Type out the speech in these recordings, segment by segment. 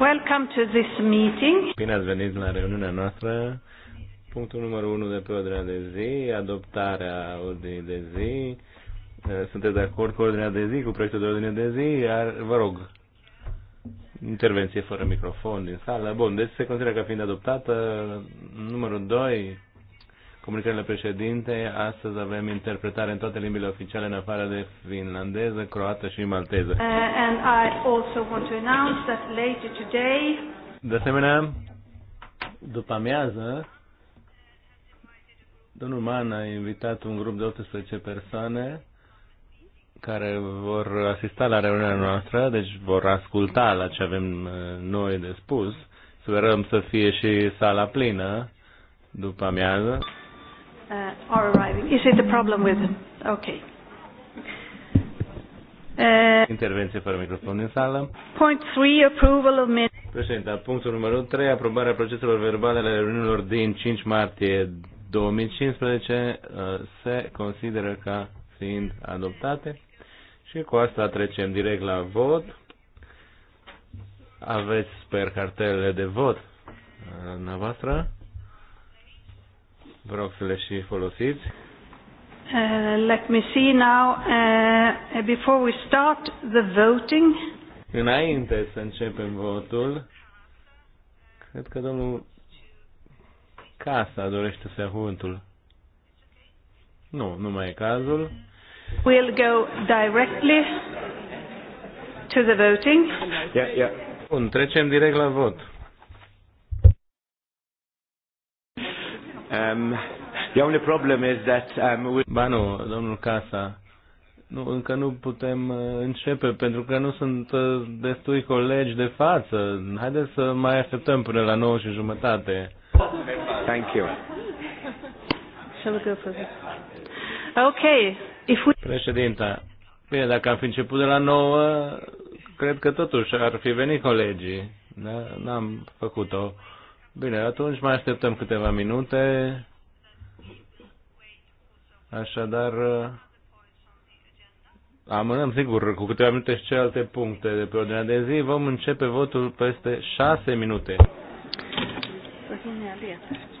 Welcome to this meeting. Bine ați venit la reuniunea noastră. Punctul numărul 1 de pe ordinea de zi, adoptarea ordinii de zi. Eh, sunteți de acord cu ordinea de zi, cu proiectul de ordine de zi? Iar, vă rog, intervenție fără microfon din sală. Bun, deci se consideră ca fiind adoptată. Numărul 2, comunicările președinte. Astăzi avem interpretare în toate limbile oficiale, în afară de finlandeză, croată și malteză. Uh, and I also want to announce that later today... De asemenea, după amiază, domnul Man a invitat un grup de 18 persoane care vor asista la reuniunea noastră, deci vor asculta la ce avem uh, noi de spus. Sperăm să fie și sala plină după amiază uh, are arriving. Is it a problem with them? Okay. Uh, Intervenție fără microfon din sală. Point 3, approval of minutes. Președinte, punctul numărul 3, aprobarea proceselor verbale ale reuniunilor din 5 martie 2015 uh, se consideră ca fiind adoptate. Și cu asta trecem direct la vot. Aveți, sper, cartelele de vot la uh, voastră. Vă rog să le și folosiți. Uh, let me see now, uh, uh, before we start the voting. Înainte să începem votul, cred că domnul Casa dorește să ia cuvântul. Nu, nu mai e cazul. We'll go directly to the voting. Yeah, yeah. Bun, trecem direct la vot. Um, the only problem is that um, we... Ba nu, domnul Casa, nu, încă nu putem uh, începe pentru că nu sunt uh, destui colegi de față. Haideți să mai așteptăm până la 9 și jumătate. Thank you. Ok, Okay. If we... Președinta, bine, dacă am fi început de la 9, cred că totuși ar fi venit colegii. Da? N-am făcut-o. Bine, atunci mai așteptăm câteva minute. Așadar, amânăm, sigur, cu câteva minute și celelalte puncte de pe ordinea de zi. Vom începe votul peste șase minute. Ordinea păi, de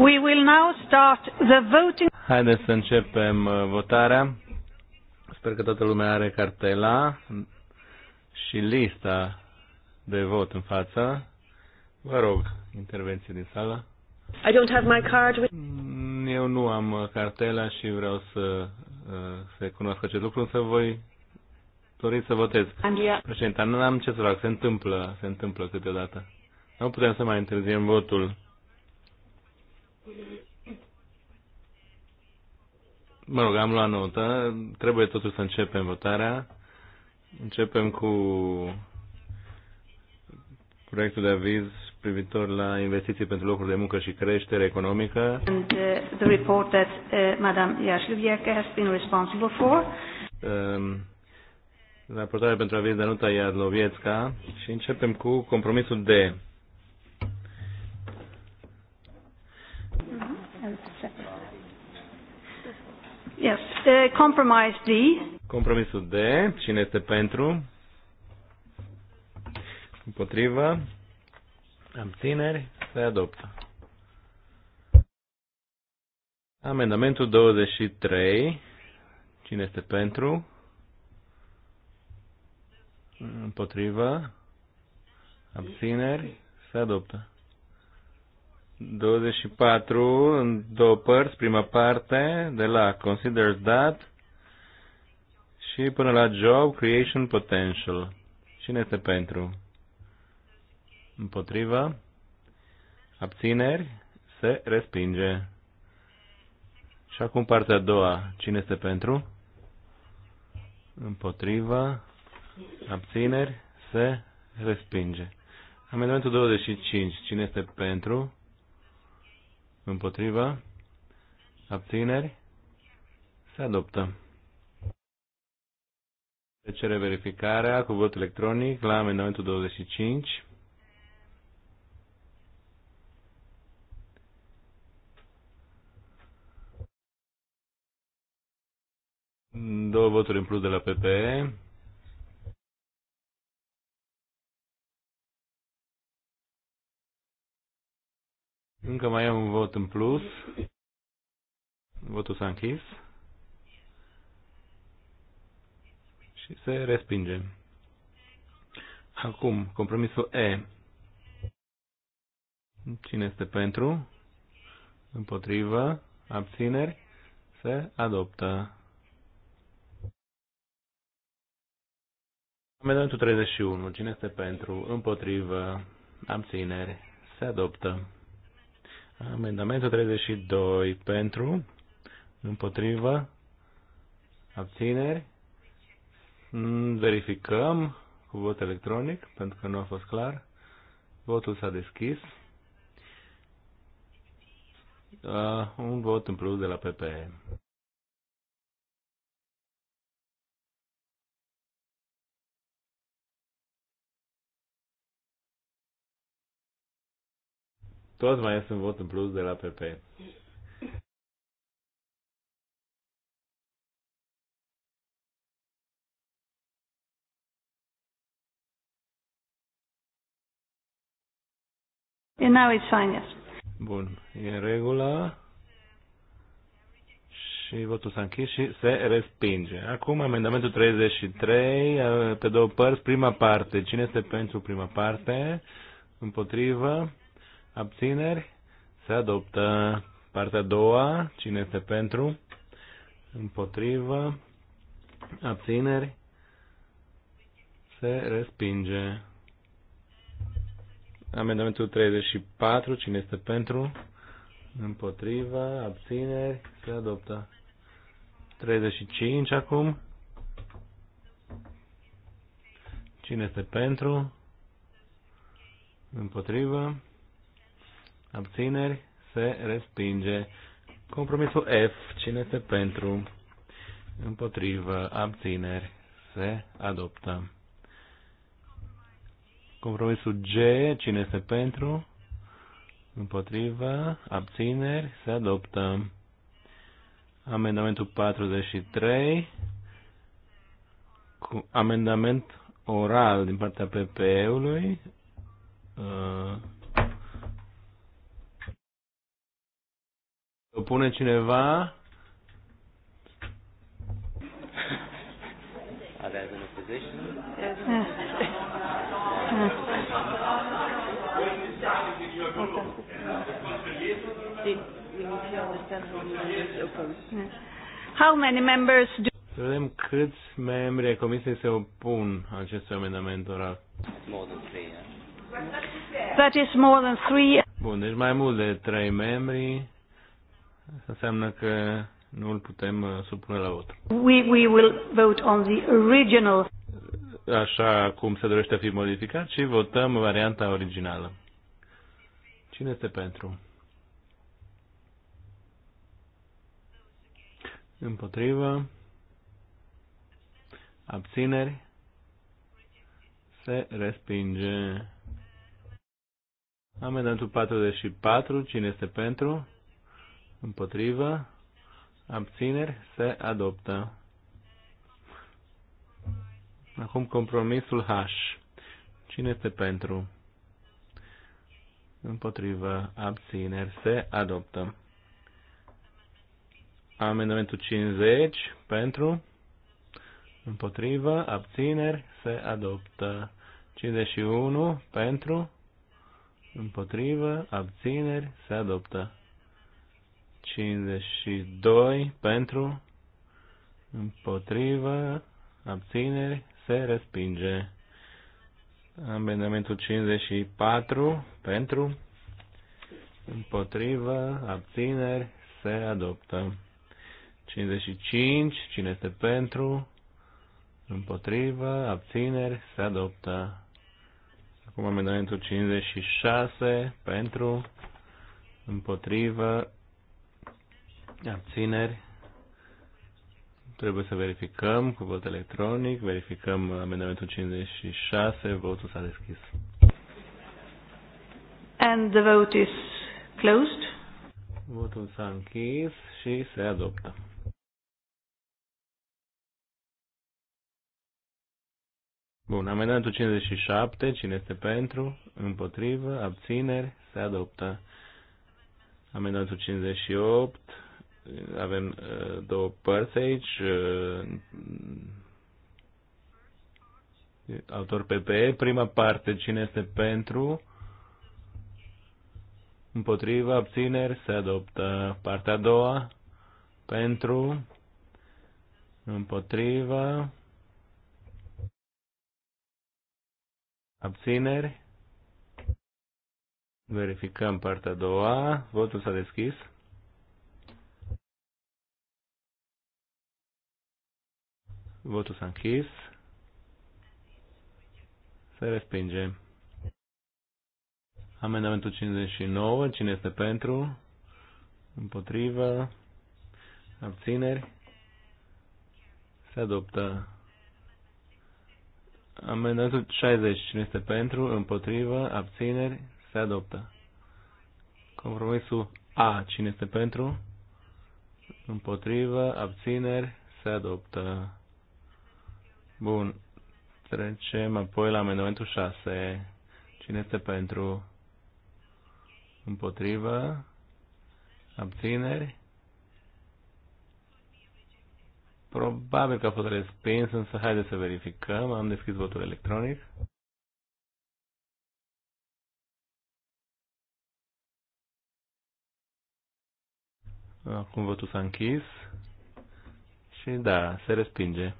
We will now start the voting. Haideți să începem uh, votarea. Sper că toată lumea are cartela și lista de vot în față. Vă rog, intervenție din sală. I don't have my card. Mm, eu nu am uh, cartela și vreau să uh, se cunoască acest lucru, însă voi dori să votez. Președinte, nu am ce să fac, se întâmplă, se întâmplă câteodată. Nu putem să mai întârziem votul. Mă rog, am luat notă. Trebuie totuși să începem votarea. Începem cu proiectul de aviz privitor la investiții pentru locuri de muncă și creștere economică. And, uh, the report that uh, Madame has been responsible for. Um, raportarea pentru aviz nota Iadlovietska și începem cu compromisul de Yes. Uh, compromise D. Compromisul D. Cine este pentru? Împotriva? Abțineri? Se adoptă. Amendamentul 23. Cine este pentru? Împotriva? Abțineri? Se adoptă. 24 în două părți, prima parte de la Consider That și până la Job Creation Potential. Cine este pentru? Împotriva? Abțineri? Se respinge. Și acum partea a doua. Cine este pentru? Împotriva? Abțineri? Se respinge. Amendamentul 25. Cine este pentru? Împotrivă? Abțineri? Se adoptă. Se cere verificarea cu vot electronic la amendamentul 25. Două voturi în plus de la PPE. Încă mai e un vot în plus. Votul s-a închis. Și se respinge. Acum, compromisul E. Cine este pentru? Împotrivă? Abțineri? Se adoptă. Amendamentul 31. Cine este pentru? Împotrivă? Abțineri? Se adoptă. Amendamentul 32 pentru, împotrivă, abțineri. Mm, verificăm cu vot electronic, pentru că nu a fost clar. Votul s-a deschis. Uh, un vot în plus de la PPM. Tot mai este un vot în plus de la PP. And now it's fine, yes. Bun, e în regulă. Și votul s-a închis și se respinge. Acum amendamentul 33, pe două părți, prima parte. Cine este pentru prima parte? Împotrivă? abțineri, se adoptă. Partea a doua, cine este pentru, împotrivă, abțineri, se respinge. Amendamentul 34, cine este pentru, împotrivă, abțineri, se adoptă. 35 acum. Cine este pentru? Împotrivă abțineri, se respinge. Compromisul F, cine este pentru, împotrivă, abțineri, se adoptă. Compromisul G, cine este pentru, împotrivă, abțineri, se adoptă. Amendamentul 43, cu amendament oral din partea PPE-ului, uh, pune cineva? How many members do să vedem câți membri ai Comisiei se opun acestui amendament oral. That is more than three. Bun, deci mai mult de trei membri înseamnă că nu îl putem uh, supune la vot. We, we will vote on the original. Așa cum se dorește a fi modificat și votăm varianta originală. Cine este pentru? Împotrivă. Abțineri. Se respinge. Amendamentul 44. Cine este pentru? Împotrivă. Abțineri. Se adoptă. Acum compromisul H. Cine este pentru? Împotrivă. Abțineri. Se adoptă. Amendamentul 50. Pentru. Împotrivă. Abțineri. Se adoptă. 51. Pentru. Împotrivă. Abțineri. Se adoptă. 52 pentru, împotrivă, abțineri, se respinge. Amendamentul 54 pentru, împotrivă, abțineri, se adoptă. 55, cine este pentru, împotrivă, abțineri, se adoptă. Acum amendamentul 56 pentru, împotrivă, Abțineri. Trebuie să verificăm cu vot electronic. Verificăm amendamentul 56. Votul s-a deschis. And the vote is closed. Votul s-a închis și se adoptă. Bun, amendamentul 57, cine este pentru, împotrivă, abțineri, se adoptă. Amendamentul 58, avem uh, două părți aici. Uh, autor PPE, prima parte, cine este pentru? Împotriva, abțineri, se adoptă. Partea a doua, pentru, împotriva, abțineri. Verificăm partea a doua. Votul s-a deschis. Votul s-a închis. Se respinge. Amendamentul 59. Cine este pentru? Împotrivă? Abțineri? Se adoptă. Amendamentul 60. Cine este pentru? Împotrivă? Abțineri? Se adoptă. Compromisul A. Cine este pentru? Împotrivă? Abțineri? Se adoptă. Bun. Trecem apoi la amendamentul 6. Cine este pentru? Împotrivă? Abțineri? Probabil că a fost respins, însă haideți să verificăm. Am deschis votul electronic. Acum votul s-a închis. Și da, se respinge.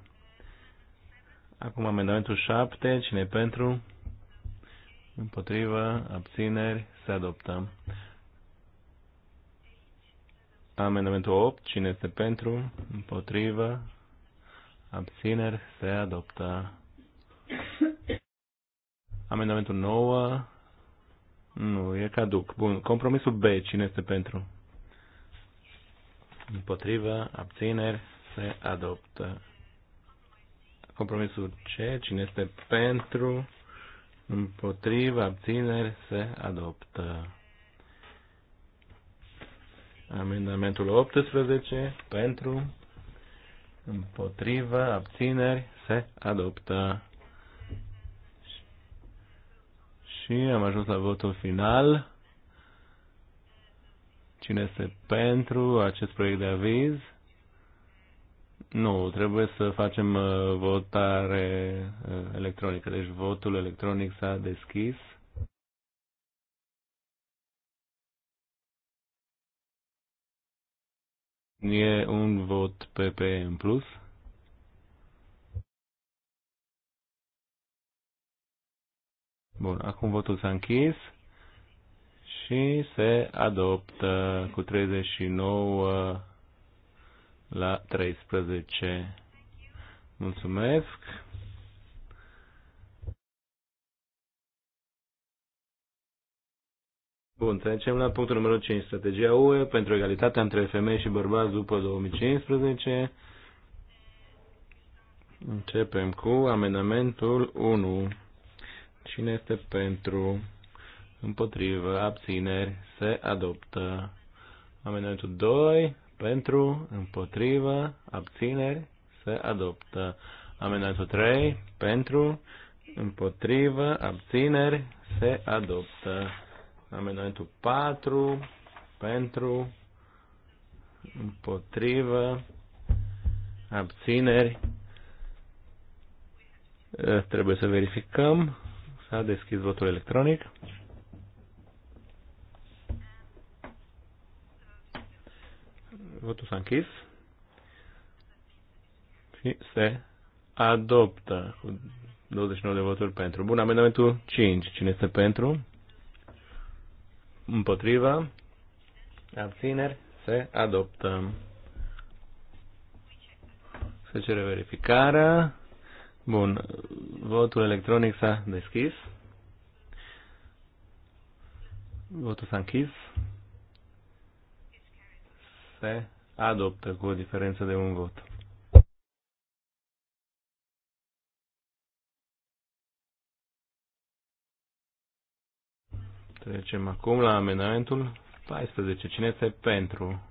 Acum amendamentul 7, cine pentru? Împotrivă, abțineri, se adoptă. Amendamentul 8, cine este pentru? Împotrivă, abțineri, se adoptă. Amendamentul 9, nu, e caduc. Bun, compromisul B, cine este pentru? Împotrivă, abțineri, se adoptă. Compromisul C, cine este pentru, împotriva, abțineri, se adoptă. Amendamentul 18, pentru, împotriva, abțineri, se adoptă. Și am ajuns la votul final. Cine este pentru acest proiect de aviz? Nu, trebuie să facem uh, votare uh, electronică. Deci votul electronic s-a deschis. E un vot PP în plus. Bun, acum votul s-a închis și se adoptă cu 39 la 13. Mulțumesc! Bun, trecem la punctul numărul 5, strategia UE pentru egalitatea între femei și bărbați după 2015. Începem cu amendamentul 1. Cine este pentru? Împotrivă, abțineri, se adoptă. Amendamentul 2, pentru, împotrivă, abțineri, se adoptă. Amendamentul 3, pentru, împotrivă, abțineri, se adoptă. Amendamentul 4, pentru, împotrivă, abțineri, trebuie să verificăm. S-a deschis votul electronic. Votul s-a închis. Și se adoptă cu 29 de voturi pentru. Bun, amendamentul 5. Cine este pentru? Împotriva? Abțineri? Se adoptă. Se cere verificarea. Bun, votul electronic s-a deschis. Votul s-a închis. Se adoptă cu o diferență de un vot. Trecem acum la amendamentul 14. Cine este pentru?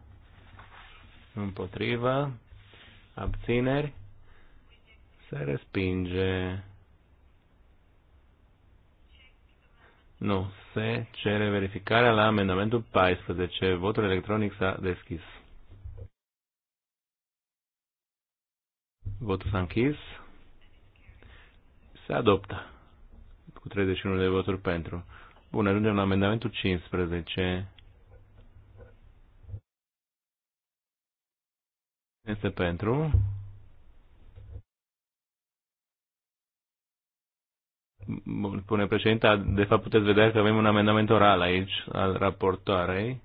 Împotrivă? Abțineri? Se respinge. Nu, se cere verificarea la amendamentul 14. Votul electronic s-a deschis. Votul s-a închis. Se adoptă cu 31 de voturi pentru. Bun, ajungem la amendamentul 15. Este pentru. Bun, pune președinte, de fapt puteți vedea că avem un amendament oral aici al raportoarei.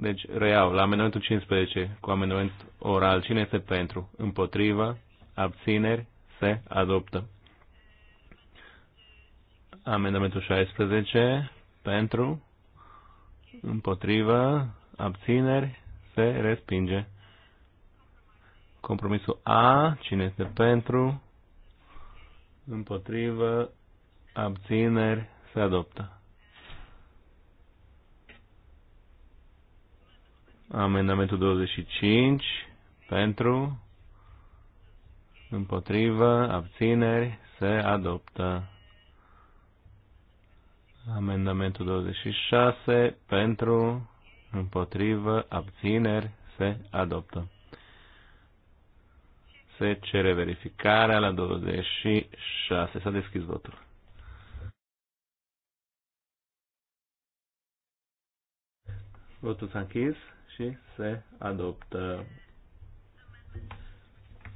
Deci, reiau, la amendamentul 15, cu amendament oral, cine este pentru? Împotriva, abțineri, se adoptă. Amendamentul 16, pentru, împotriva, abțineri, se respinge. Compromisul A, cine este pentru, împotrivă, abțineri, se adoptă. Amendamentul 25 pentru, împotrivă, abțineri, se adoptă. Amendamentul 26 pentru, împotrivă, abțineri, se adoptă. Se cere verificarea la 26. S-a deschis votul. Votul s-a închis și se adoptă.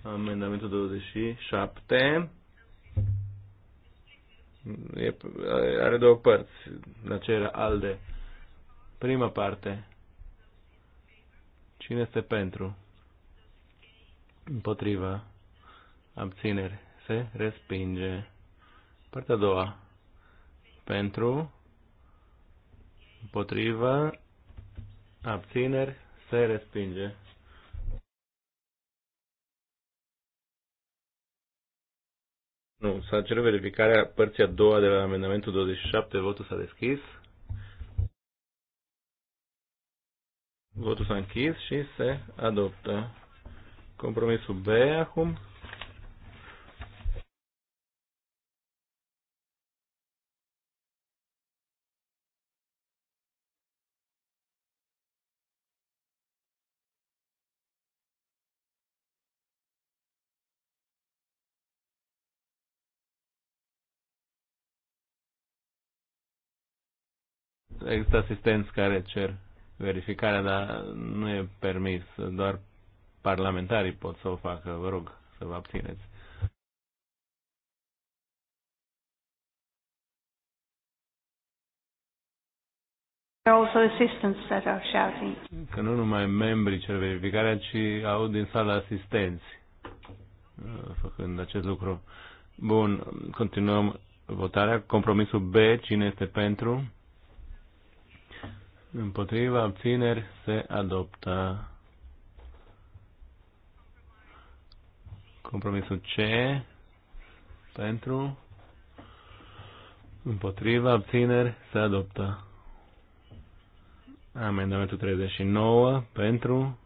Amendamentul 27 e, are două părți la era ALDE. Prima parte. Cine este pentru? Împotriva. Abțineri. Se respinge. Partea a doua. Pentru. Împotriva abțineri, se respinge. Nu, s-a cerut verificarea părții a doua de la amendamentul 27, votul s-a deschis. Votul s-a închis și se adoptă. Compromisul B acum. există asistenți care cer verificarea, dar nu e permis. Doar parlamentarii pot să o facă. Vă rog să vă abțineți. also assistants that are shouting. Că nu numai membrii cer verificarea, ci au din sala asistenți uh, făcând acest lucru. Bun, continuăm votarea. Compromisul B, cine este pentru? Împotriva abțineri se adoptă. Compromisul C pentru împotriva abțineri se adoptă. Amendamentul 39 pentru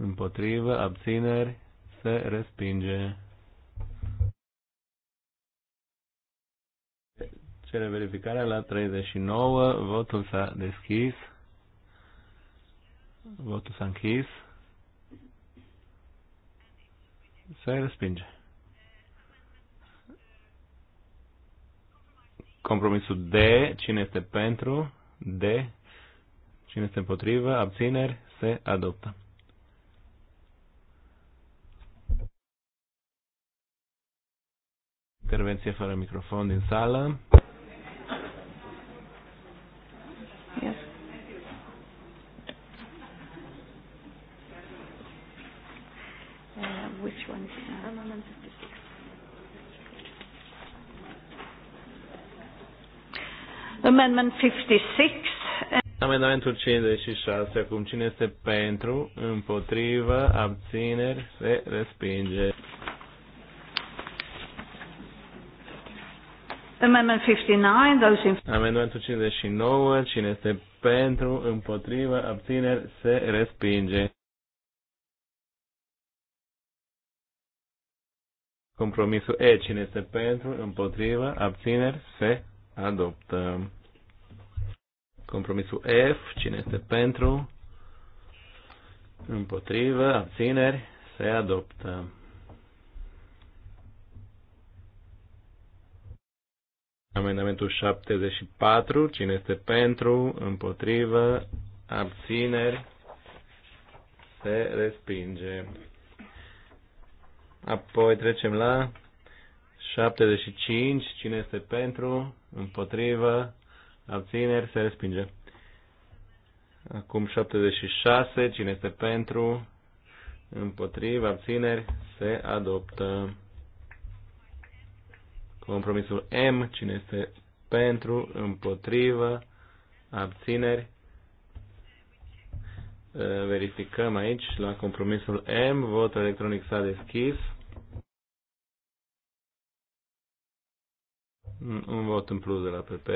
împotriva abțineri se respinge. cere verificarea la 39. Votul s-a deschis. Votul s-a închis. Se respinge. Compromisul D. Cine este pentru? D. Cine este împotrivă? Abțineri? Se adoptă. intervenție fără microfon din sală. which one is that? Amendment 56. Amendment 56. Amendamentul 56. Acum cine este pentru, împotrivă, abțineri, se respinge. Amendment 59, Amendamentul 59, cine este pentru, împotrivă, abțineri, se respinge. Compromisul E, cine este pentru, împotrivă, abțineri, se adoptă. Compromisul F, cine este pentru, împotrivă, abțineri, se adoptă. Amendamentul 74, cine este pentru, împotrivă, abțineri, se respinge. Apoi trecem la 75. Cine este pentru? Împotrivă? Abțineri? Se respinge. Acum 76. Cine este pentru? Împotrivă? Abțineri? Se adoptă. Compromisul M. Cine este pentru? Împotrivă? Abțineri? Verificăm aici la compromisul M. Votul electronic s-a deschis. Un vot în plus de la PP.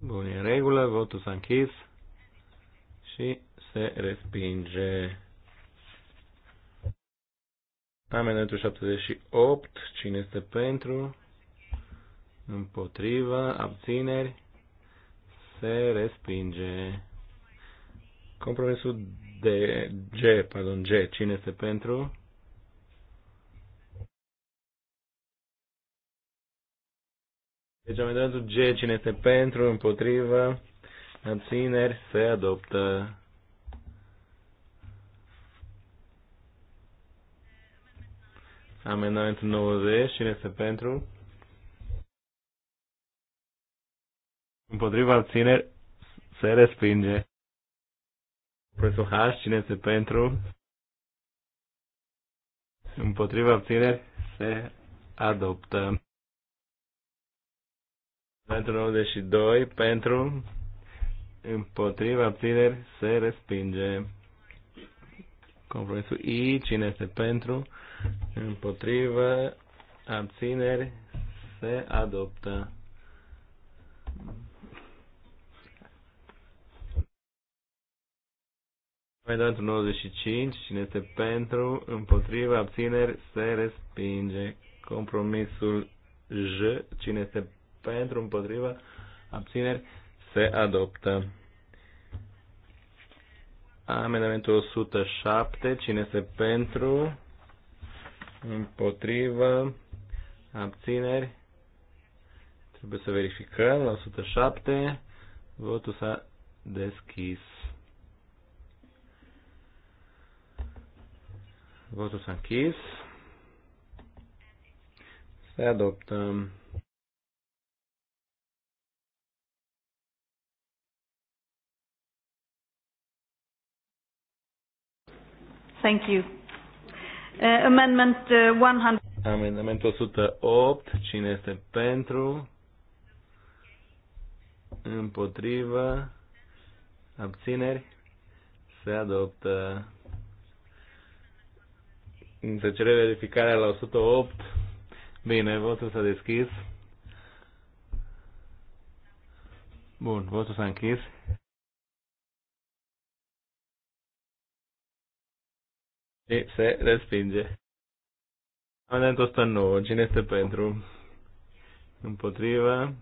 Bun, e în regulă, votul s-a închis și se respinge. Amendamentul 78, cine este pentru? Împotriva, abțineri, se respinge. Compromisul de G, pardon, G, cine este pentru? Deci dat G, cine este pentru, împotrivă, abțineri, se adoptă. Amendamentul 90, cine este pentru? Împotriva abțineri, se respinge. Prețul H, cine este pentru? Împotriva abțineri, se adoptă pentru 92 pentru, împotriva, abțineri, se respinge. Compromisul I, cine este pentru, împotriva, abțineri, se adoptă. Amendamentul 95, cine este pentru, împotriva, abțineri, se respinge. Compromisul J, cine este pentru, împotriva, abțineri, se adoptă. Amendamentul 107, cine este pentru, împotriva, abțineri, trebuie să verificăm, la 107, votul s-a deschis. Votul s-a închis. Se adoptă. Thank you. Uh, amendment uh, 100. Amendamentul 108. Cine este pentru? Împotrivă? Abțineri? Se adoptă. Se cere verificarea la 108. Bine, votul s-a deschis. Bun, votul s-a închis. Și se respinge. Amendamentul 109. Cine este pentru? Împotrivă.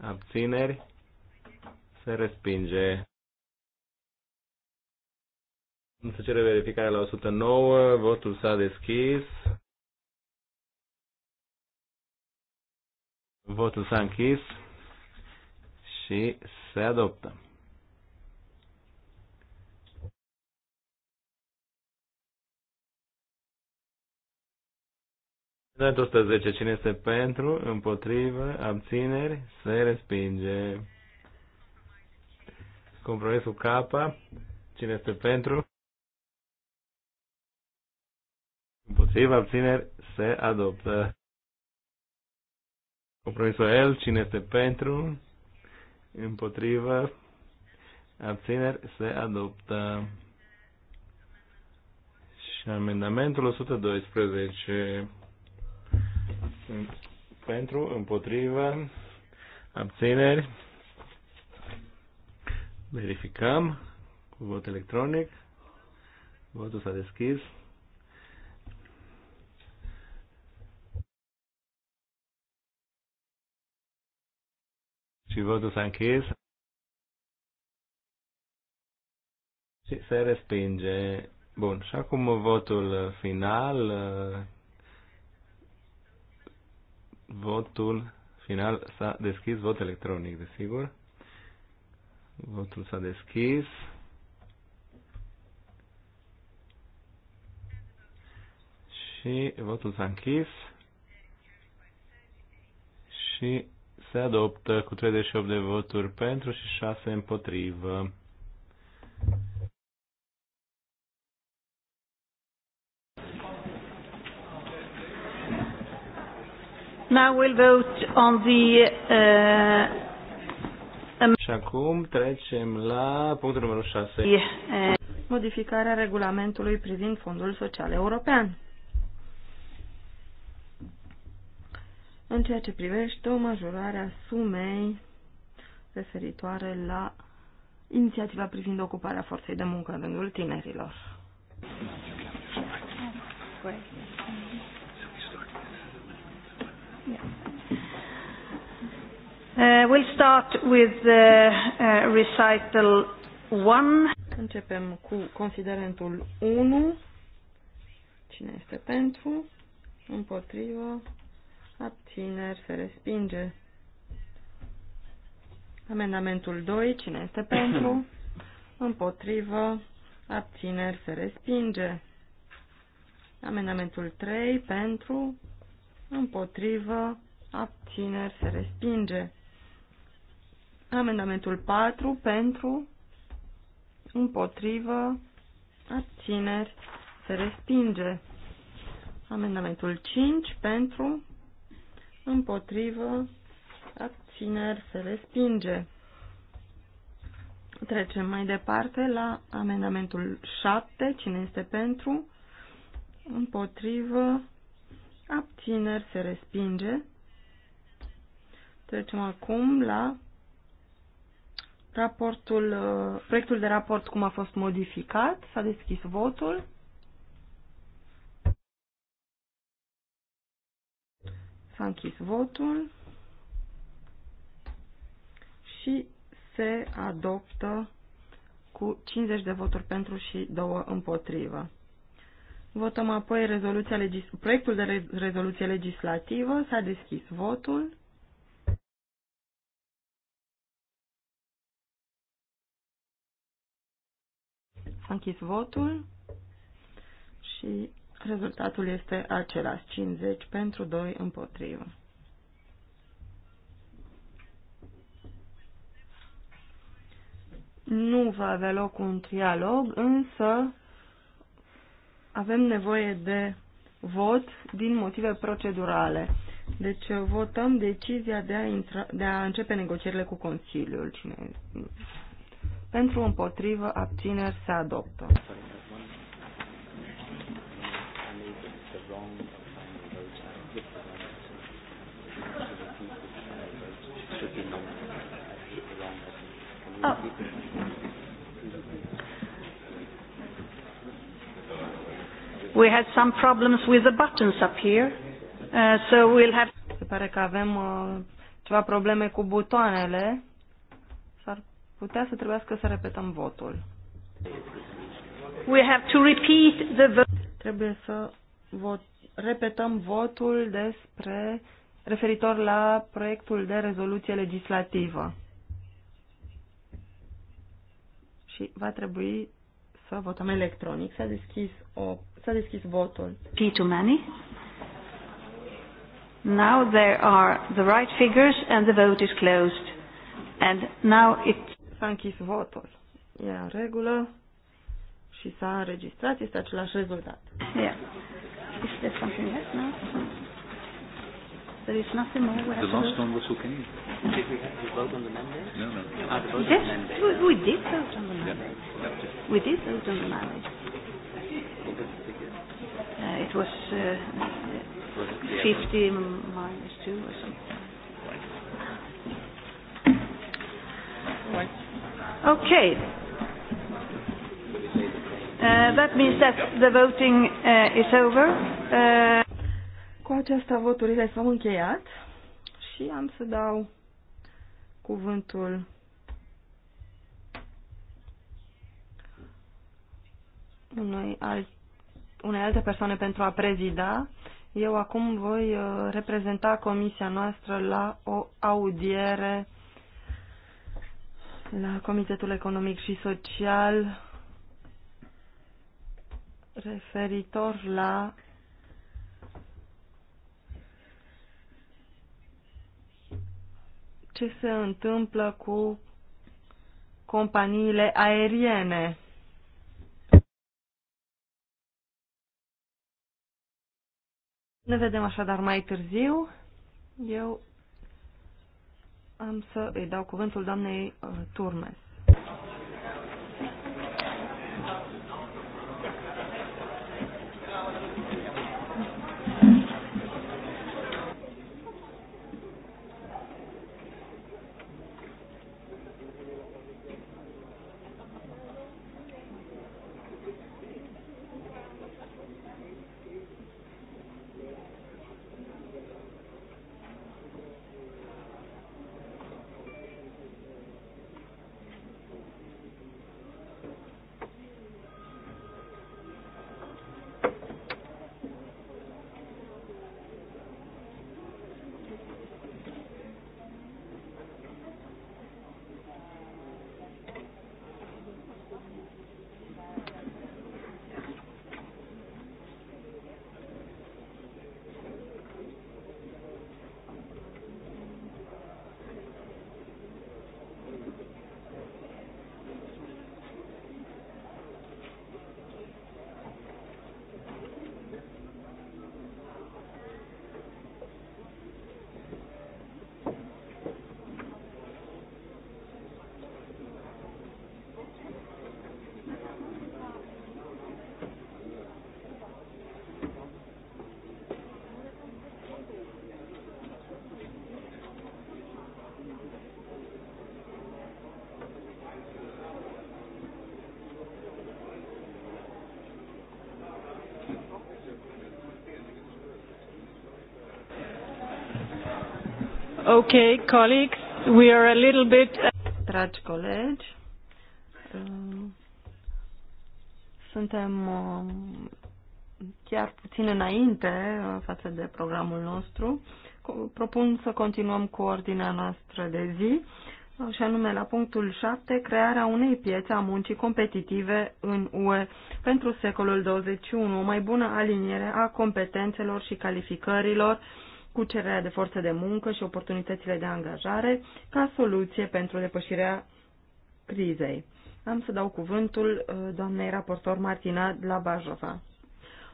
Abțineri. Se respinge. Nu se cere verificarea la 109. Votul s-a deschis. Votul s-a închis și se adoptă. Amendamentul 110. Cine este pentru, împotrivă, abțineri, se respinge. Compromisul K. Cine este pentru? Împotrivă, abțineri, se adoptă. Compromisul L. Cine este pentru? Împotrivă, abțineri, se adoptă. Și amendamentul 112 pentru, împotrivă, abțineri. Verificăm cu vot electronic. Votul s-a deschis. Și votul s-a închis. Și se respinge. Bun, și acum votul final Votul final s-a deschis, vot electronic, desigur. Votul s-a deschis. Și votul s-a închis. Și se adoptă cu 38 de voturi pentru și 6 împotrivă. Now we'll vote on the... Uh, și acum trecem la punctul numărul 6. Uh, modificarea regulamentului privind Fondul Social European. În ceea ce privește o majorare a sumei referitoare la inițiativa privind ocuparea forței de muncă în rândul tinerilor. Great. Uh, we'll start with the uh, recital 1. Începem cu considerentul 1. Cine este pentru? Împotrivă? Abțineri? Se respinge. Amendamentul 2. Cine este pentru? Împotrivă? Abțineri? Se respinge. Amendamentul 3. Pentru? Împotrivă? Abțineri? Se respinge. Amendamentul 4 pentru, împotrivă, abțineri, se respinge. Amendamentul 5 pentru, împotrivă, abțineri, se respinge. Trecem mai departe la amendamentul 7. Cine este pentru? Împotrivă. Abțineri se respinge. Trecem acum la Raportul, uh, proiectul de raport cum a fost modificat, s-a deschis votul. S-a închis votul și se adoptă cu 50 de voturi pentru și 2 împotrivă. Votăm apoi rezoluția legis- proiectul de re- rezoluție legislativă. S-a deschis votul. S-a închis votul și rezultatul este același, 50 pentru 2 împotrivă. Nu va avea loc un trialog, însă avem nevoie de vot din motive procedurale. Deci votăm decizia de a, intra, de a începe negocierile cu Consiliul. Cine pentru împotrivă abțineri se adoptă. Oh. We had some problems with the buttons up here, uh, so we'll have. Se pare că avem uh, ceva probleme cu butoanele putea să trebuiască să repetăm votul. We have to repeat the vote. Trebuie să vot, repetăm votul despre referitor la proiectul de rezoluție legislativă. Și va trebui să votăm electronic. S-a deschis, o, s-a deschis votul. P to many. Now there are the right figures and the vote is closed. And now it S-a închis votul. E în regulă și s-a înregistrat. Este același rezultat. Yeah. Is there da? There is nothing more. The last one was okay. Did we have to vote on the mandate? No, no. Ah, yes, We, we did vote on the mandate. Yeah. We did vote on the mandate. Uh, it was uh, 50 minus 2 or something. Right. Okay. Uh, that means that the voting uh, is over. Uh... Cu aceasta voturile s-au încheiat și am să dau cuvântul unei, alt, unei alte persoane pentru a prezida. Eu acum voi uh, reprezenta comisia noastră la o audiere la Comitetul Economic și Social referitor la ce se întâmplă cu companiile aeriene. Ne vedem așadar mai târziu. Eu am să îi dau cuvântul doamnei uh, Turmes. Okay, colleagues, we are a little bit... Uh, Dragi colegi, uh, suntem uh, chiar puțin înainte față de programul nostru. Propun să continuăm cu ordinea noastră de zi, și anume la punctul 7, crearea unei piețe a muncii competitive în UE pentru secolul 21, o mai bună aliniere a competențelor și calificărilor cu cererea de forță de muncă și oportunitățile de angajare ca soluție pentru depășirea crizei. Am să dau cuvântul uh, doamnei raportor Martina Labajova.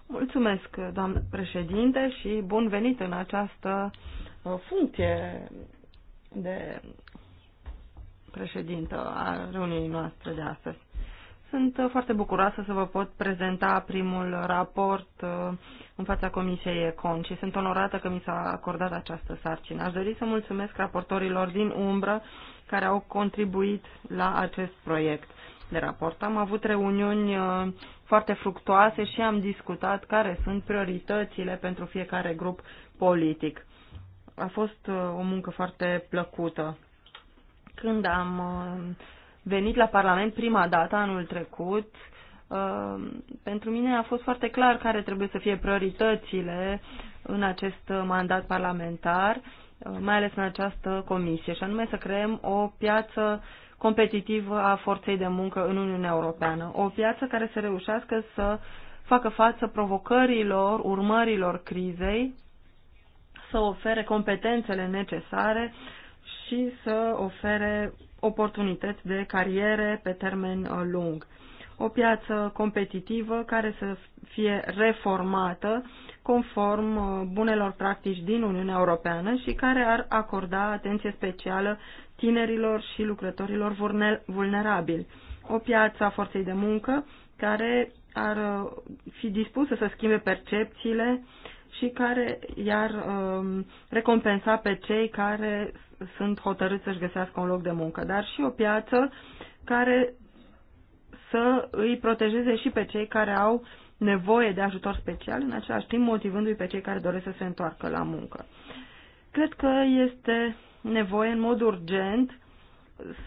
Mulțumesc, doamnă președinte, și bun venit în această uh, funcție de președintă a reuniunii noastre de astăzi. Sunt uh, foarte bucuroasă să vă pot prezenta primul raport uh, în fața Comisiei Econ și sunt onorată că mi s-a acordat această sarcină. Aș dori să mulțumesc raportorilor din umbră care au contribuit la acest proiect de raport. Am avut reuniuni uh, foarte fructoase și am discutat care sunt prioritățile pentru fiecare grup politic. A fost o muncă foarte plăcută. Când am venit la Parlament prima dată anul trecut, uh, pentru mine a fost foarte clar care trebuie să fie prioritățile în acest mandat parlamentar, uh, mai ales în această comisie, și anume să creăm o piață competitivă a forței de muncă în Uniunea Europeană. O piață care să reușească să facă față provocărilor, urmărilor crizei, să ofere competențele necesare și să ofere oportunități de cariere pe termen uh, lung. O piață competitivă care să fie reformată conform uh, bunelor practici din Uniunea Europeană și care ar acorda atenție specială tinerilor și lucrătorilor vulnerabili. O piață a forței de muncă care ar uh, fi dispusă să schimbe percepțiile și care i-ar um, recompensa pe cei care sunt hotărâți să-și găsească un loc de muncă, dar și o piață care să îi protejeze și pe cei care au nevoie de ajutor special, în același timp motivându-i pe cei care doresc să se întoarcă la muncă. Cred că este nevoie în mod urgent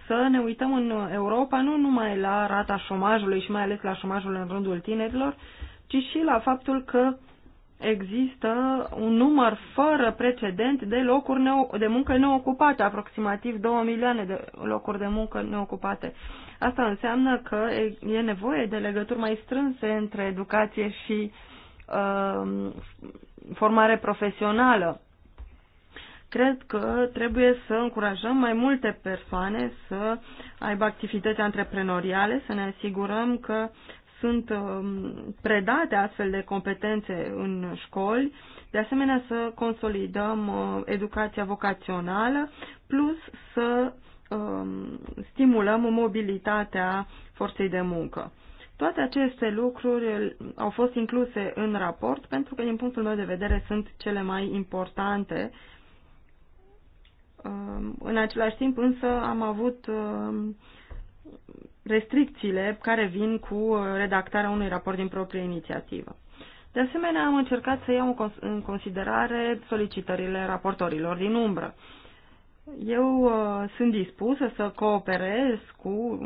să ne uităm în Europa nu numai la rata șomajului și mai ales la șomajul în rândul tinerilor, ci și la faptul că există un număr fără precedent de locuri de muncă neocupate, aproximativ 2 milioane de locuri de muncă neocupate. Asta înseamnă că e nevoie de legături mai strânse între educație și uh, formare profesională. Cred că trebuie să încurajăm mai multe persoane să aibă activități antreprenoriale, să ne asigurăm că uh, sunt um, predate astfel de competențe în școli, de asemenea să consolidăm uh, educația vocațională, plus să um, stimulăm mobilitatea forței de muncă. Toate aceste lucruri uh, au fost incluse în raport pentru că, din punctul meu de vedere, sunt cele mai importante. Um, în același timp, însă, am avut restricțiile care vin cu uh, redactarea unui raport din proprie inițiativă. De asemenea, am încercat să iau în considerare solicitările raportorilor din umbră. Eu uh, sunt dispusă să cooperez cu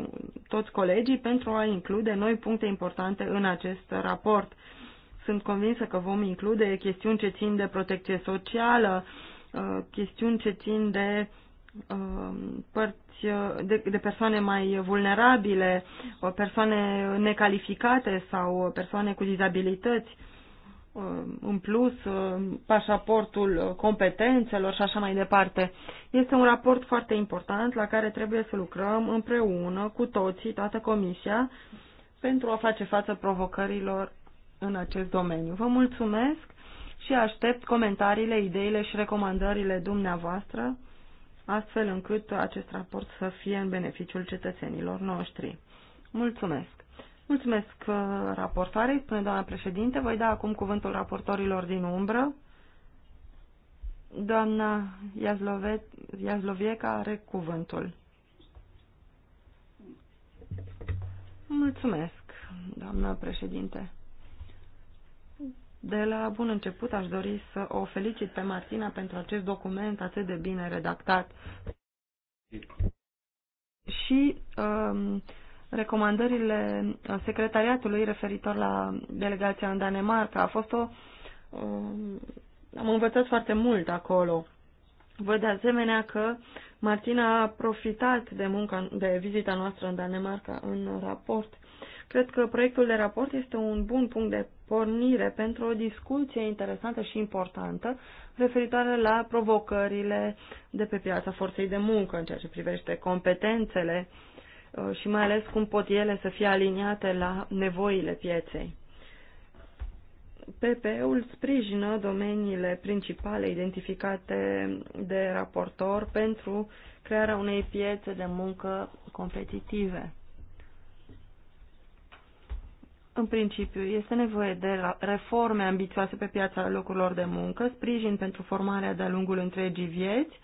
toți colegii pentru a include noi puncte importante în acest raport. Sunt convinsă că vom include chestiuni ce țin de protecție socială, uh, chestiuni ce țin de uh, părți Uh, de, de persoane mai vulnerabile, uh, persoane necalificate sau uh, persoane cu dizabilități, în plus pașaportul competențelor și așa mai departe. Este un raport foarte important la care trebuie să lucrăm împreună cu toții, toată comisia, pentru a face față provocărilor în acest domeniu. Vă mulțumesc și aștept comentariile, ideile și recomandările dumneavoastră astfel încât acest raport să fie în beneficiul cetățenilor noștri. Mulțumesc! Mulțumesc uh, raportarei, spune doamna președinte. Voi da acum cuvântul raportorilor din umbră. Doamna Iazlovieca are cuvântul. Mulțumesc, doamna președinte. De la bun început aș dori să o felicit pe Martina pentru acest document atât de bine redactat și um, recomandările secretariatului referitor la delegația în Danemarca. A fost o... Um, am învățat foarte mult acolo. Văd de asemenea că Martina a profitat de munca, de vizita noastră în Danemarca în raport. Cred că proiectul de raport este un bun punct de pornire pentru o discuție interesantă și importantă referitoare la provocările de pe piața forței de muncă în ceea ce privește competențele uh, și mai ales cum pot ele să fie aliniate la nevoile pieței. PPE-ul sprijină domeniile principale identificate de raportor pentru crearea unei piețe de muncă competitive. În principiu, este nevoie de reforme ambițioase pe piața locurilor de muncă, sprijin pentru formarea de-a lungul întregii vieți,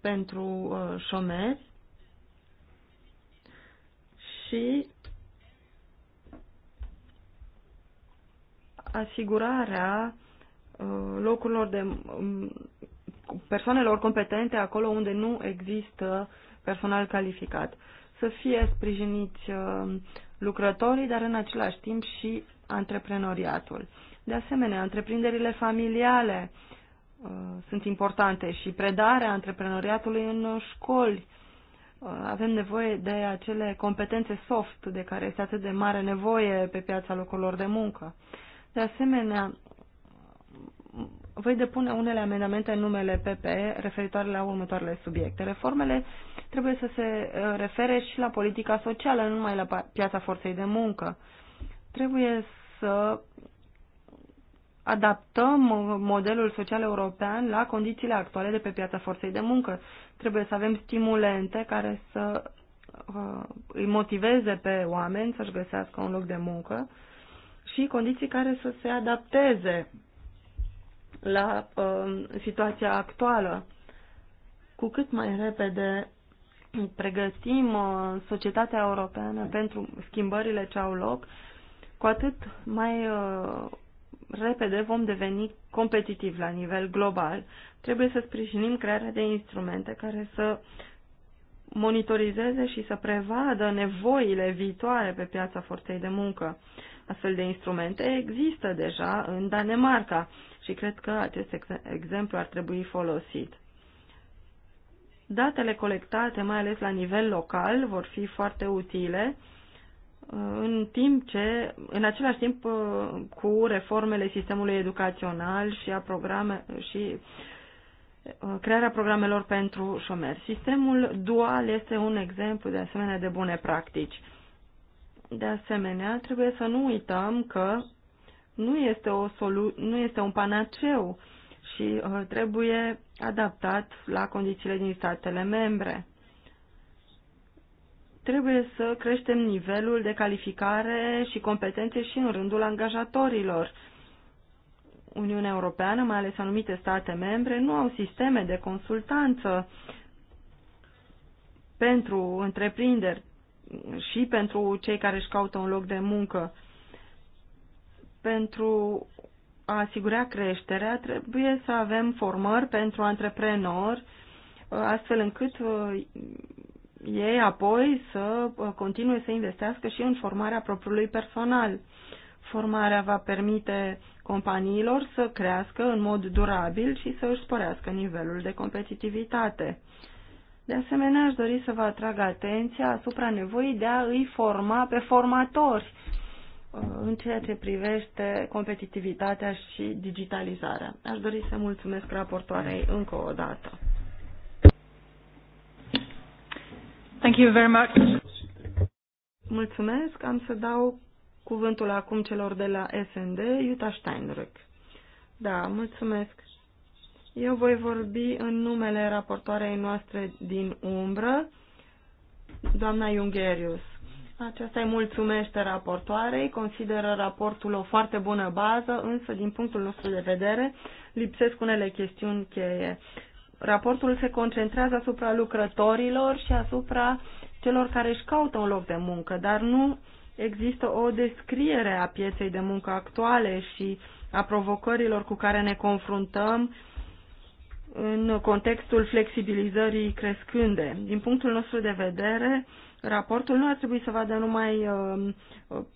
pentru uh, șomeri și asigurarea uh, locurilor de um, persoanelor competente acolo unde nu există personal calificat. Să fie sprijiniți uh, lucrătorii, dar în același timp și antreprenoriatul. De asemenea, întreprinderile familiale uh, sunt importante și predarea antreprenoriatului în școli. Uh, avem nevoie de acele competențe soft de care este atât de mare nevoie pe piața locurilor de muncă. De asemenea, voi depune unele amendamente în numele PPE referitoare la următoarele subiecte. Reformele trebuie să se uh, refere și la politica socială, nu numai la piața forței de muncă. Trebuie să adaptăm modelul social european la condițiile actuale de pe piața forței de muncă. Trebuie să avem stimulente care să uh, îi motiveze pe oameni să-și găsească un loc de muncă și condiții care să se adapteze la uh, situația actuală. Cu cât mai repede pregătim uh, societatea europeană pentru schimbările ce au loc, cu atât mai uh, repede vom deveni competitivi la nivel global. Trebuie să sprijinim crearea de instrumente care să monitorizeze și să prevadă nevoile viitoare pe piața forței de muncă. Astfel de instrumente există deja în Danemarca și cred că acest exemplu ar trebui folosit. Datele colectate, mai ales la nivel local, vor fi foarte utile uh, în timp ce, în același timp uh, cu reformele sistemului educațional și a programe și uh, crearea programelor pentru șomeri. Sistemul dual este un exemplu de asemenea de bune practici. De asemenea, trebuie să nu uităm că nu este, o solu- nu este un panaceu și uh, trebuie adaptat la condițiile din statele membre. Trebuie să creștem nivelul de calificare și competențe și în rândul angajatorilor. Uniunea Europeană, mai ales anumite state membre, nu au sisteme de consultanță pentru întreprinderi și pentru cei care își caută un loc de muncă. Pentru a asigura creșterea, trebuie să avem formări pentru antreprenori, astfel încât uh, ei apoi să uh, continue să investească și în formarea propriului personal. Formarea va permite companiilor să crească în mod durabil și să își sporească nivelul de competitivitate. De asemenea, aș dori să vă atrag atenția asupra nevoii de a îi forma pe formatori, Uh, în ceea ce privește competitivitatea și digitalizarea. Aș dori să mulțumesc raportoarei încă o dată. Thank you very much. Mulțumesc. Am să dau cuvântul acum celor de la SND, Iuta Steinrück. Da, mulțumesc. Eu voi vorbi în numele raportoarei noastre din umbră, doamna Jungerius aceasta îi mulțumește raportoarei, consideră raportul o foarte bună bază, însă din punctul nostru de vedere lipsesc unele chestiuni cheie. Raportul se concentrează asupra lucrătorilor și asupra celor care își caută un loc de muncă, dar nu există o descriere a pieței de muncă actuale și a provocărilor cu care ne confruntăm în contextul flexibilizării crescânde. Din punctul nostru de vedere, raportul nu ar trebui să vadă numai um,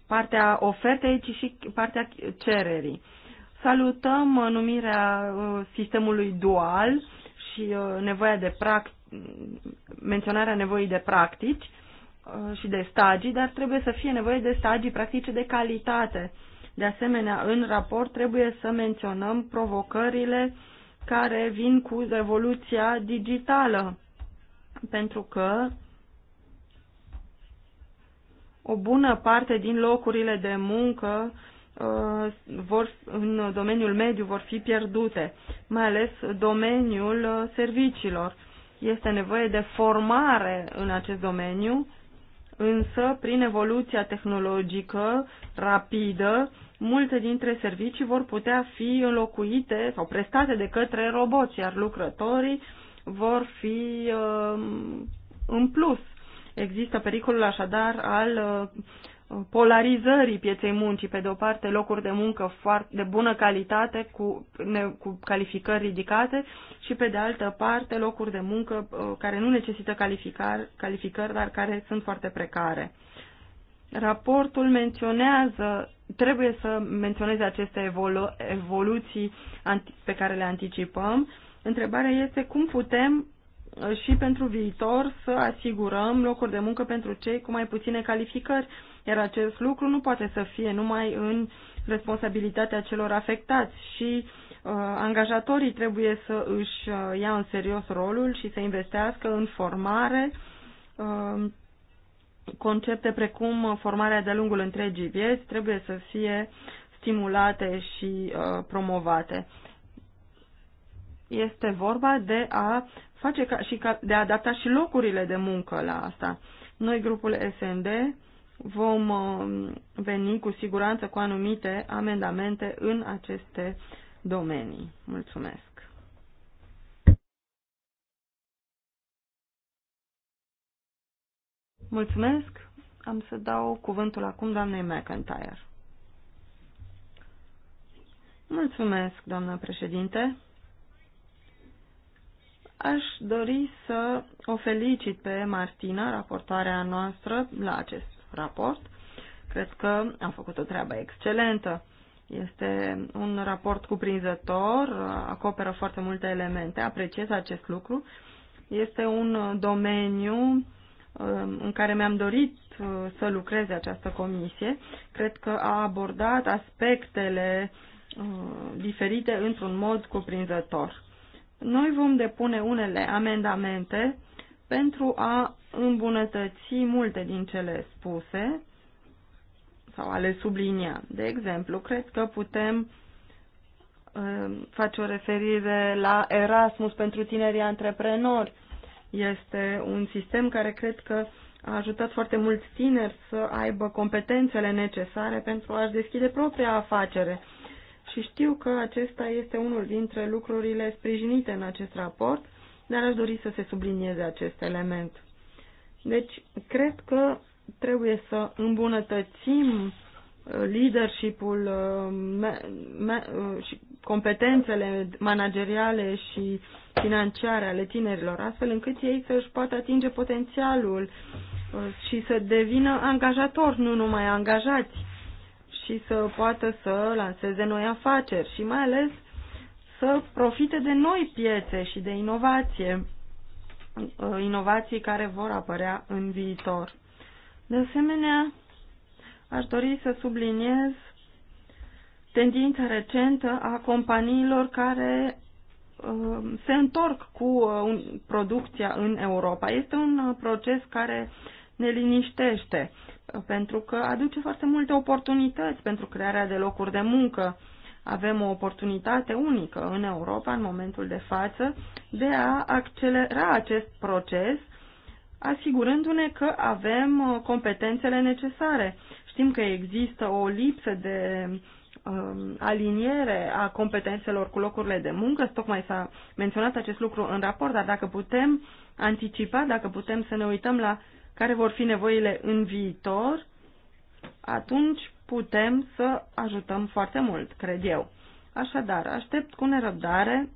partea ofertei, ci și partea cererii. Salutăm uh, numirea uh, sistemului dual și uh, nevoia de prac menționarea nevoii de practici și de stagii, dar trebuie să fie nevoie de stagii practice de calitate. De asemenea, în raport trebuie să menționăm provocările care vin cu revoluția digitală, pentru că o bună parte din locurile de muncă uh, vor, în domeniul mediu vor fi pierdute, mai ales domeniul uh, serviciilor. Este nevoie de formare în acest domeniu, însă prin evoluția tehnologică rapidă, multe dintre servicii vor putea fi înlocuite sau prestate de către roboți, iar lucrătorii vor fi uh, în plus Există pericolul așadar al uh, polarizării pieței muncii, pe de o parte locuri de muncă foarte, de bună calitate cu, ne, cu calificări ridicate și pe de altă parte locuri de muncă uh, care nu necesită calificări, calificări dar care sunt foarte precare. Raportul menționează, trebuie să menționeze aceste evolu- evoluții pe care le anticipăm. Întrebarea este cum putem și pentru viitor să asigurăm locuri de muncă pentru cei cu mai puține calificări, iar acest lucru nu poate să fie numai în responsabilitatea celor afectați și uh, angajatorii trebuie să își uh, ia în serios rolul și să investească în formare uh, concepte precum formarea de-a lungul întregii vieți trebuie să fie stimulate și uh, promovate este vorba de a face ca, și ca, de a adapta și locurile de muncă la asta. Noi, grupul SND, vom um, veni cu siguranță cu anumite amendamente în aceste domenii. Mulțumesc! Mulțumesc! Am să dau cuvântul acum doamnei McIntyre. Mulțumesc, doamnă președinte! Aș dori să o felicit pe Martina, raportoarea noastră, la acest raport. Cred că a făcut o treabă excelentă. Este un raport cuprinzător, acoperă foarte multe elemente, apreciez acest lucru. Este un domeniu um, în care mi-am dorit uh, să lucreze această comisie. Cred că a abordat aspectele uh, diferite într-un mod cuprinzător. Noi vom depune unele amendamente pentru a îmbunătăți multe din cele spuse sau a le sublinia. De exemplu, cred că putem um, face o referire la Erasmus pentru tinerii antreprenori. Este un sistem care cred că a ajutat foarte mulți tineri să aibă competențele necesare pentru a-și deschide propria afacere și știu că acesta este unul dintre lucrurile sprijinite în acest raport, dar aș dori să se sublinieze acest element. Deci, cred că trebuie să îmbunătățim uh, leadership-ul uh, uh, și competențele manageriale și financiare ale tinerilor, astfel încât ei să-și poată atinge potențialul și să devină angajatori, nu numai angajați și să poată să lanseze noi afaceri și mai ales să profite de noi piețe și de inovație, uh, inovații care vor apărea în viitor. De asemenea, aș dori să subliniez tendința recentă a companiilor care uh, se întorc cu uh, producția în Europa. Este un proces care ne liniștește pentru că aduce foarte multe oportunități pentru crearea de locuri de muncă. Avem o oportunitate unică în Europa în momentul de față de a accelera acest proces, asigurându-ne că avem uh, competențele necesare. Știm că există o lipsă de um, aliniere a competențelor cu locurile de muncă. Tocmai s-a menționat acest lucru în raport, dar dacă putem anticipa, dacă putem să ne uităm la care vor fi nevoile în viitor, atunci putem să ajutăm foarte mult, cred eu. Așadar, aștept cu nerăbdare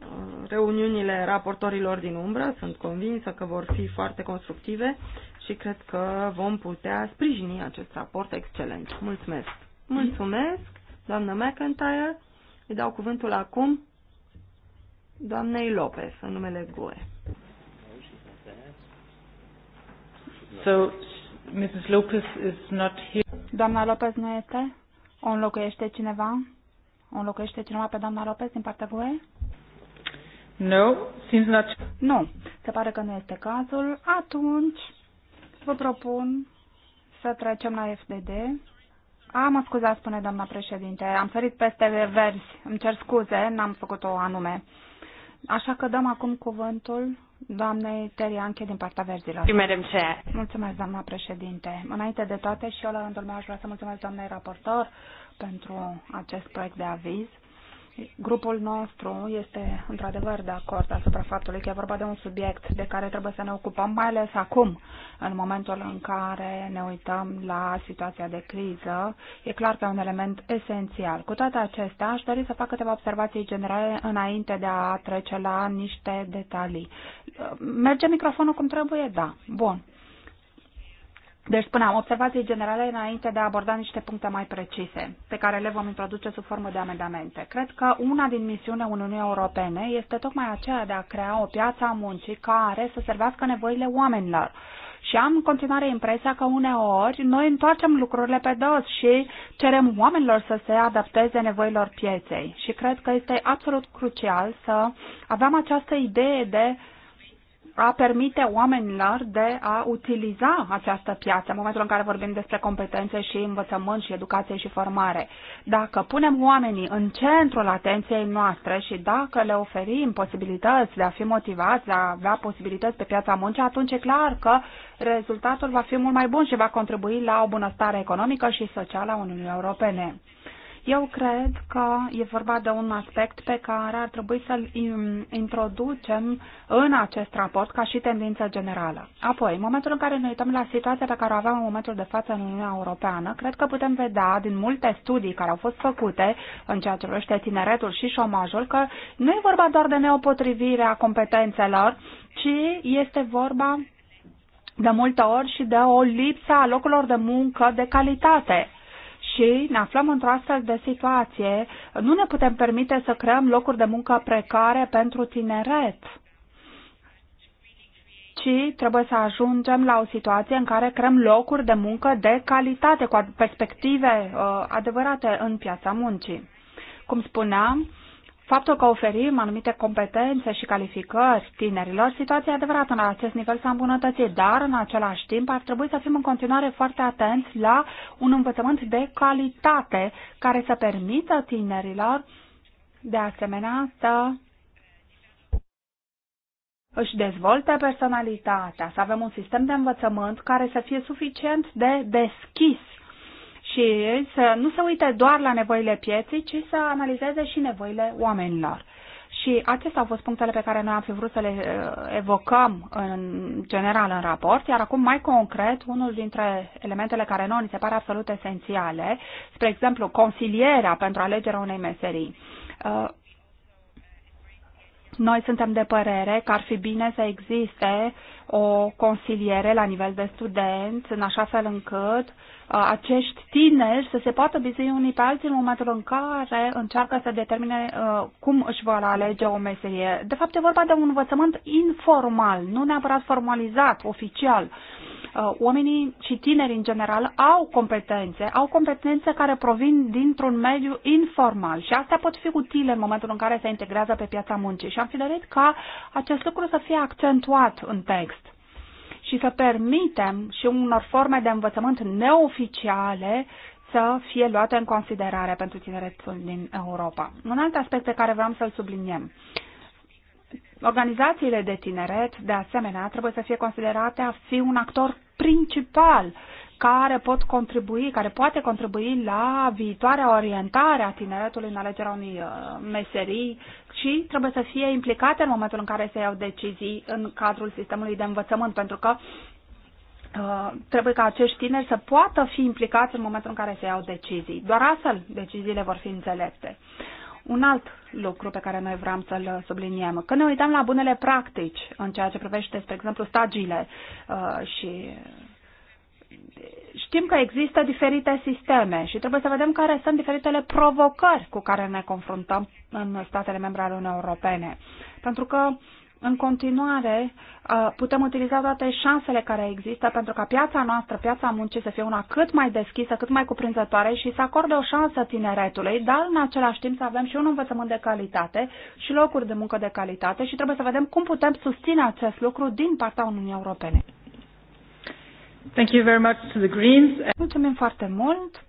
uh, reuniunile raportorilor din umbră, sunt convinsă că vor fi foarte constructive și cred că vom putea sprijini acest raport excelent. Mulțumesc! Mulțumesc, doamnă McIntyre. Îi dau cuvântul acum doamnei Lopez, în numele GUE. So, Mrs. Lopez is not here. Doamna Lopez nu este? O înlocuiește cineva? O înlocuiește cineva pe doamna Lopez din partea GUE? No, seems not. Nu, se pare că nu este cazul. Atunci, vă propun să trecem la FDD. Am mă spune doamna președinte, am sărit peste verzi, îmi cer scuze, n-am făcut-o anume. Așa că dăm acum cuvântul doamnei Anche din partea verzilor. Mulțumesc, doamna președinte. Înainte de toate și eu la rândul meu aș vrea să mulțumesc doamnei raportor pentru acest proiect de aviz Grupul nostru este într-adevăr de acord asupra faptului că e vorba de un subiect de care trebuie să ne ocupăm, mai ales acum, în momentul în care ne uităm la situația de criză. E clar că e un element esențial. Cu toate acestea, aș dori să fac câteva observații generale înainte de a trece la niște detalii. Merge microfonul cum trebuie? Da. Bun. Deci spuneam, observații generale înainte de a aborda niște puncte mai precise, pe care le vom introduce sub formă de amendamente. Cred că una din misiunea Uniunii Europene este tocmai aceea de a crea o piață a muncii care să servească nevoile oamenilor. Și am în continuare impresia că uneori noi întoarcem lucrurile pe dos și cerem oamenilor să se adapteze nevoilor pieței. Și cred că este absolut crucial să avem această idee de a permite oamenilor de a utiliza această piață în momentul în care vorbim despre competențe și învățământ și educație și formare. Dacă punem oamenii în centrul atenției noastre și dacă le oferim posibilități de a fi motivați, de a avea posibilități pe piața muncii, atunci e clar că rezultatul va fi mult mai bun și va contribui la o bunăstare economică și socială a Uniunii Europene. Eu cred că e vorba de un aspect pe care ar trebui să-l introducem în acest raport ca și tendință generală. Apoi, în momentul în care ne uităm la situația pe care o avem în momentul de față în Uniunea Europeană, cred că putem vedea din multe studii care au fost făcute în ceea ce privește tineretul și șomajul că nu e vorba doar de neopotrivirea competențelor, ci este vorba de multe ori și de o lipsă a locurilor de muncă de calitate și ne aflăm într-o astfel de situație, nu ne putem permite să creăm locuri de muncă precare pentru tineret, ci trebuie să ajungem la o situație în care creăm locuri de muncă de calitate, cu perspective uh, adevărate în piața muncii. Cum spuneam, Faptul că oferim anumite competențe și calificări tinerilor, situația adevărată la acest nivel s-a îmbunătățit, dar în același timp ar trebui să fim în continuare foarte atenți la un învățământ de calitate care să permită tinerilor de asemenea să își dezvolte personalitatea, să avem un sistem de învățământ care să fie suficient de deschis și să nu se uite doar la nevoile pieței, ci să analizeze și nevoile oamenilor. Și acestea au fost punctele pe care noi am fi vrut să le uh, evocăm în general în raport, iar acum mai concret, unul dintre elementele care nouă ni se pare absolut esențiale, spre exemplu, consilierea pentru alegerea unei meserii. Uh, noi suntem de părere că ar fi bine să existe o consiliere la nivel de student, în așa fel încât uh, acești tineri să se poată bizui unii pe alții în momentul în care încearcă să determine uh, cum își vor alege o meserie. De fapt, e vorba de un învățământ informal, nu neapărat formalizat, oficial. Uh, oamenii și tinerii în general au competențe, au competențe care provin dintr-un mediu informal și astea pot fi utile în momentul în care se integrează pe piața muncii și am fi dorit ca acest lucru să fie accentuat în text și să permitem și unor forme de învățământ neoficiale să fie luate în considerare pentru tineretul din Europa. Un alt aspect pe care vreau să-l subliniem. Uh, Organizațiile de tineret, de asemenea, trebuie să fie considerate a fi un actor principal care pot contribui, care poate contribui la viitoarea orientare a tineretului în alegerea unei uh, meserii și trebuie să fie implicate în momentul în care se iau decizii în cadrul sistemului de învățământ, pentru că Uh, trebuie ca acești tineri să poată fi implicați în momentul în care se iau decizii. Doar astfel deciziile vor fi înțelepte. Un alt lucru pe care noi vrem să-l subliniem, când ne uităm la bunele practici în ceea ce privește, spre exemplu, stagiile uh, și știm că există diferite sisteme și trebuie să vedem care sunt diferitele provocări cu care ne confruntăm în statele membre ale Uniunii Europene. Pentru că uh, în continuare uh, putem utiliza toate șansele care există pentru ca piața noastră, piața muncii să fie una cât mai deschisă, cât mai cuprinzătoare și să acorde o șansă tineretului, dar în același timp să avem și un învățământ de calitate și locuri de muncă de calitate și trebuie să vedem cum putem susține acest lucru din partea Uniunii Europene. Thank you very much to the Greens. Mulțumim foarte mult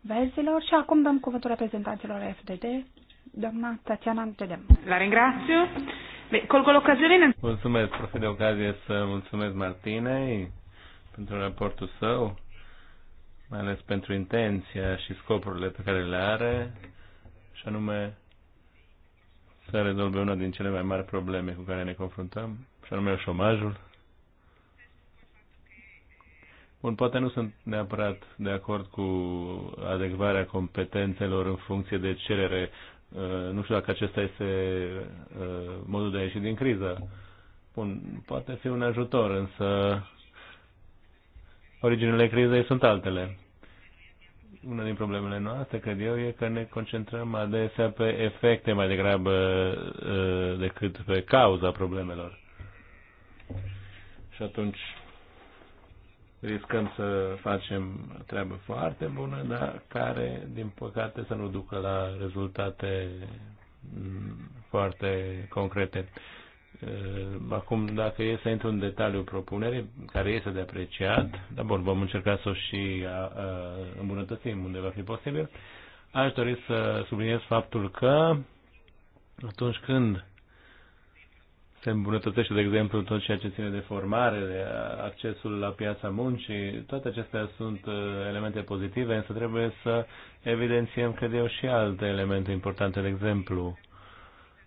verzilor și acum dăm cuvântul reprezentanților FDD doamna Tatiana Antedem. La ringrazio. Colgo l'occasione. Mulțumesc, profe de ocazie să mulțumesc Martinei pentru raportul său, mai ales pentru intenția și scopurile pe care le are, și anume să rezolve una din cele mai mari probleme cu care ne confruntăm, și anume șomajul. Bun, poate nu sunt neapărat de acord cu adecvarea competențelor în funcție de cerere Eh, nu știu dacă acesta este eh, modul de a ieși din criză. Bun, poate fi un ajutor, însă originele crizei sunt altele. Una din problemele noastre, cred eu, e că ne concentrăm adesea pe efecte mai degrabă eh, decât pe cauza problemelor. Și atunci riscăm să facem treabă foarte bună, dar care, din păcate, să nu ducă la rezultate mm, foarte concrete. Uh, acum, dacă e să intru în detaliu propunere, care este de apreciat, dar bun, vom încerca să o și îmbunătățim unde va fi posibil, aș dori să subliniez faptul că atunci când se îmbunătățește, de exemplu, tot ceea ce ține de formare, de accesul la piața muncii. Toate acestea sunt uh, elemente pozitive, însă trebuie să evidențiem, cred eu, și alte elemente importante, de exemplu.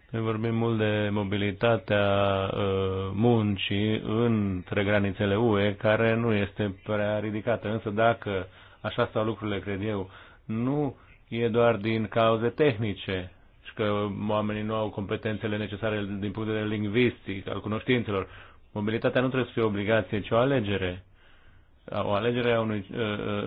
Noi vorbim mult de mobilitatea uh, muncii între granițele UE, care nu este prea ridicată. Însă dacă așa stau lucrurile, cred eu, nu e doar din cauze tehnice, și că oamenii nu au competențele necesare din punct de vedere lingvistic, al cunoștințelor. Mobilitatea nu trebuie să fie o obligație, ci o alegere. O alegere a unui, uh,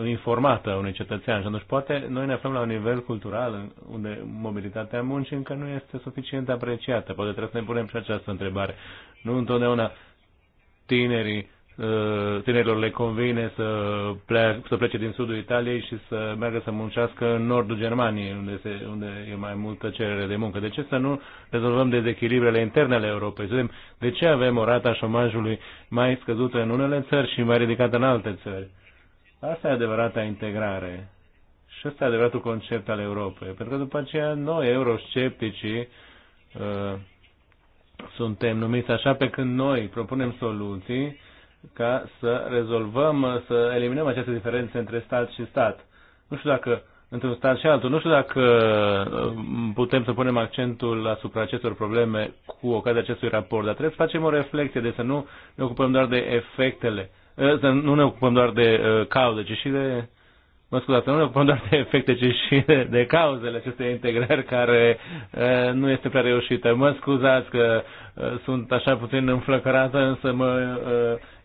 uh informată a unui cetățean. Și atunci poate noi ne aflăm la un nivel cultural unde mobilitatea muncii încă nu este suficient apreciată. Poate trebuie să ne punem și această întrebare. Nu întotdeauna tinerii Eh, tinerilor le convine să, plea, să plece din sudul Italiei și să meargă să muncească în nordul Germaniei, unde, se, unde e mai multă cerere de muncă. De ce să nu rezolvăm dezechilibrele interne ale Europei? Să de ce avem o rata șomajului mai scăzută în unele țări și mai ridicată în alte țări? Asta e adevărata integrare. Și ăsta e adevăratul concept al Europei. Pentru că după aceea noi, euroscepticii, eh, suntem numiți așa pe când noi propunem soluții ca să rezolvăm, să eliminăm aceste diferențe între stat și stat. Nu știu dacă între un stat și altul. Nu știu dacă um, putem să punem accentul asupra acestor probleme cu ocazia acestui raport, dar trebuie să facem o reflexie de deci să nu ne ocupăm doar de efectele, uh, să nu ne ocupăm doar de uh, cauze, ci și de mă scuzați, nu vorbim doar de efecte, ci și de, de cauzele acestei integrări care uh, nu este prea reușită. Mă scuzați că uh, sunt așa puțin înflăcărată, însă mă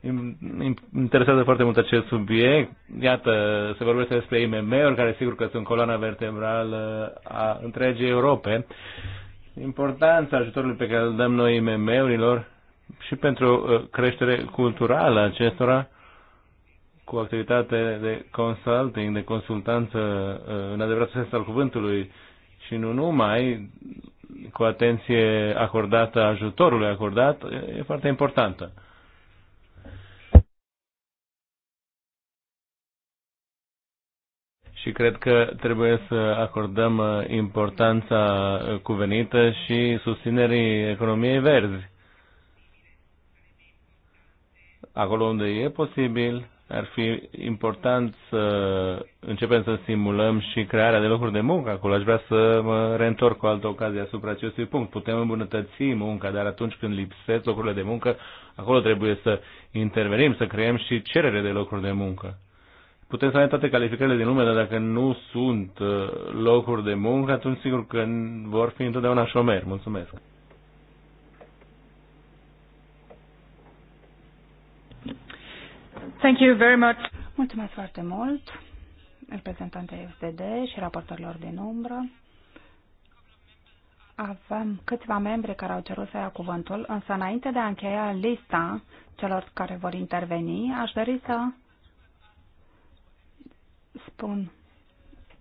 uh, interesează foarte mult acest subiect. Iată, se vorbește despre IMM-uri, care sigur că sunt coloana vertebrală a întregii Europe. Importanța ajutorului pe care îl dăm noi IMM-urilor și pentru creștere culturală acestora, cu activitate de consulting, de consultanță uh, în adevărat sens al cuvântului și nu numai cu atenție acordată ajutorului acordat, e foarte importantă. și cred că trebuie să acordăm uh, importanța uh, cuvenită și susținerii economiei verzi. Acolo unde e posibil, ar fi important să începem să simulăm și crearea de locuri de muncă acolo. Aș vrea să mă reîntorc cu altă ocazie asupra acestui punct. Putem îmbunătăți munca, dar atunci când lipsesc locurile de muncă, acolo trebuie să intervenim, să creăm și cerere de locuri de muncă. Putem să avem toate calificările din lume, dar dacă nu sunt uh, locuri de muncă, atunci sigur că vor fi întotdeauna șomeri. Mulțumesc! Thank you very much. Mulțumesc foarte mult reprezentantei FDD și raportorilor din umbră. Avem câțiva membri care au cerut să ia cuvântul, însă înainte de a încheia lista celor care vor interveni, aș dori să spun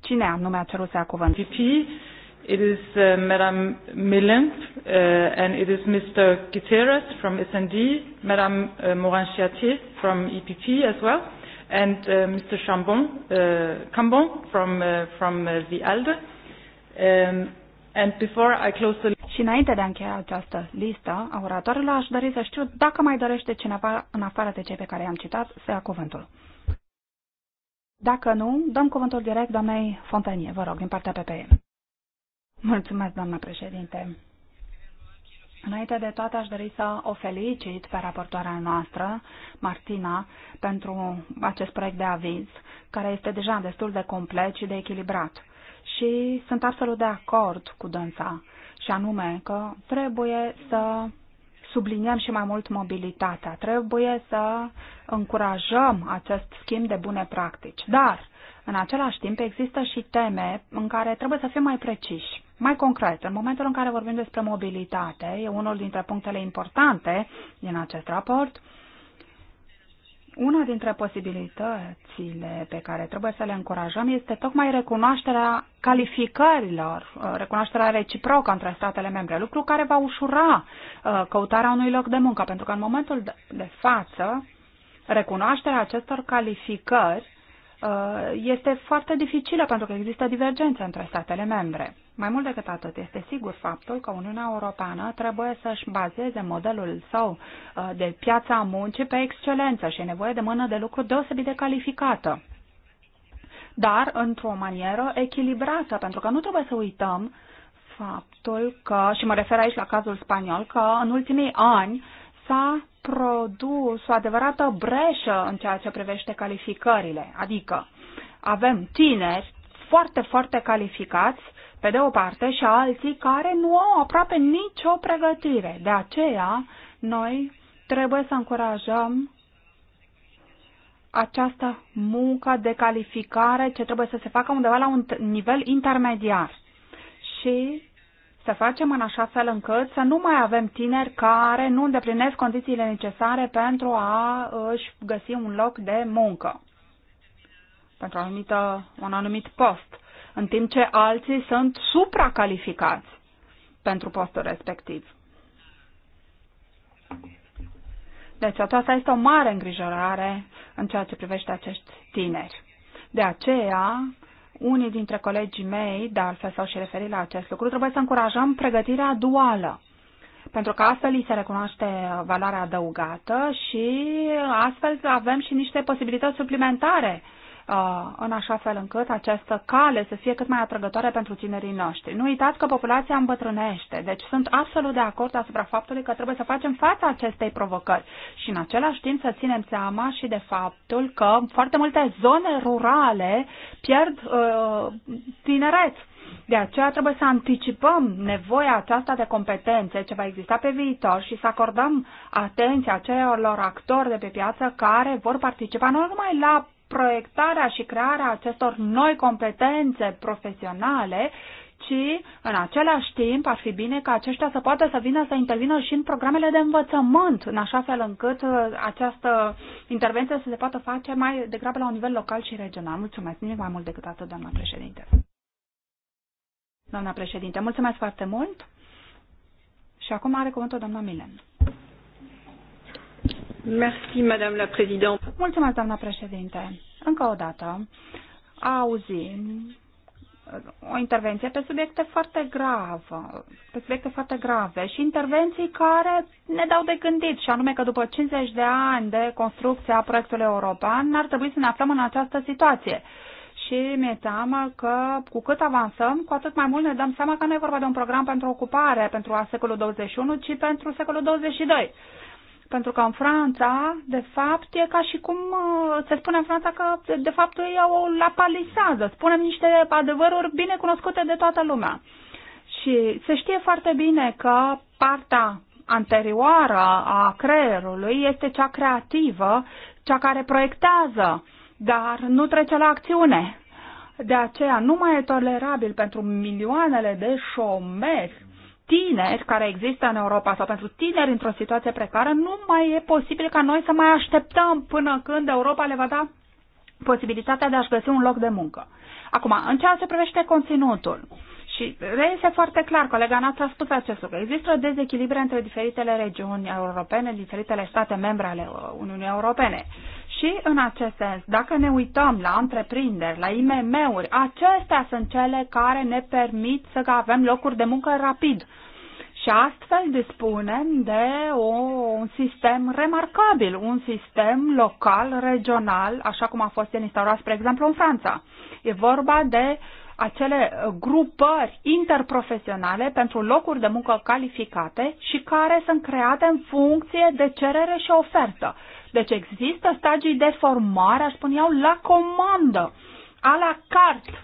cine anume a cerut să ia cuvântul. PP, It is uh, Madam Millen, uh, and it is Mr. Guterres from SND, Madam uh, Morin-Chartier from EPP as well, and uh, Mr. Chambon, uh, Cambon from, uh, from uh, the ALDE. Um, and before I close the și înainte de a încheia această listă a oratorilor, aș dori să știu dacă mai dorește cineva, în afară de cei pe care i-am citat, să ia cuvântul. Dacă nu, dăm cuvântul direct doamnei Fontanie, vă rog, din partea PPM. Mulțumesc, doamna președinte. Înainte de toate, aș dori să o felicit pe raportoarea noastră, Martina, pentru acest proiect de aviz, care este deja destul de complet și de echilibrat. Și sunt absolut de acord cu dânsa, și anume că trebuie să subliniem și mai mult mobilitatea, trebuie să încurajăm acest schimb de bune practici. Dar, în același timp, există și teme în care trebuie să fim mai preciși. Mai concret, în momentul în care vorbim despre mobilitate, e unul dintre punctele importante din acest raport, una dintre posibilitățile pe care trebuie să le încurajăm este tocmai recunoașterea calificărilor, uh, recunoașterea reciprocă între statele membre, lucru care va ușura uh, căutarea unui loc de muncă, pentru că în momentul de față recunoașterea acestor calificări Uh, este foarte dificilă pentru că există divergențe între statele membre. Mai mult decât atât, este sigur faptul că Uniunea Europeană trebuie să-și bazeze modelul său uh, de piața muncii pe excelență și e nevoie de mână de lucru deosebit de calificată, dar într-o manieră echilibrată, pentru că nu trebuie să uităm faptul că, și mă refer aici la cazul spaniol, că în ultimii ani s-a produs o adevărată breșă în ceea ce privește calificările, adică avem tineri foarte, foarte calificați, pe de o parte, și alții care nu au aproape nicio pregătire. De aceea, noi trebuie să încurajăm această muncă de calificare ce trebuie să se facă undeva la un nivel intermediar. Și să facem în așa fel încât să nu mai avem tineri care nu îndeplinesc condițiile necesare pentru a își găsi un loc de muncă, pentru anumită, un anumit post, în timp ce alții sunt supracalificați pentru postul respectiv. Deci aceasta este o mare îngrijorare în ceea ce privește acești tineri. De aceea unii dintre colegii mei, dar altfel s-au și referit la acest lucru, trebuie să încurajăm pregătirea duală pentru că astfel îi se recunoaște valoarea adăugată și astfel avem și niște posibilități suplimentare uh, în așa fel încât această cale să fie cât mai atrăgătoare pentru tinerii noștri. Nu uitați că populația îmbătrânește, deci sunt absolut de acord asupra faptului că trebuie să facem fața acestei provocări și în același timp să ținem seama și de faptul că foarte multe zone rurale pierd uh, tineret. De aceea trebuie să anticipăm nevoia aceasta de competențe ce va exista pe viitor și să acordăm atenția acelor actori de pe piață care vor participa nu numai la proiectarea și crearea acestor noi competențe profesionale, ci în același timp ar fi bine ca aceștia să poată să vină să intervină și în programele de învățământ, în așa fel încât uh, această intervenție să se poată face mai degrabă la un nivel local și regional. Mulțumesc, nimic mai mult decât atât, doamna președinte. Doamna președinte, mulțumesc foarte mult. Și acum are cuvântul doamna Milen. Merci, Madame la Mulțumesc, doamna președinte. Încă o dată, auzim o intervenție pe subiecte foarte grave, pe subiecte foarte grave și intervenții care ne dau de gândit, și anume că după 50 de ani de construcție a proiectului european, n-ar trebui să ne aflăm în această situație. Și mi-e teamă că cu cât avansăm, cu atât mai mult ne dăm seama că nu e vorba de un program pentru ocupare pentru a secolul 21, ci pentru secolul 22. Pentru că în Franța, de fapt, e ca și cum uh, se spune în Franța că, de fapt, ei au la palisadă. Spunem niște adevăruri bine cunoscute de toată lumea. Și se știe foarte bine că partea anterioară a creierului este cea creativă, cea care proiectează, dar nu trece la acțiune. De aceea nu mai e tolerabil pentru milioanele de șomeri tineri care există în Europa sau pentru tineri într-o situație precară, nu mai e posibil ca noi să mai așteptăm până când Europa le va da posibilitatea de a-și găsi un loc de muncă. Acum, în ceea ce privește conținutul, și reiese foarte clar, colega noastră a spus acest lucru, există dezechilibre între diferitele regiuni europene, diferitele state membre ale Uniunii Europene. Uh, și în acest sens, dacă ne uităm la întreprinderi, la IMM-uri, acestea sunt cele care ne permit să avem locuri de muncă rapid. Și astfel dispunem de o, un sistem remarcabil, un sistem local, regional, așa cum a fost el instaurat, spre exemplu, în Franța. E vorba de acele grupări interprofesionale pentru locuri de muncă calificate și care sunt create în funcție de cerere și ofertă. Deci există stagii de formare, aș spune eu, la comandă, a la carte,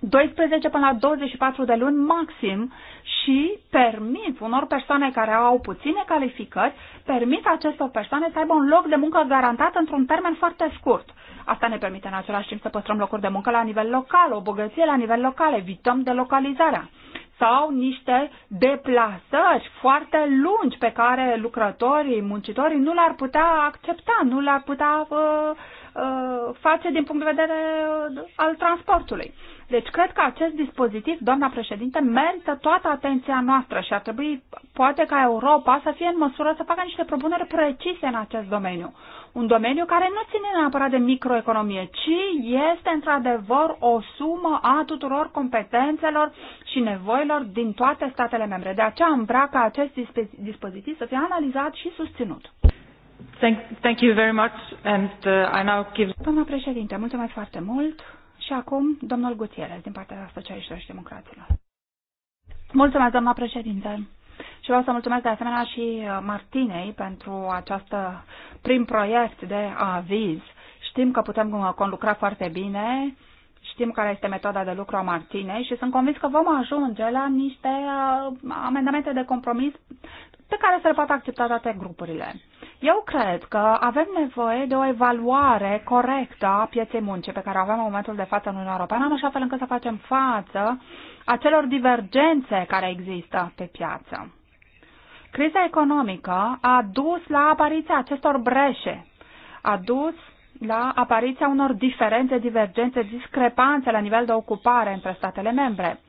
12 până la 24 de luni maxim și permit unor persoane care au puține calificări, permit acestor persoane să aibă un loc de muncă garantat într-un termen foarte scurt. Asta ne permite în același timp să păstrăm locuri de muncă la nivel local, o bogăție la nivel local, evităm de localizarea sau niște deplasări foarte lungi pe care lucrătorii, muncitorii nu l-ar putea accepta, nu l-ar putea uh, uh, face din punct de vedere uh, al transportului. Deci cred că acest dispozitiv, doamna președinte, merită toată atenția noastră și ar trebui poate ca Europa să fie în măsură să facă niște propuneri precise în acest domeniu un domeniu care nu ține neapărat de microeconomie, ci este într-adevăr o sumă a tuturor competențelor și nevoilor din toate statele membre. De aceea am vrea ca acest dispozitiv să fie analizat și susținut. Thank, thank you very much and uh, I now give... Doamna președinte, mulțumesc foarte mult și acum domnul Gutierrez din partea Socialiștilor și Democraților. Mulțumesc, doamna președinte. Și vreau să mulțumesc de asemenea și uh, Martinei pentru această prim proiect de aviz. Știm că putem uh, conlucra foarte bine, știm care este metoda de lucru a Martinei și sunt convins că vom ajunge la niște uh, amendamente de compromis pe care să le poată accepta toate grupurile. Eu cred că avem nevoie de o evaluare corectă a pieței muncii pe care o avem în momentul de față în Uniunea Europeană, în așa fel încât să facem față acelor divergențe care există pe piață. Criza economică a dus la apariția acestor breșe, a dus la apariția unor diferențe, divergențe, discrepanțe la nivel de ocupare între statele membre.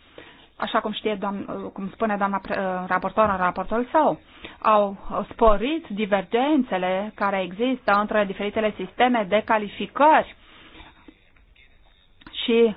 Așa cum știe, doamn, cum spune doamna uh, raportor în raportul său, au sporit divergențele care există între diferitele sisteme de calificări și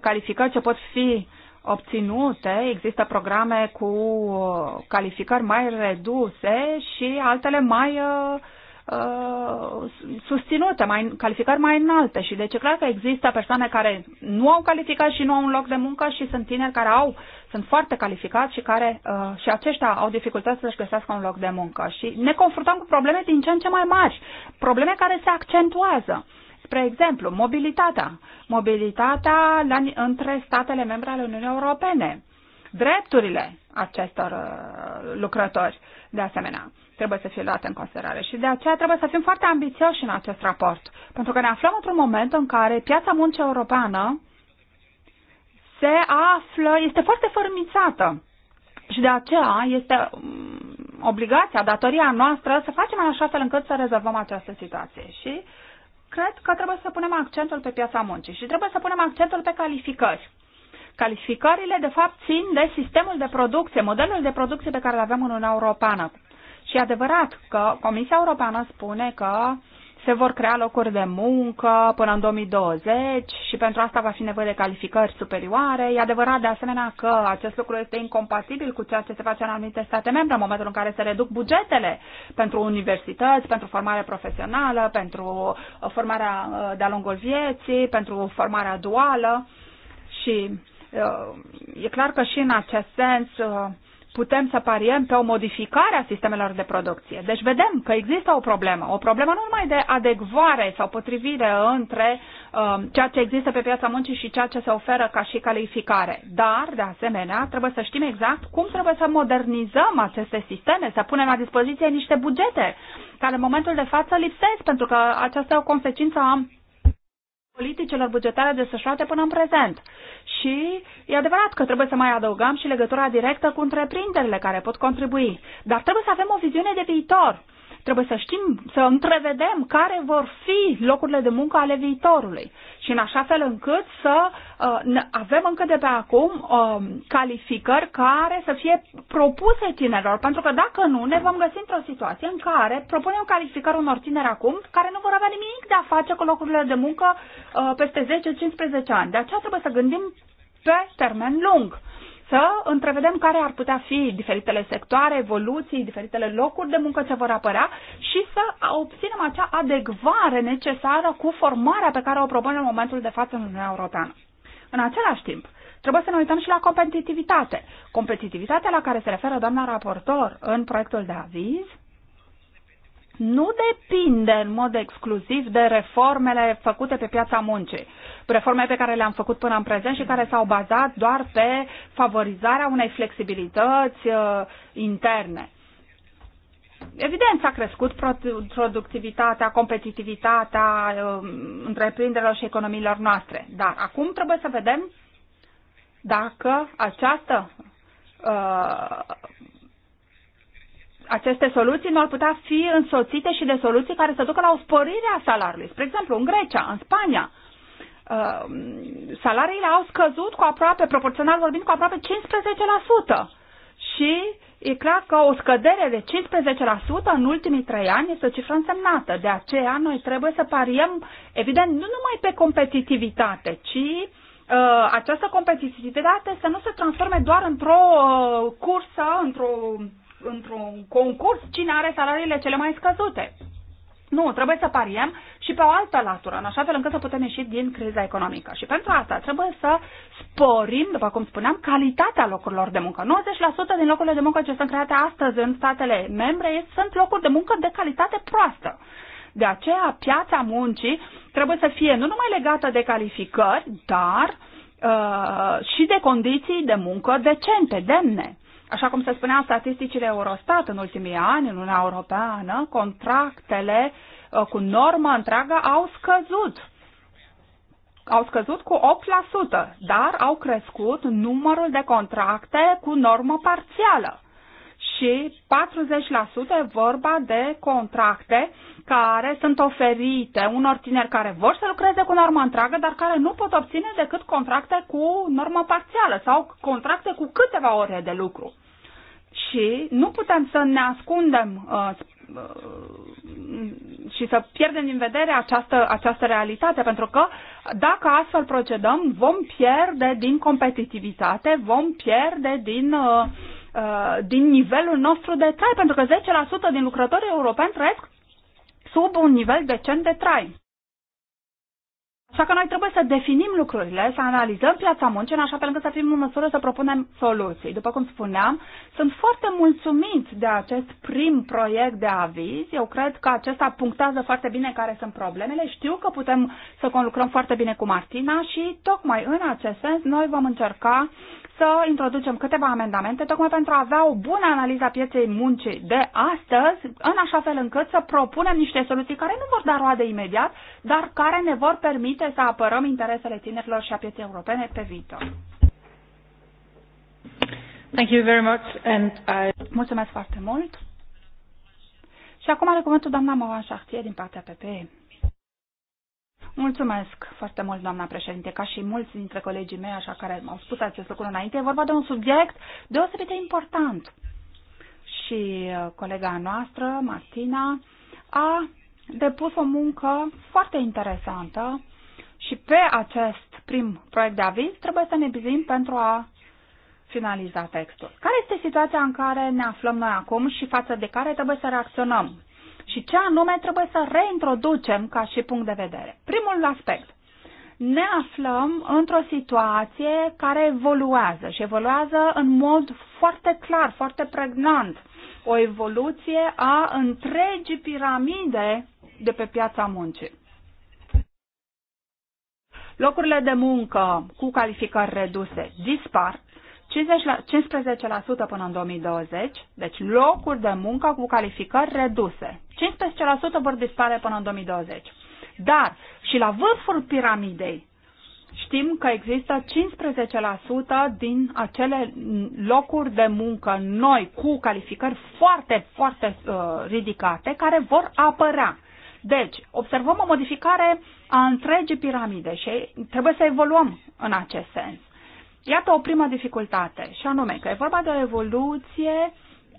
calificări ce pot fi obținute, există programe cu uh, calificări mai reduse și altele mai uh, uh, susținute, mai, calificări mai înalte și deci e clar că există persoane care nu au calificat și nu au un loc de muncă și sunt tineri care au, sunt foarte calificați și care uh, și aceștia au dificultăți să-și găsească un loc de muncă și ne confruntăm cu probleme din ce în ce mai mari, probleme care se accentuează. Uh, Spre exemplu, mobilitatea. Mobilitatea la, între statele membre ale Uniunii Europene. Drepturile acestor uh, lucrători, de asemenea, trebuie să fie luate în considerare și de aceea trebuie să fim foarte ambițioși în acest raport, pentru că ne aflăm într-un moment în care piața muncii europeană se află, este foarte fărmițată. și de aceea este mm, obligația, datoria noastră să facem în așa fel încât să rezolvăm această situație. Și cred că trebuie să punem accentul pe piața muncii și trebuie să punem accentul pe calificări. Calificările, de fapt, țin de sistemul de producție, modelul de producție pe care îl avem în Uniunea Europeană. Și e adevărat că Comisia Europeană spune că uh, se vor crea locuri de muncă până în 2020 și pentru asta va fi nevoie de calificări superioare. E adevărat de asemenea că acest lucru este incompatibil cu ceea ce se face în anumite state membre în momentul în care se reduc bugetele pentru universități, pentru formare profesională, pentru uh, formarea uh, de-a lungul vieții, pentru formarea duală și uh, e clar că și în acest sens putem să pariem pe o modificare a sistemelor de producție. Deci vedem că există o problemă. O problemă nu numai de adecvare sau potrivire între um, ceea ce există pe piața muncii și ceea ce se oferă ca și calificare, dar, de asemenea, trebuie să știm exact cum trebuie să modernizăm aceste sisteme, să punem la dispoziție niște bugete care în momentul de față lipsesc, pentru că aceasta e o consecință a politicilor bugetare desfășurate până în prezent. Și e adevărat că trebuie să mai adăugăm și legătura directă cu întreprinderile care pot contribui. Dar trebuie să avem o viziune de viitor. Trebuie să știm, să întrevedem care vor fi locurile de muncă ale viitorului și în așa fel încât să uh, avem încă de pe acum uh, calificări care să fie propuse tinerilor, pentru că dacă nu, ne vom găsi într-o situație în care propunem calificări unor tineri acum care nu vor avea nimic de a face cu locurile de muncă uh, peste 10-15 ani. De aceea trebuie să gândim pe termen lung. Să întrevedem care ar putea fi diferitele sectoare, evoluții, diferitele locuri de muncă ce vor apărea și să obținem acea adecvare necesară cu formarea pe care o propunem în momentul de față în Uniunea Europeană. În același timp, trebuie să ne uităm și la competitivitate. Competitivitatea la care se referă doamna raportor în proiectul de aviz nu depinde în mod exclusiv de reformele făcute pe piața muncii. Reforme pe care le-am făcut până în prezent și care s-au bazat doar pe favorizarea unei flexibilități uh, interne. Evident, s-a crescut productivitatea, competitivitatea uh, întreprinderilor și economiilor noastre, dar acum trebuie să vedem dacă această uh, aceste soluții nu ar putea fi însoțite și de soluții care să ducă la o sporire a salariului. Spre exemplu, în Grecia, în Spania, uh, salariile au scăzut cu aproape, proporțional vorbind, cu aproape 15%. Și e clar că o scădere de 15% în ultimii trei ani este o cifră însemnată. De aceea noi trebuie să pariem, evident, nu numai pe competitivitate, ci uh, această competitivitate să nu se transforme doar într-o uh, cursă, într-o într-un concurs cine are salariile cele mai scăzute. Nu, trebuie să pariem și pe o altă latură, în așa fel încât să putem ieși din criza economică. Și pentru asta trebuie să sporim, după cum spuneam, calitatea locurilor de muncă. 90% din locurile de muncă ce sunt create astăzi în statele membre sunt locuri de muncă de calitate proastă. De aceea, piața muncii trebuie să fie nu numai legată de calificări, dar uh, și de condiții de muncă decente, demne. Așa cum se spunea statisticile Eurostat în ultimii ani, în Uniunea Europeană, contractele uh, cu normă întreagă au scăzut. Au scăzut cu 8%, dar au crescut numărul de contracte cu normă parțială și 40% vorba de contracte care sunt oferite unor tineri care vor să lucreze cu normă întreagă, dar care nu pot obține decât contracte cu normă parțială sau contracte cu câteva ore de lucru. Și nu putem să ne ascundem uh, uh și să pierdem din vedere această, această realitate, pentru că dacă astfel procedăm, vom pierde din competitivitate, vom pierde din uh, Uh, din nivelul nostru de trai, pentru că 10% din lucrătorii europeni trăiesc sub un nivel decent de trai. Așa că noi trebuie să definim lucrurile, să analizăm piața muncii în așa fel încât să fim în măsură să propunem soluții. După cum spuneam, sunt foarte mulțumit de acest prim proiect de aviz. Eu cred că acesta punctează foarte bine care sunt problemele. Știu că putem să conlucrăm foarte bine cu Martina și tocmai în acest sens noi vom încerca să introducem câteva amendamente tocmai pentru a avea o bună analiză a pieței muncii de astăzi, în așa fel încât să propunem niște soluții care nu vor da roade imediat, dar care ne vor permite să apărăm interesele tinerilor și a pieței europene pe viitor. Thank you very much and I... Mulțumesc foarte mult. Și acum are cuvântul doamna Mauan Chartier din partea PPE. Mulțumesc foarte mult, doamna președinte, ca și mulți dintre colegii mei, așa care m-au spus acest lucru înainte, e vorba de un subiect deosebit de important. Și uh, colega noastră, Martina, a depus o muncă foarte interesantă și pe acest prim proiect de aviz trebuie să ne bizim pentru a finaliza textul. Care este situația în care ne aflăm noi acum și față de care trebuie să reacționăm? și ce anume trebuie să reintroducem ca și punct de vedere. Primul aspect. Ne aflăm într-o situație care evoluează și evoluează în mod foarte clar, foarte pregnant. O evoluție a întregii piramide de pe piața muncii. Locurile de muncă cu calificări reduse dispar 15% până în 2020, deci locuri de muncă cu calificări reduse. 15% vor dispare până în 2020. Dar și la vârful piramidei știm că există 15% din acele locuri de muncă noi cu calificări foarte, foarte uh, ridicate care vor apărea. Deci, observăm o modificare a întregii piramide și trebuie să evoluăm în acest sens. Iată o primă dificultate, și anume că e vorba de o evoluție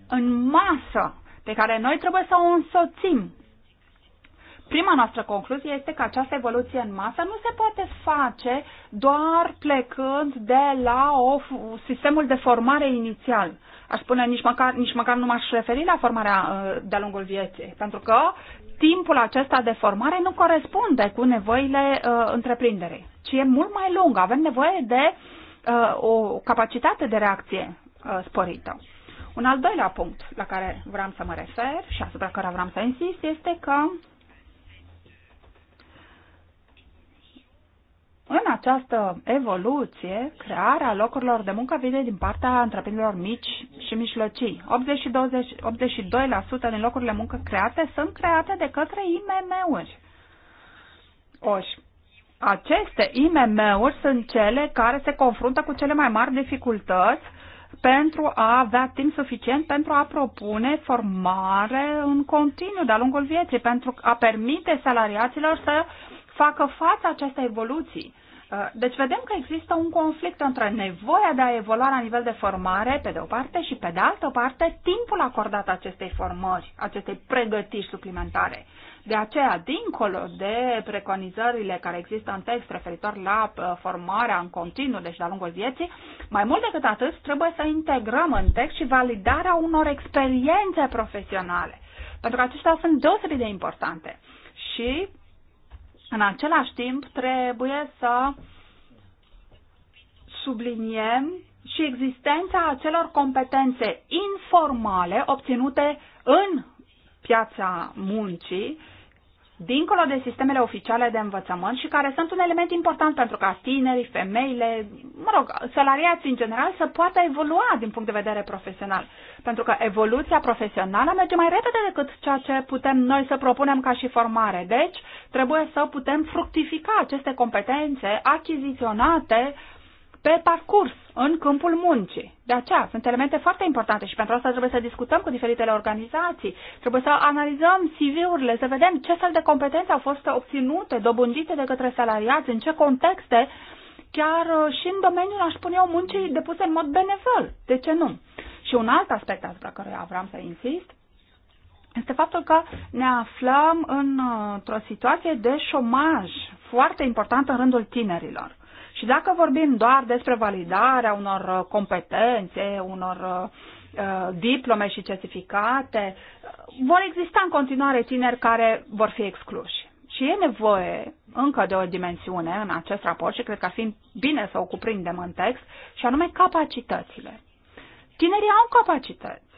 în masă pe care noi trebuie să o însoțim. Prima noastră concluzie este că această evoluție în masă nu se poate face doar plecând de la o, sistemul de formare inițial. Aș spune, nici măcar, nici măcar nu m-aș referi la formarea uh, de-a lungul vieții, pentru că timpul acesta de formare nu corespunde cu nevoile uh, întreprinderii, ci e mult mai lung. Avem nevoie de uh, o capacitate de reacție uh, sporită. Un al doilea punct la care vreau să mă refer și asupra care vreau să insist este că În această evoluție, crearea locurilor de muncă vine din partea întreprinderilor mici și mijlocii. 82%, din locurile muncă create sunt create de către IMM-uri. Oși, aceste IMM-uri sunt cele care se confruntă cu cele mai mari dificultăți pentru a avea timp suficient pentru a propune formare în continuu de-a lungul vieții, pentru a permite salariaților să facă față acestei evoluții. Uh, deci vedem că există un conflict între nevoia de a evolua la nivel de formare, pe de o parte, și pe de altă parte, timpul acordat acestei formări, acestei pregătiri suplimentare. De aceea, dincolo de preconizările care există în text referitor la uh, formarea în continuu, deci de-a lungul vieții, mai mult decât atât, trebuie să integrăm în text și validarea unor experiențe profesionale. Pentru că acestea sunt deosebit de importante. Și, în același timp, trebuie să subliniem și existența acelor competențe informale obținute în piața muncii dincolo de sistemele oficiale de învățământ și care sunt un element important pentru ca tinerii, femeile, mă rog, salariații în general să poată evolua din punct de vedere profesional. Pentru că evoluția profesională merge mai repede decât ceea ce putem noi să propunem ca și formare. Deci, trebuie să putem fructifica aceste competențe achiziționate pe parcurs, în câmpul muncii. De aceea, sunt elemente foarte importante și pentru asta trebuie să discutăm cu diferitele organizații, trebuie să analizăm CV-urile, să vedem ce fel de competențe au fost obținute, dobândite de către salariați, în ce contexte, chiar uh, și în domeniul, aș spune eu, muncii depuse în mod benevol. De ce nu? Și un alt aspect asupra căruia vreau să insist, este faptul că ne aflăm uh, într-o situație de șomaj foarte importantă în rândul tinerilor. Și dacă vorbim doar despre validarea unor uh, competențe, unor uh, uh, diplome și certificate, vor exista în continuare tineri care vor fi excluși. Și e nevoie încă de o dimensiune în acest raport și cred că ar fi bine să o cuprindem în text, și anume capacitățile. Tinerii au capacități.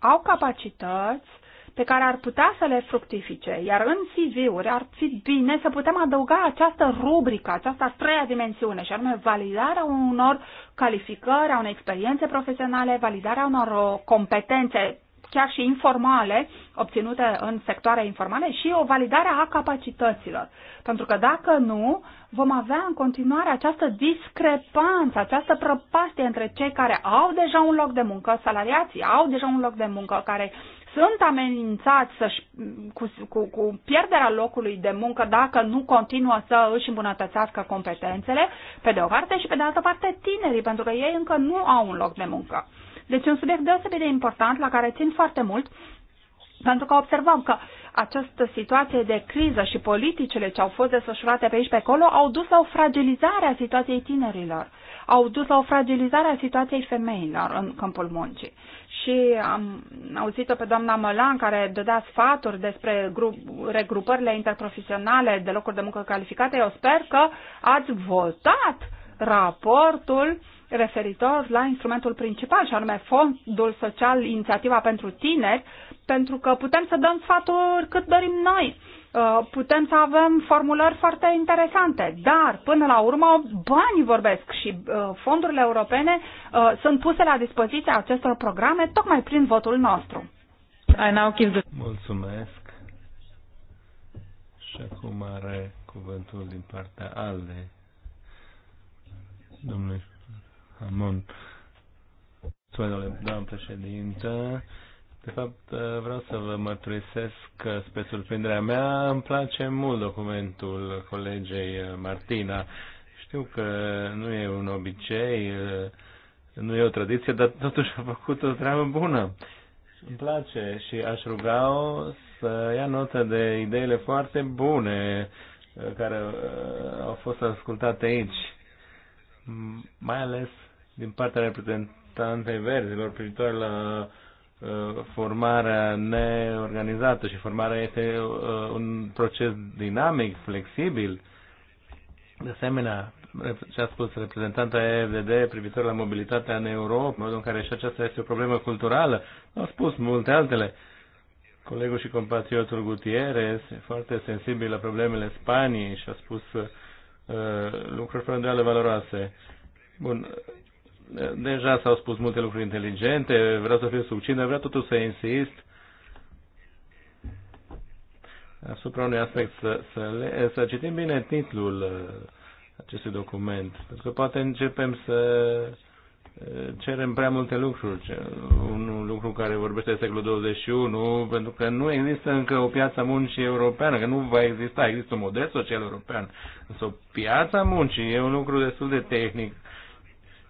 Au capacități pe care ar putea să le fructifice, iar în CV-uri ar fi bine să putem adăuga această rubrică, această a treia dimensiune, și anume validarea unor calificări, a unei experiențe profesionale, validarea unor uh, competențe chiar și informale, obținute în sectoare informale și o validare a capacităților. Pentru că dacă nu, vom avea în continuare această discrepanță, această prăpastie între cei care au deja un loc de muncă, salariații au deja un loc de muncă, care sunt amenințați să-și, cu, cu, cu pierderea locului de muncă dacă nu continuă să își îmbunătățească competențele, pe de o parte, și pe de altă parte tinerii, pentru că ei încă nu au un loc de muncă. Deci un subiect deosebit de important la care țin foarte mult, pentru că observăm că această situație de criză și politicile ce au fost desfășurate pe aici pe acolo au dus la o fragilizare a situației tinerilor, au dus la o fragilizare a situației femeilor în câmpul muncii și am auzit-o pe doamna Mălan care dădea sfaturi despre regrupările interprofesionale de locuri de muncă calificate. Eu sper că ați votat raportul referitor la instrumentul principal și anume Fondul Social Inițiativa pentru Tineri, pentru că putem să dăm sfaturi cât dorim noi Uh, putem să avem formulări foarte interesante, dar până la urmă banii vorbesc și uh, fondurile europene uh, sunt puse la dispoziția acestor programe tocmai prin votul nostru. Mulțumesc. Și acum are cuvântul din partea ale domnului Hamon. Domnule doamnă de fapt, eh, vreau să vă mărturisesc că, spre surprinderea mea, îmi place mult documentul colegei eh, Martina. Știu că nu e un obicei, eh, nu e o tradiție, dar totuși a făcut o treabă bună. Îmi place și aș ruga-o să ia notă de ideile foarte bune care au fost ascultate aici, mai ales din partea reprezentantei verzilor privitoare la formarea neorganizată și formarea este uh, un proces dinamic, flexibil. De asemenea, ce a spus reprezentanta EFDD privitor la mobilitatea în Europa, modul în care și aceasta este o problemă culturală, au spus multe altele. Colegul și compatriotul Gutierrez, foarte sensibil la problemele Spaniei și a spus uh, lucruri fără valoroase. Bun, deja s-au spus multe lucruri inteligente, vreau să fiu succint, dar vreau totuși să insist asupra unui aspect, să, să, le, să citim bine titlul uh, acestui document, pentru că poate începem să uh, cerem prea multe lucruri. Un lucru care vorbește de secolul 21, pentru că nu există încă o piață a muncii europeană, că nu va exista, există un model social european. Însă piața muncii e un lucru destul de tehnic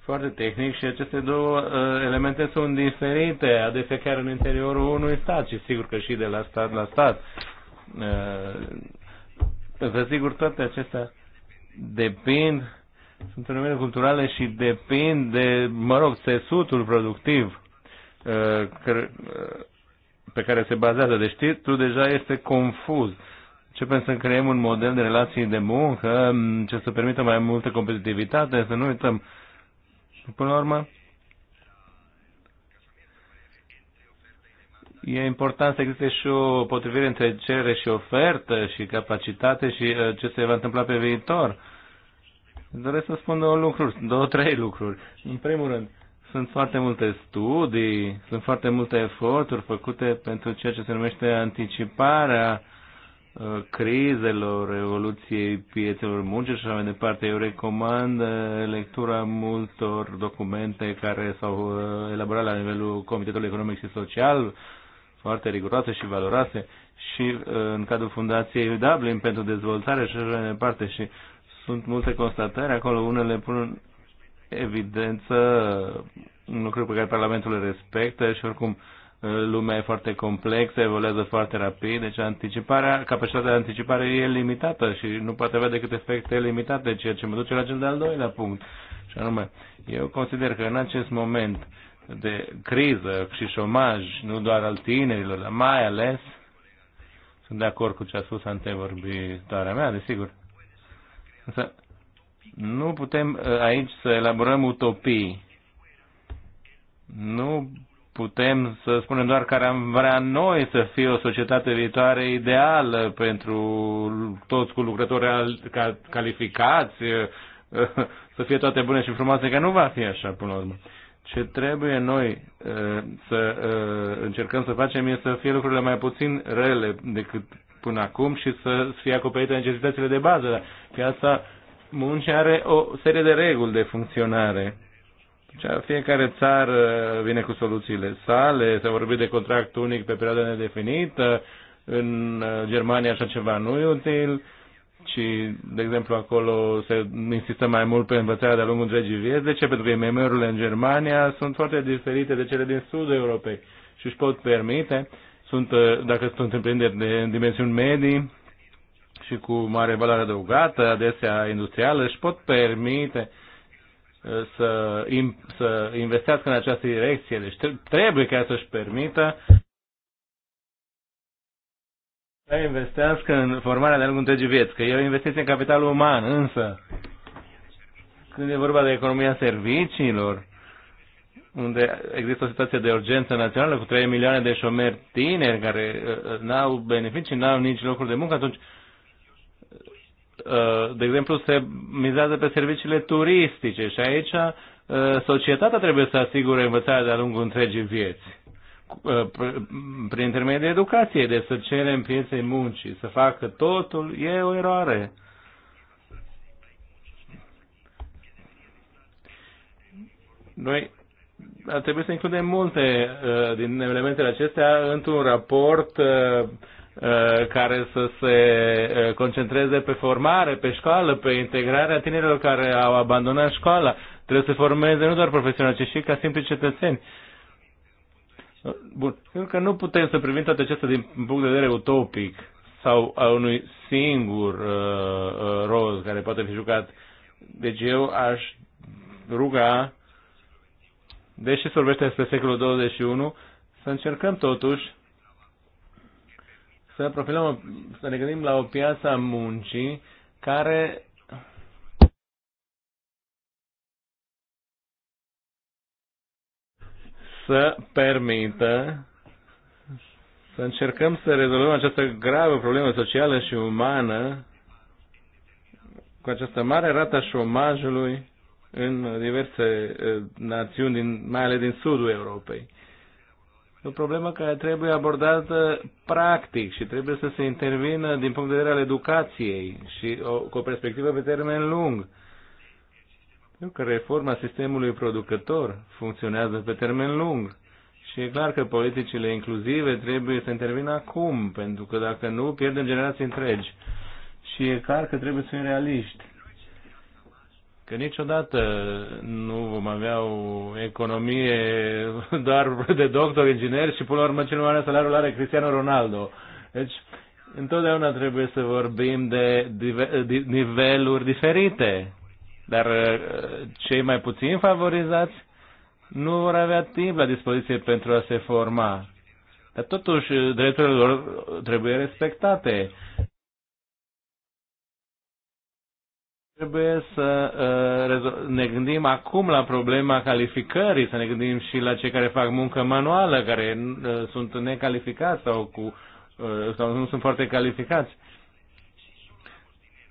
foarte tehnic și aceste două uh, elemente sunt diferite, adesea chiar în interiorul unui stat și sigur că și de la stat la stat. Uh, vă sigur, toate acestea depind, sunt fenomene culturale și depind de, mă rog, sesutul productiv uh, căr, uh, pe care se bazează. Deci titlul deja este confuz. Ce începem să creăm un model de relații de muncă um, ce să permită mai multă competitivitate, să nu uităm Până la urmă, e important să existe și o potrivire între cerere și ofertă și capacitate și uh, ce se va întâmpla pe viitor. Doresc să spun două lucruri, două, trei lucruri. În primul rând, sunt foarte multe studii, sunt foarte multe eforturi făcute pentru ceea ce se numește anticiparea Uh, crizelor, revoluției piețelor muncii și așa mai departe. Eu recomand uh, lectura multor documente care s-au uh, elaborat la nivelul Comitetului Economic și Social, foarte riguroase și valoroase, și în cadrul Fundației Dublin pentru dezvoltare și așa mai departe. Și sunt multe constatări acolo, unele pun în evidență lucruri pe care Parlamentul le respectă și oricum uh, lumea e foarte complexă, evoluează foarte rapid, deci anticiparea, capacitatea de anticipare e limitată și nu poate avea decât efecte limitate, ceea ce mă duce la cel de-al doilea punct. Și anume, eu consider că în acest moment de criză și șomaj, nu doar al tinerilor, dar mai ales, sunt de acord cu ce a spus antevorbitoarea mea, desigur. Însă, nu putem uh, aici să elaborăm utopii. Nu putem să spunem doar care am vrea noi să fie o societate viitoare ideală pentru toți cu lucrători calificați, eh, să fie toate bune și frumoase, că nu va fi așa până la urmă. Ce trebuie noi eh, să eh, încercăm să facem este să fie lucrurile mai puțin rele decât până acum și să fie acoperite necesitățile de bază. Dar piața muncii are o serie de reguli de funcționare deci fiecare țară vine cu soluțiile sale, s-a vorbit de contract unic pe perioadă nedefinită, în uh, Germania așa ceva nu e util, ci, de exemplu, acolo se insistă mai mult pe învățarea de-a lungul întregii vieți. De ce? Pentru că IMM-urile în Germania sunt foarte diferite de cele din sudul Europei și își pot permite, sunt, uh, dacă sunt întreprinderi de dimensiuni medii și cu mare valoare adăugată, adesea industrială, își pot permite uh, să, să investească în această direcție. Deci trebuie ca să-și permită să investească în formarea de-a lungul întregii vieți, că e o investiție în capitalul uman, însă când e vorba de economia serviciilor, unde există o situație de urgență națională cu 3 milioane de șomeri tineri care uh, uh, n-au beneficii, n-au nici locuri de muncă, atunci Uh, de exemplu, se mizează pe serviciile turistice și aici uh, societatea trebuie să asigure învățarea de-a lungul întregii vieți uh, prin intermediul educației de să cerem pieței muncii, să facă totul, e o eroare. Noi ar trebui să includem multe uh, din elementele acestea într-un raport uh, Uh, care să se uh, concentreze pe formare, pe școală, pe integrarea tinerilor care au abandonat școala. Trebuie să formeze nu doar profesional, ci și ca simpli cetățeni. Bun. Cred că nu putem să privim toate acestea din punct de vedere utopic sau a unui singur uh, uh roz care poate fi jucat. Deci eu aș ruga, deși se vorbește despre secolul 21, să încercăm totuși să profilăm, să ne gândim la o piață a muncii care să permită să încercăm să rezolvăm această gravă problemă socială și umană cu această mare rată a șomajului în diverse eh, națiuni, din, mai ales din sudul Europei. E o problemă care trebuie abordată practic și trebuie să se intervină din punct de vedere al educației și o, cu o perspectivă pe termen lung. Eu că reforma sistemului producător funcționează pe termen lung. Și e clar că politicile inclusive trebuie să intervină acum, pentru că dacă nu, pierdem generații întregi. Și e clar că trebuie să fim realiști că niciodată nu vom avea o economie doar de doctor, inginer și până la urmă cel mai mare salariul are Cristiano Ronaldo. Deci, întotdeauna trebuie să vorbim de niveluri diferite. Dar uh, cei mai puțin favorizați nu vor avea timp la dispoziție pentru a se forma. Dar totuși, drepturile lor trebuie respectate. Trebuie să ă, ne gândim acum la problema calificării, să ne gândim și la cei care fac muncă manuală, care ă, sunt necalificați sau, cu, ă, sau nu sunt foarte calificați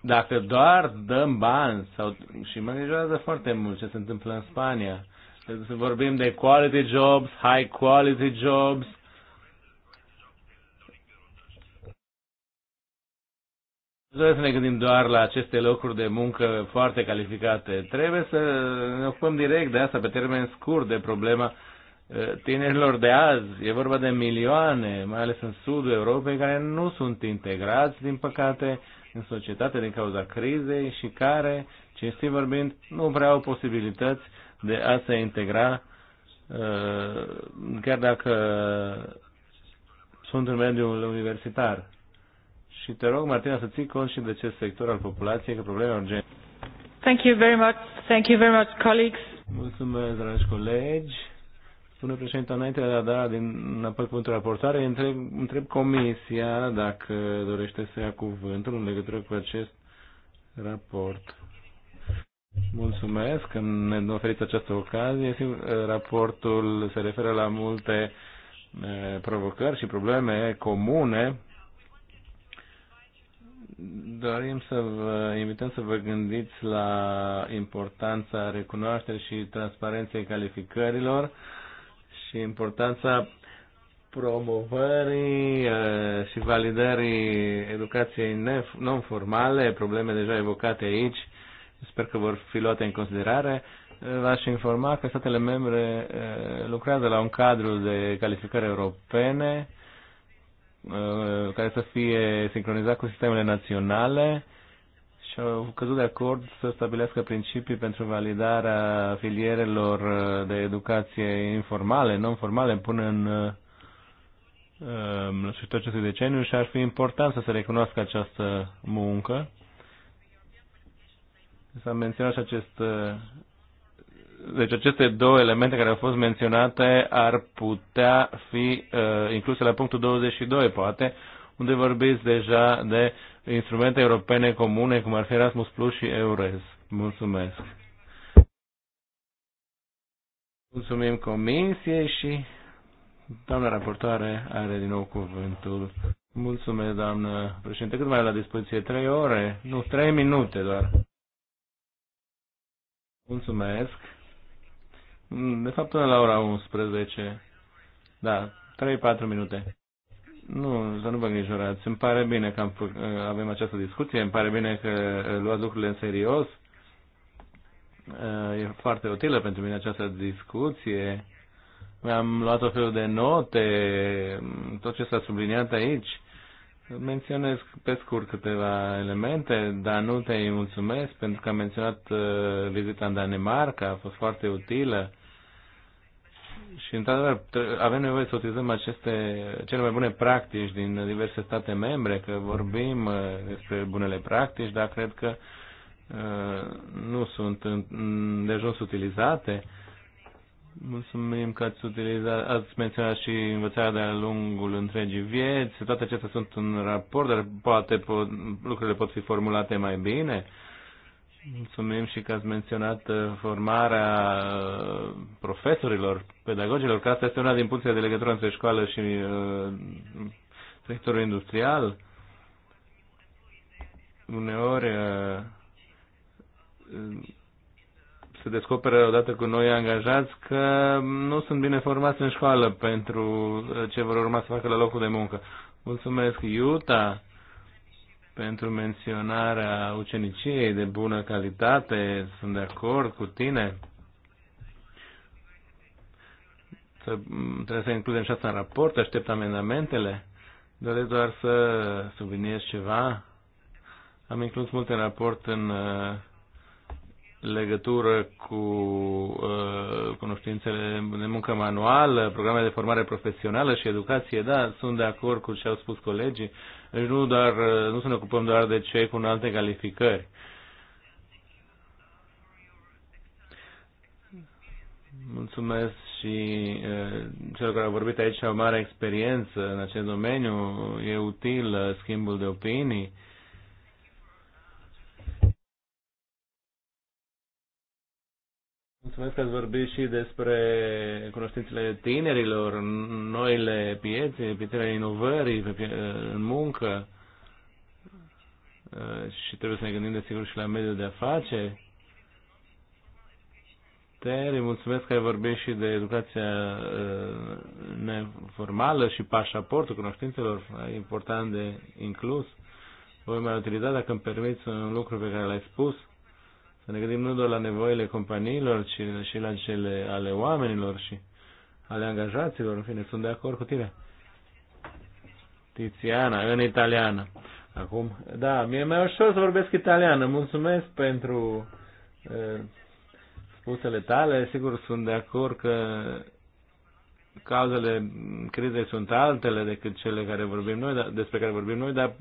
dacă doar dăm bani sau, și mă îngrijorează foarte mult ce se întâmplă în Spania. Să vorbim de quality jobs, high quality jobs, trebuie să ne gândim doar la aceste locuri de muncă foarte calificate. Trebuie să ne ocupăm direct de asta, pe termen scurt, de problema eh, tinerilor de azi. E vorba de milioane, mai ales în sudul Europei, care nu sunt integrați, din păcate, în societate din cauza crizei și care, cinstit vorbind, nu prea au posibilități de a se integra, eh, chiar dacă sunt în mediul universitar. Și te rog, Martina, să ții cont și de acest sector al populației, că problema urgente. Thank you very much. Thank you very much, colleagues. Mulțumesc, dragi colegi. Spune președinte, înainte de a da din înapoi cuvântul raportare, întreb, întreb comisia dacă dorește să ia cuvântul în legătură cu acest raport. Mulțumesc că ne oferiți această ocazie. Eh, raportul se referă la multe eh, provocări și probleme comune dorim să vă invităm să vă gândiți la importanța recunoașterii și transparenței calificărilor și importanța promovării eh, și validării educației non-formale, probleme deja evocate aici, sper că vor fi luate în considerare. V-aș informa că statele membre eh, lucrează la un cadru de calificări europene Uh, care să fie sincronizat cu sistemele naționale și au căzut de acord să stabilească principii pentru validarea filierelor uh, de educație informale, non-formale, până în uh, um, sfârșitul acestui deceniu și ar fi important să se recunoască această muncă. S-a menționat și acest deci aceste două elemente care au fost menționate ar putea fi uh, incluse la punctul 22, poate, unde vorbiți deja de instrumente europene comune, cum ar fi Erasmus Plus și EURES. Mulțumesc! Mulțumim comisie și doamna raportoare are din nou cuvântul. Mulțumesc, doamnă președinte. Cât mai ai la dispoziție? Trei ore? Nu, trei minute doar. Mulțumesc. Mm, de fapt, până la ora 11. Da, 3-4 minute. Nu, să nu vă îngrijorați. Îmi pare bine că am, uh, avem această discuție, îmi pare bine că uh, luați lucrurile în serios. Uh, e foarte utilă pentru mine această discuție. Mi-am luat o felul de note, tot ce s-a subliniat aici. Menționez pe scurt câteva elemente, dar nu te mulțumesc pentru că am menționat vizita în Danemarca, a fost foarte utilă și, într-adevăr, avem nevoie să utilizăm aceste cele mai bune practici din diverse state membre, că vorbim uh, despre bunele practici, dar cred că uh, nu sunt de jos utilizate. Mulțumim că ați, utilizat, ați menționat și învățarea de-a lungul întregii vieți. Toate acestea sunt în raport, dar poate pot, lucrurile pot fi formulate mai bine. Uh, Mulțumim și că ați menționat uh, formarea uh, profesorilor, pedagogilor, că asta este una din punctele de legătură între școală și uh, sectorul industrial. Uneori se descoperă odată cu noi angajați că nu sunt bine formați în școală pentru ce vor urma să facă la locul de muncă. Mulțumesc, Iuta! pentru menționarea uceniciei de bună calitate. Sunt de acord cu tine. Trebuie să includem și asta în raport. Aștept amendamentele. Doresc doar să subliniez ceva. Am inclus multe raport în uh, legătură cu uh, cunoștințele de muncă manuală, programe de formare profesională și educație, da, sunt de acord cu ce au spus colegii. Deci nu, doar, uh, nu să ne ocupăm doar de cei cu alte calificări. Mulțumesc și uh, celor care au vorbit aici au mare experiență în acest domeniu. E util uh, schimbul de opinii. Uh, Mulțumesc că ați vorbit și despre cunoștințele tinerilor, noile piețe, piețele inovării pe, în muncă uh, și trebuie să ne gândim desigur și la mediul de afaceri. Teri, mulțumesc că ai vorbit și de educația uh, neformală și pașaportul cunoștințelor, e important de inclus. Voi mai utiliza, dacă îmi permiți, un lucru pe care l-ai spus să ne gândim nu doar la nevoile companiilor, ci și la cele ale oamenilor și ale angajaților. În fine, sunt de acord cu tine. Tiziana, în italiană. Acum, da, mi-e mai ușor să vorbesc italiană. Mulțumesc pentru uh, spusele tale. Sigur, sunt de acord că cauzele crizei sunt altele decât cele care vorbim noi, dar, despre care vorbim noi, dar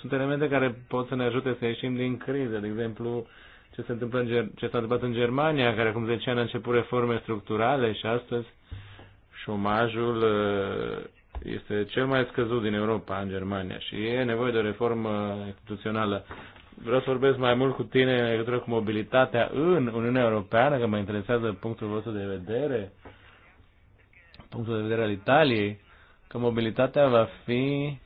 sunt elemente care pot să ne ajute să ieșim din criză. De exemplu, ce s-a întâmplat, ce s-a întâmplat în Germania, care acum 10 ani a început reforme structurale și astăzi șomajul uh, este cel mai scăzut din Europa în Germania și e nevoie de o reformă instituțională. Vreau să vorbesc mai mult cu tine în legătură cu mobilitatea în Uniunea Europeană, că mă interesează punctul vostru de vedere, punctul de vedere al Italiei, că mobilitatea va fi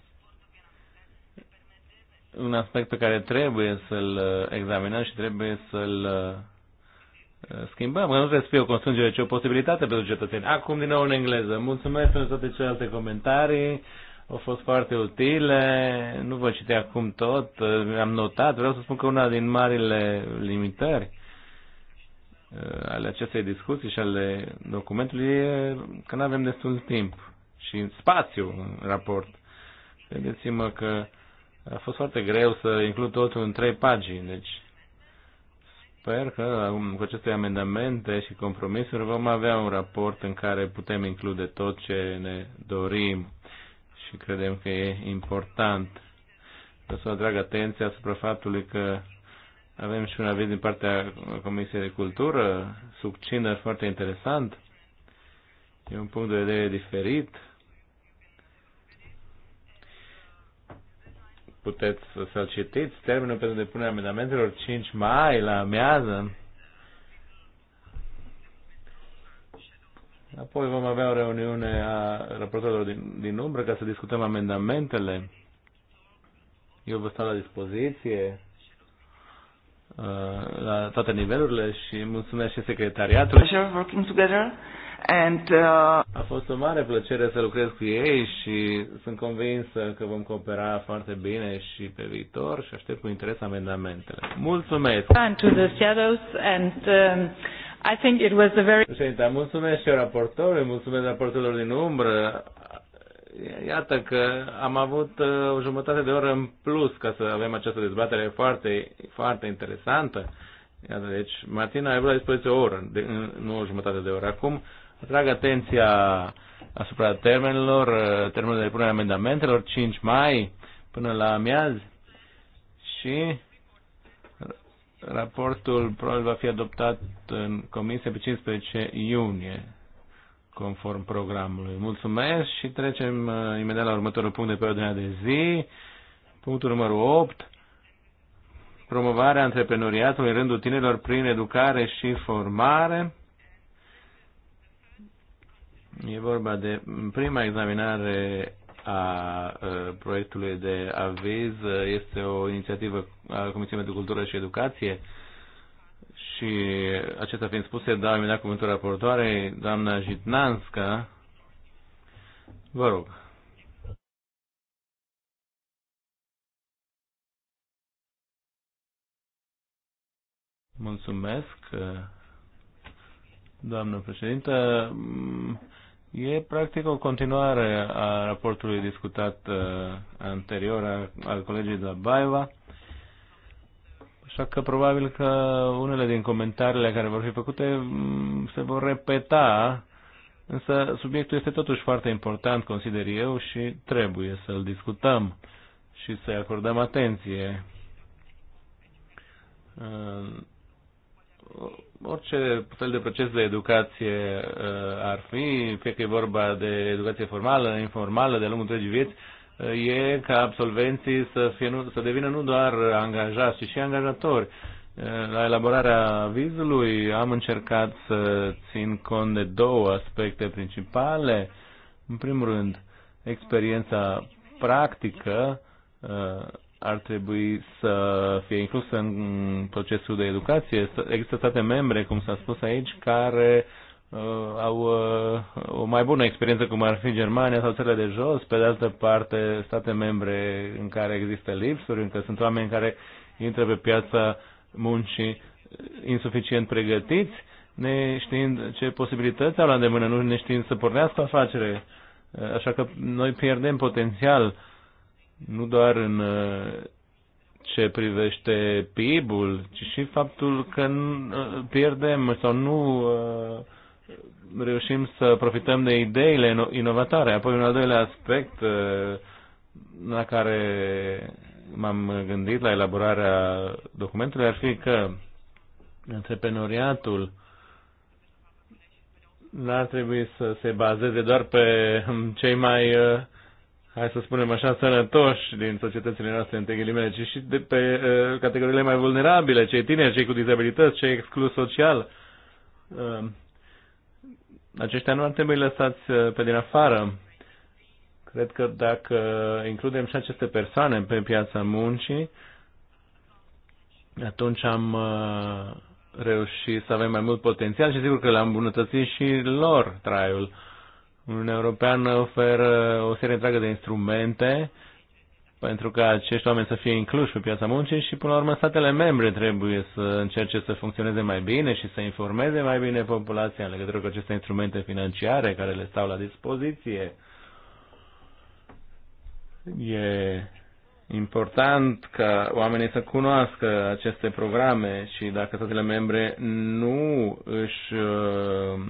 un aspect pe care trebuie să-l uh, examinăm și trebuie să-l uh, uh, schimbăm. Nu trebuie să fie o constrângere, ci o posibilitate pentru cetățeni. Acum din nou în engleză. Mulțumesc pentru toate celelalte comentarii. Au fost foarte utile. Nu vă cite acum tot. Am notat. Vreau să spun că una din marile limitări ale acestei discuții și ale documentului e că nu avem destul timp și spațiu în raport. Credeți-mă că a fost foarte greu să includ totul în trei pagini, deci sper că um, cu aceste amendamente și compromisuri vom avea un raport în care putem include tot ce ne dorim și credem că e important. Vreau să atrag atenția asupra faptului că avem și un aviz din partea Comisiei de Cultură, succin, foarte interesant. E un punct de vedere diferit puteți să-l citiți. Termenul pentru depunerea amendamentelor 5 mai la amiază. Apoi vom avea o reuniune a raportorilor din, din umbră ca să discutăm amendamentele. Eu vă stau la dispoziție uh, la toate nivelurile și mulțumesc și secretariatului. Working together. And, uh... A fost o mare plăcere să lucrez cu ei și sunt convinsă că vom coopera foarte bine și pe viitor și aștept cu interes amendamentele. Mulțumesc! And to the shadows and, um, I think it was a very... Președinte, mulțumesc și raportorului, mulțumesc raportorilor din umbră. Iată că am avut uh, o jumătate de oră în plus ca să avem această dezbatere foarte, foarte interesantă. Iată, deci, Martina ai avut la dispoziție o oră, de, nu o jumătate de oră. Acum, Atrag atenția asupra termenelor, uh, termenul de depunere a amendamentelor, 5 mai până la amiaz și raportul probabil va fi adoptat în comisie pe 15 iunie, conform programului. Mulțumesc și trecem uh, imediat la următorul punct de pe ordinea de zi, punctul numărul 8, promovarea antreprenoriatului în rândul tinerilor prin educare și formare. E vorba de prima examinare a proiectului de aviz. Este o inițiativă a Comisiei pentru Cultură și Educație și acesta fiind spuse, da, mi-a dat cuvântul raportoare, doamna Jitnanska. Vă rog. Mulțumesc, doamnă președintă. E practic o continuare a raportului discutat uh, anterior a, al colegii de la Baiva, așa că probabil că unele din comentariile care vor fi făcute mm, se vor repeta, însă subiectul este totuși foarte important, consider eu, și trebuie să-l discutăm și să-i acordăm atenție. Uh, Uh, orice fel de proces de educație uh, ar fi, fie că e vorba de educație formală, informală, de-a lungul întregii vieți, uh, e ca absolvenții să, fie, nu, să devină nu doar angajați, ci și angajatori. La elaborarea vizului am încercat să țin cont de două aspecte principale. În primul rând, experiența practică ar trebui să fie inclus în procesul de educație. Există state membre, cum s-a spus aici, care uh, au uh, o mai bună experiență, cum ar fi Germania sau țările de jos. Pe de altă parte, state membre în care există lipsuri, încă sunt oameni care intră pe piața muncii insuficient pregătiți, neștiind ce posibilități au la îndemână, nu neștiind să pornească afacere. Uh, așa că noi pierdem potențial uh, nu doar în uh, ce privește PIB-ul, ci și faptul că uh, pierdem sau nu uh, reușim să profităm de ideile inovatoare. Apoi un al doilea aspect la care m-am gândit la elaborarea documentului ar fi că antreprenoriatul n-ar trebui să se bazeze doar pe cei mai uh, hai să spunem așa, sănătoși din societățile noastre, între ghilimele, ci și de pe uh, categoriile mai vulnerabile, cei tineri, cei cu dizabilități, cei exclus social. Uh, aceștia nu ar trebui lăsați uh, pe din afară. Cred că dacă includem și aceste persoane pe piața muncii, atunci am uh, reușit să avem mai mult potențial și sigur că le-am îmbunătățit și lor traiul. Uh, Uniunea Europeană oferă o serie întreagă de instrumente pentru ca acești oameni să fie incluși pe piața muncii și, până la urmă, statele membre trebuie să încerce să funcționeze mai bine și să informeze mai bine populația în legătură cu aceste instrumente financiare care le stau la dispoziție. E important ca oamenii să cunoască aceste programe și dacă statele membre nu își uh,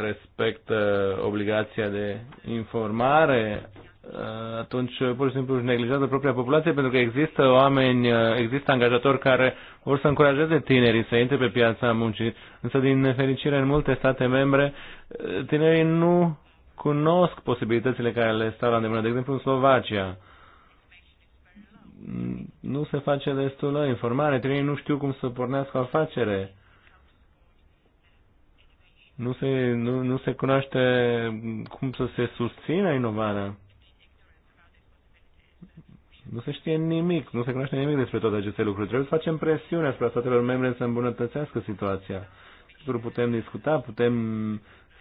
respectă obligația de informare, uh, atunci uh, pur și simplu își neglijează propria populație pentru că există oameni, există angajatori care vor să încurajeze tinerii să intre pe piața muncii, însă din nefericire în multe state membre tinerii nu cunosc posibilitățile care le stau la îndemână, de exemplu în Slovacia nu se face destulă informare, trei nu știu cum să pornească o afacere. Nu se, nu, nu se cunoaște cum să se susțină inovarea. Nu se știe nimic, nu se cunoaște nimic despre toate aceste lucruri. Trebuie să facem presiune asupra statelor membre să îmbunătățească situația. Sigur, putem discuta, putem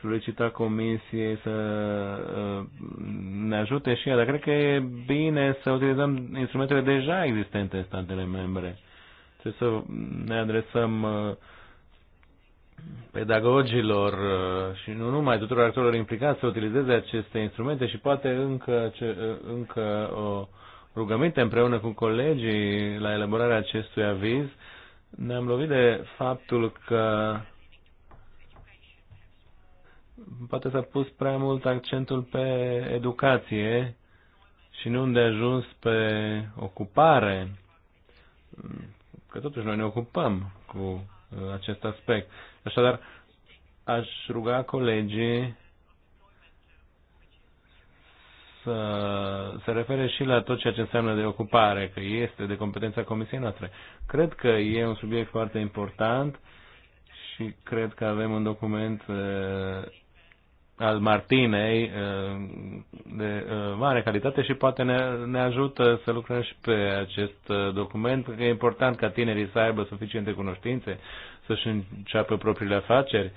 solicita comisiei să uh, ne ajute și ea, dar cred că e bine să utilizăm instrumentele deja existente în statele membre. Trebuie să ne adresăm uh, pedagogilor uh, și nu numai tuturor actorilor implicați să utilizeze aceste instrumente și poate încă, ce, încă o rugăminte împreună cu colegii la elaborarea acestui aviz ne-am lovit de faptul că poate s-a pus prea mult accentul pe educație și nu unde ajuns pe ocupare, că totuși noi ne ocupăm cu uh, acest aspect. Așadar, aș ruga colegii să se refere și la tot ceea ce înseamnă de ocupare, că este de competența comisiei noastre. Cred că e un subiect foarte important și cred că avem un document uh, al Martinei uh, de uh, mare calitate și poate ne, ne ajută să lucrăm și pe acest uh, document, e important ca tinerii să aibă suficiente cunoștințe, să-și înceapă propriile afaceri,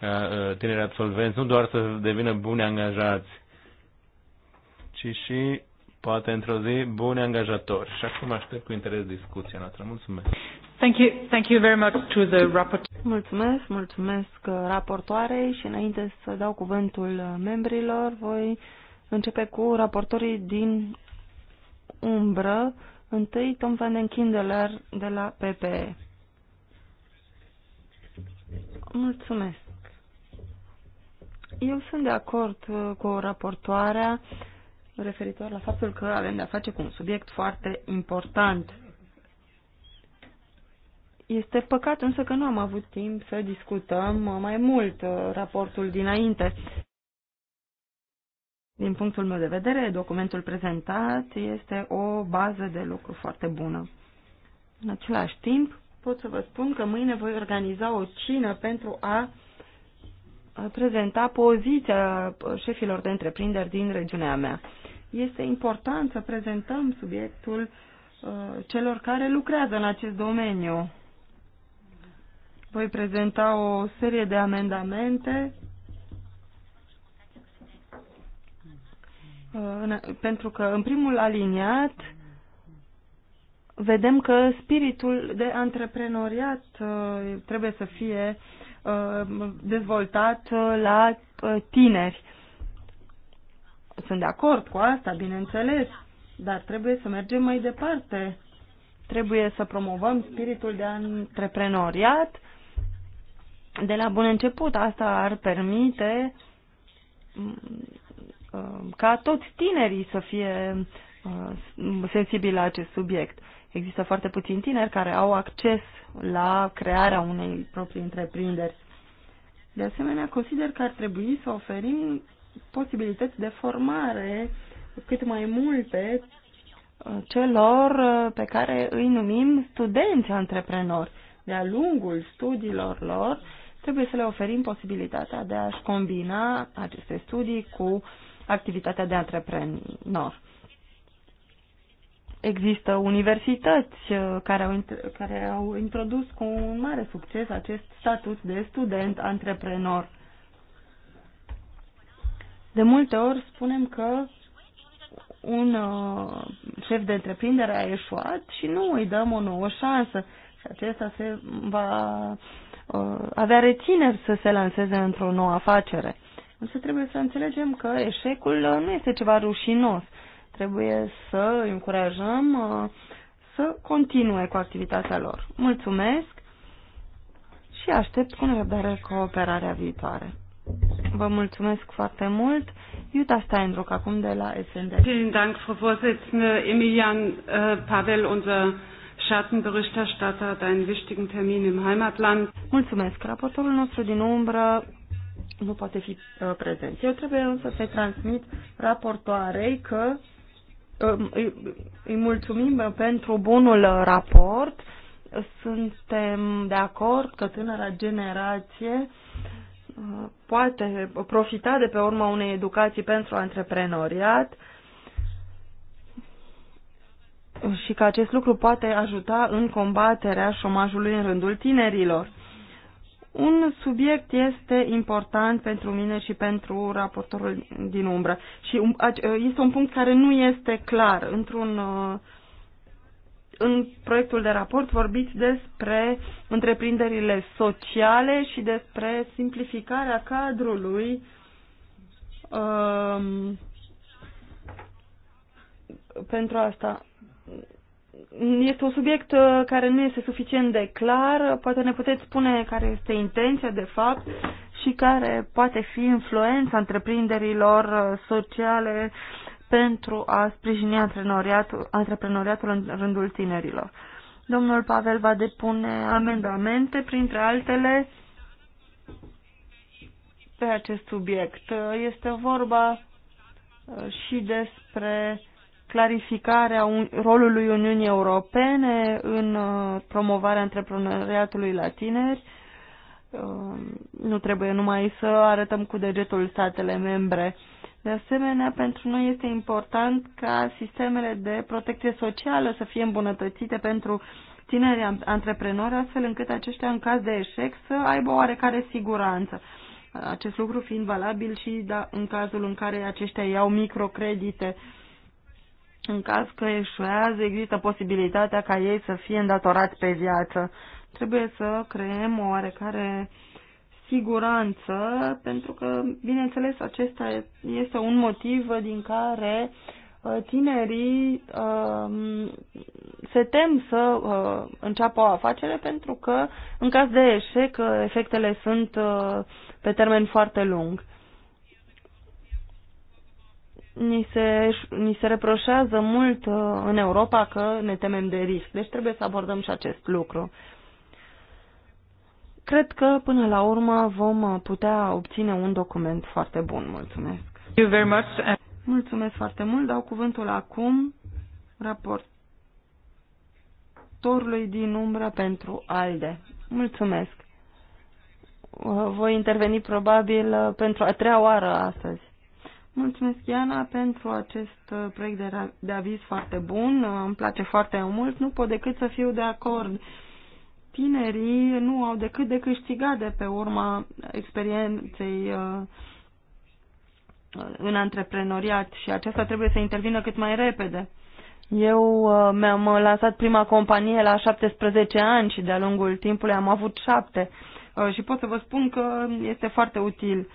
ca tinerii absolvenți nu doar să devină buni angajați, ci și poate într-o zi buni angajatori. Și acum aștept cu interes discuția noastră. Mulțumesc! Thank you, thank you very much to the Mulțumesc, mulțumesc uh, raportoarei și înainte să dau cuvântul uh, membrilor, voi începe cu raportorii din umbră. Întâi Tom van den Kindler de la PPE. Mulțumesc. Eu sunt de acord uh, cu raportoarea referitor la faptul că avem de-a face cu un subiect foarte important este păcat însă că nu am avut timp să discutăm uh, mai mult uh, raportul dinainte. Din punctul meu de vedere, documentul prezentat este o bază de lucru foarte bună. În același timp, pot să vă spun că mâine voi organiza o cină pentru a prezenta poziția șefilor de întreprinderi din regiunea mea. Este important să prezentăm subiectul uh, celor care lucrează în acest domeniu. Voi prezenta o serie de amendamente pentru că în primul aliniat vedem că spiritul de antreprenoriat uh, trebuie să fie uh, dezvoltat uh, la tineri. Sunt de acord cu asta, bineînțeles, dar trebuie să mergem mai departe. Trebuie să promovăm spiritul de antreprenoriat de la bun început. Asta ar permite mm, uh, ca toți tinerii să fie uh, sensibili la acest subiect. Există foarte puțini tineri care au acces la crearea unei proprii întreprinderi. De asemenea, consider că ar trebui să oferim posibilități de formare cât mai multe uh, celor pe care îi numim studenți antreprenori. De-a lungul studiilor lor, Trebuie să le oferim posibilitatea de a-și combina aceste studii cu activitatea de antreprenor. Există universități uh, care au, care au introdus cu un mare succes acest statut de student antreprenor. De multe ori spunem că un uh, șef de întreprindere a eșuat și nu îi dăm o nouă șansă. Și acesta se va Uh, avea rețineri să se lanseze într-o nouă afacere. Însă trebuie să înțelegem că eșecul uh, nu este ceva rușinos. Trebuie să îi încurajăm uh, să continue cu activitatea lor. Mulțumesc și aștept cu nerăbdare cooperarea viitoare. Vă mulțumesc foarte mult. Iuta Steinruck, acum de la SND. Vielen Dank, Frau Vorsitzende, Emilian Pavel, unser Schattenberichterstatter hat wichtigen Termin im Heimatland. Mulțumesc. Raportorul nostru din umbră nu poate fi uh, prezent. Eu trebuie însă să-i transmit raportoarei că uh, îi, îi mulțumim pentru bunul raport. Suntem de acord că tânăra generație uh, poate profita de pe urma unei educații pentru antreprenoriat și că acest lucru poate ajuta în combaterea șomajului în rândul tinerilor. Un subiect este important pentru mine și pentru raportorul din umbră și este un punct care nu este clar. Într-un uh, în proiectul de raport vorbiți despre întreprinderile sociale și despre simplificarea cadrului um, pentru asta este un subiect uh, care nu este suficient de clar. Poate ne puteți spune care este intenția, de fapt, și care poate fi influența întreprinderilor uh, sociale pentru a sprijini antreprenoriatul, antreprenoriatul în rândul tinerilor. Domnul Pavel va depune amendamente, printre altele, pe acest subiect. Uh, este vorba și despre clarificarea un, rolului Uniunii Europene în uh, promovarea antreprenoriatului la tineri. Uh, nu trebuie numai să arătăm cu degetul statele membre. De asemenea, pentru noi este important ca sistemele de protecție socială să fie îmbunătățite pentru tinerii antreprenori, astfel încât aceștia, în caz de eșec, să aibă oarecare siguranță. Acest lucru fiind valabil și da, în cazul în care aceștia iau microcredite uh, în caz că eșuează, există posibilitatea ca ei să fie îndatorați pe viață. Trebuie să creăm o oarecare siguranță, pentru că, bineînțeles, acesta este un motiv din care uh, tinerii um, se tem să uh, înceapă o afacere pentru că, în caz de eșec, uh, efectele sunt pe termen foarte lung ni se, ni se reproșează mult uh, în Europa că ne temem de risc. Deci trebuie să abordăm și acest lucru. Cred că până la urmă vom uh, putea obține un document foarte bun. Mulțumesc. Thank you very much. Mulțumesc foarte mult. Dau cuvântul acum raportorului din umbră pentru ALDE. Mulțumesc. Uh, voi interveni probabil pentru a treia oară astăzi. Mulțumesc, Iana, pentru acest uh, proiect de, de aviz foarte bun. Uh, îmi place foarte mult. Nu pot decât să fiu de acord. Tinerii nu au decât de câștigat de pe urma experienței uh, în antreprenoriat și acesta trebuie să intervină cât mai repede. Eu mi-am lansat prima companie la 17 ani și de-a lungul timpului am avut șapte și pot să vă spun că este foarte util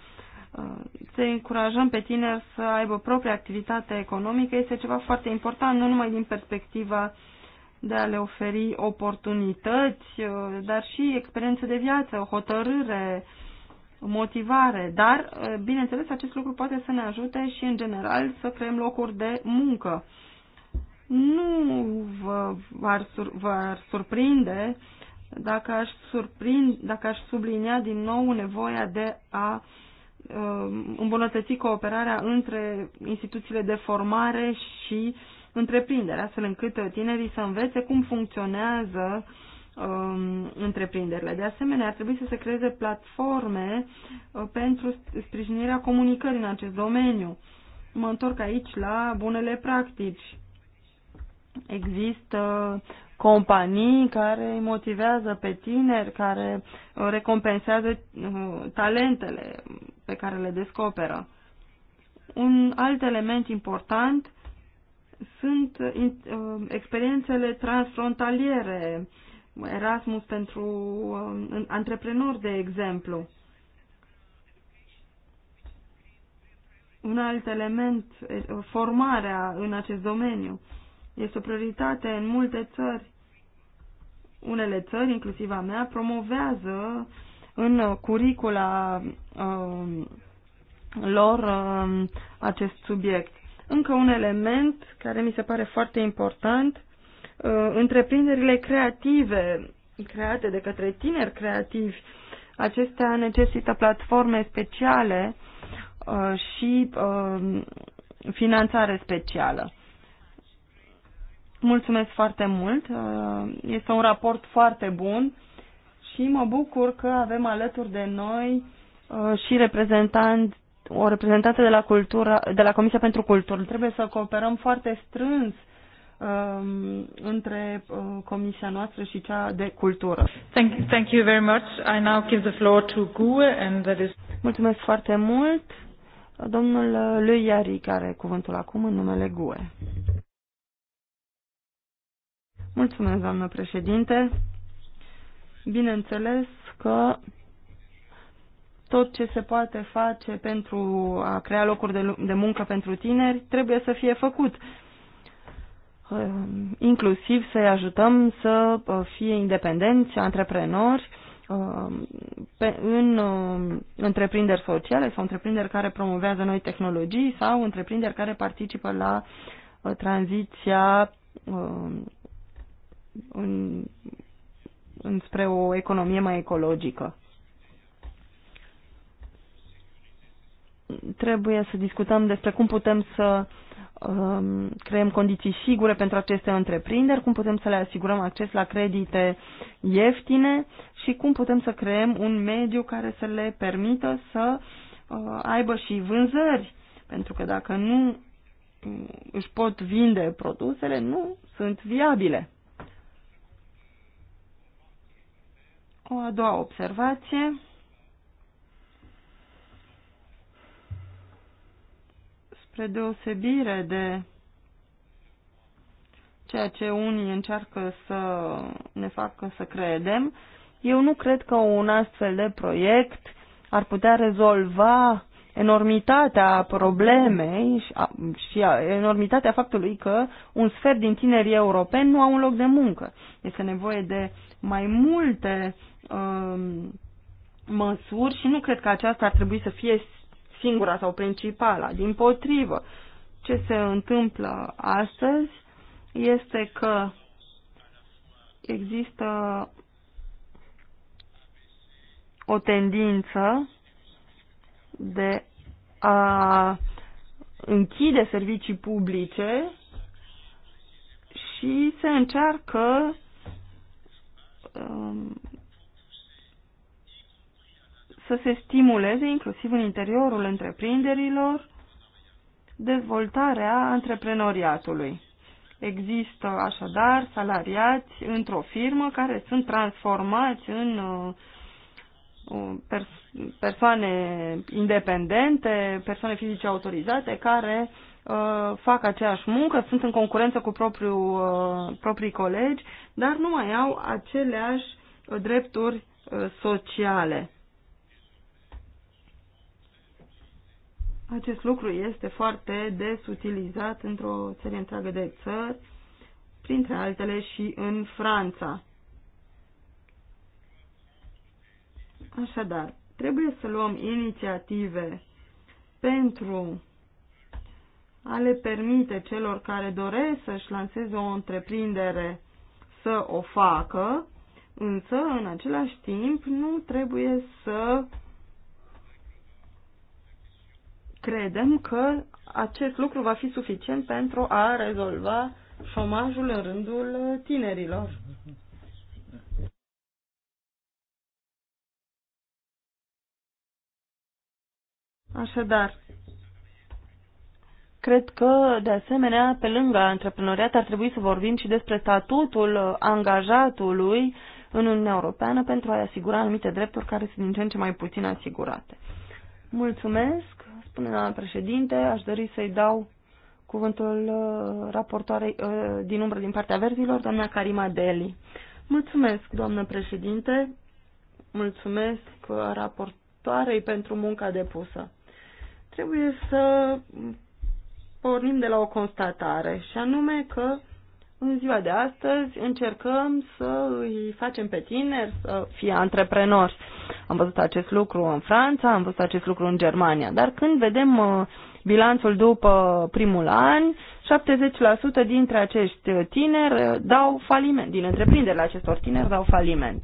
Uh, să încurajăm pe tine să aibă propria activitate economică este ceva foarte important, nu numai din perspectiva de a le oferi oportunități, uh, dar și experiențe de viață, hotărâre, motivare. Dar, uh, bineînțeles, acest lucru poate să ne ajute și, în general, să creăm locuri de muncă. Nu vă ar, sur, vă ar surprinde dacă aș, surprind, dacă aș sublinia din nou nevoia de a uh, Um, îmbunătăți cooperarea între instituțiile de formare și întreprinderi, astfel încât tinerii să învețe cum funcționează um, întreprinderile. De asemenea, ar trebui să se creeze platforme uh, pentru sprijinirea comunicării în acest domeniu. Mă întorc aici la bunele practici. Există companii care îi motivează pe tineri, care uh, recompensează uh, talentele, pe care le descoperă. Un alt element important sunt uh, experiențele transfrontaliere, Erasmus pentru uh, antreprenori, de exemplu. Un alt element, uh, formarea în acest domeniu, este o prioritate în multe țări. Unele țări, inclusiv a mea, promovează în curicula uh, lor uh, acest subiect. Încă un element care mi se pare foarte important, uh, întreprinderile creative create de către tineri creativi, acestea necesită platforme speciale uh, și uh, finanțare specială. Mulțumesc foarte mult. Uh, este un raport foarte bun și mă bucur că avem alături de noi Uh, și reprezentant, o reprezentantă de la, cultura, de la Comisia pentru Cultură. Trebuie să cooperăm foarte strâns um, între uh, comisia noastră și cea de cultură. Thank, you, thank you very much. I now give the floor to GUE and that is... Mulțumesc foarte mult. Domnul lui Iari care cuvântul acum în numele GUE. Mulțumesc, doamnă președinte. Bineînțeles că tot ce se poate face pentru a crea locuri de, de muncă pentru tineri trebuie să fie făcut. Ehm, inclusiv să-i ajutăm să uh, fie independenți, antreprenori, ehm, pe, în ehm, întreprinderi sociale sau întreprinderi care promovează noi tehnologii sau întreprinderi care participă la uh, tranziția în, înspre o economie mai ecologică. trebuie să discutăm despre cum putem să um, creăm condiții sigure pentru aceste întreprinderi, cum putem să le asigurăm acces la credite ieftine și cum putem să creăm un mediu care să le permită să uh, aibă și vânzări. Pentru că dacă nu mm, își pot vinde produsele, nu sunt viabile. O a doua observație spre deosebire de ceea ce unii încearcă să ne facă să credem, eu nu cred că un astfel de proiect ar putea rezolva enormitatea problemei și, enormitatea faptului că un sfert din tinerii europeni nu au un loc de muncă. Este nevoie de mai multe uh, măsuri și nu cred că aceasta ar trebui să fie singura sau principala. Din potrivă, ce se întâmplă astăzi este că există o tendință de a închide servicii publice și se încearcă um, să se stimuleze, inclusiv în interiorul întreprinderilor, dezvoltarea antreprenoriatului. Există așadar salariați într-o firmă care sunt transformați în uh, uh, persoane independente, persoane fizice autorizate care uh, fac aceeași muncă, sunt în concurență cu propriu, proprii colegi, dar nu mai au aceleași drepturi sociale. Acest lucru este foarte des utilizat într-o țări întreagă de țări, printre altele și în Franța. Așadar, trebuie să luăm inițiative pentru a le permite celor care doresc să-și lanseze o întreprindere să o facă, însă, în același timp, nu trebuie să credem că acest lucru va fi suficient pentru a rezolva șomajul în rândul tinerilor. Așadar, cred că, de asemenea, pe lângă antreprenoriat ar trebui să vorbim și despre statutul angajatului în Uniunea Europeană pentru a-i asigura anumite drepturi care sunt din ce în ce mai puțin asigurate. Mulțumesc! Spune doamna președinte, aș dori să-i dau cuvântul uh, raportoarei uh, din umbră din partea verzilor, doamna Karima Deli. Mulțumesc, doamnă președinte, mulțumesc uh, raportoarei pentru munca depusă. Trebuie să pornim de la o constatare, și anume că în ziua de astăzi încercăm să îi facem pe tineri să fie antreprenori. Am văzut acest lucru în Franța, am văzut acest lucru în Germania, dar când vedem uh, bilanțul după primul an, 70% dintre acești tineri uh, dau faliment, din întreprinderile acestor tineri dau faliment.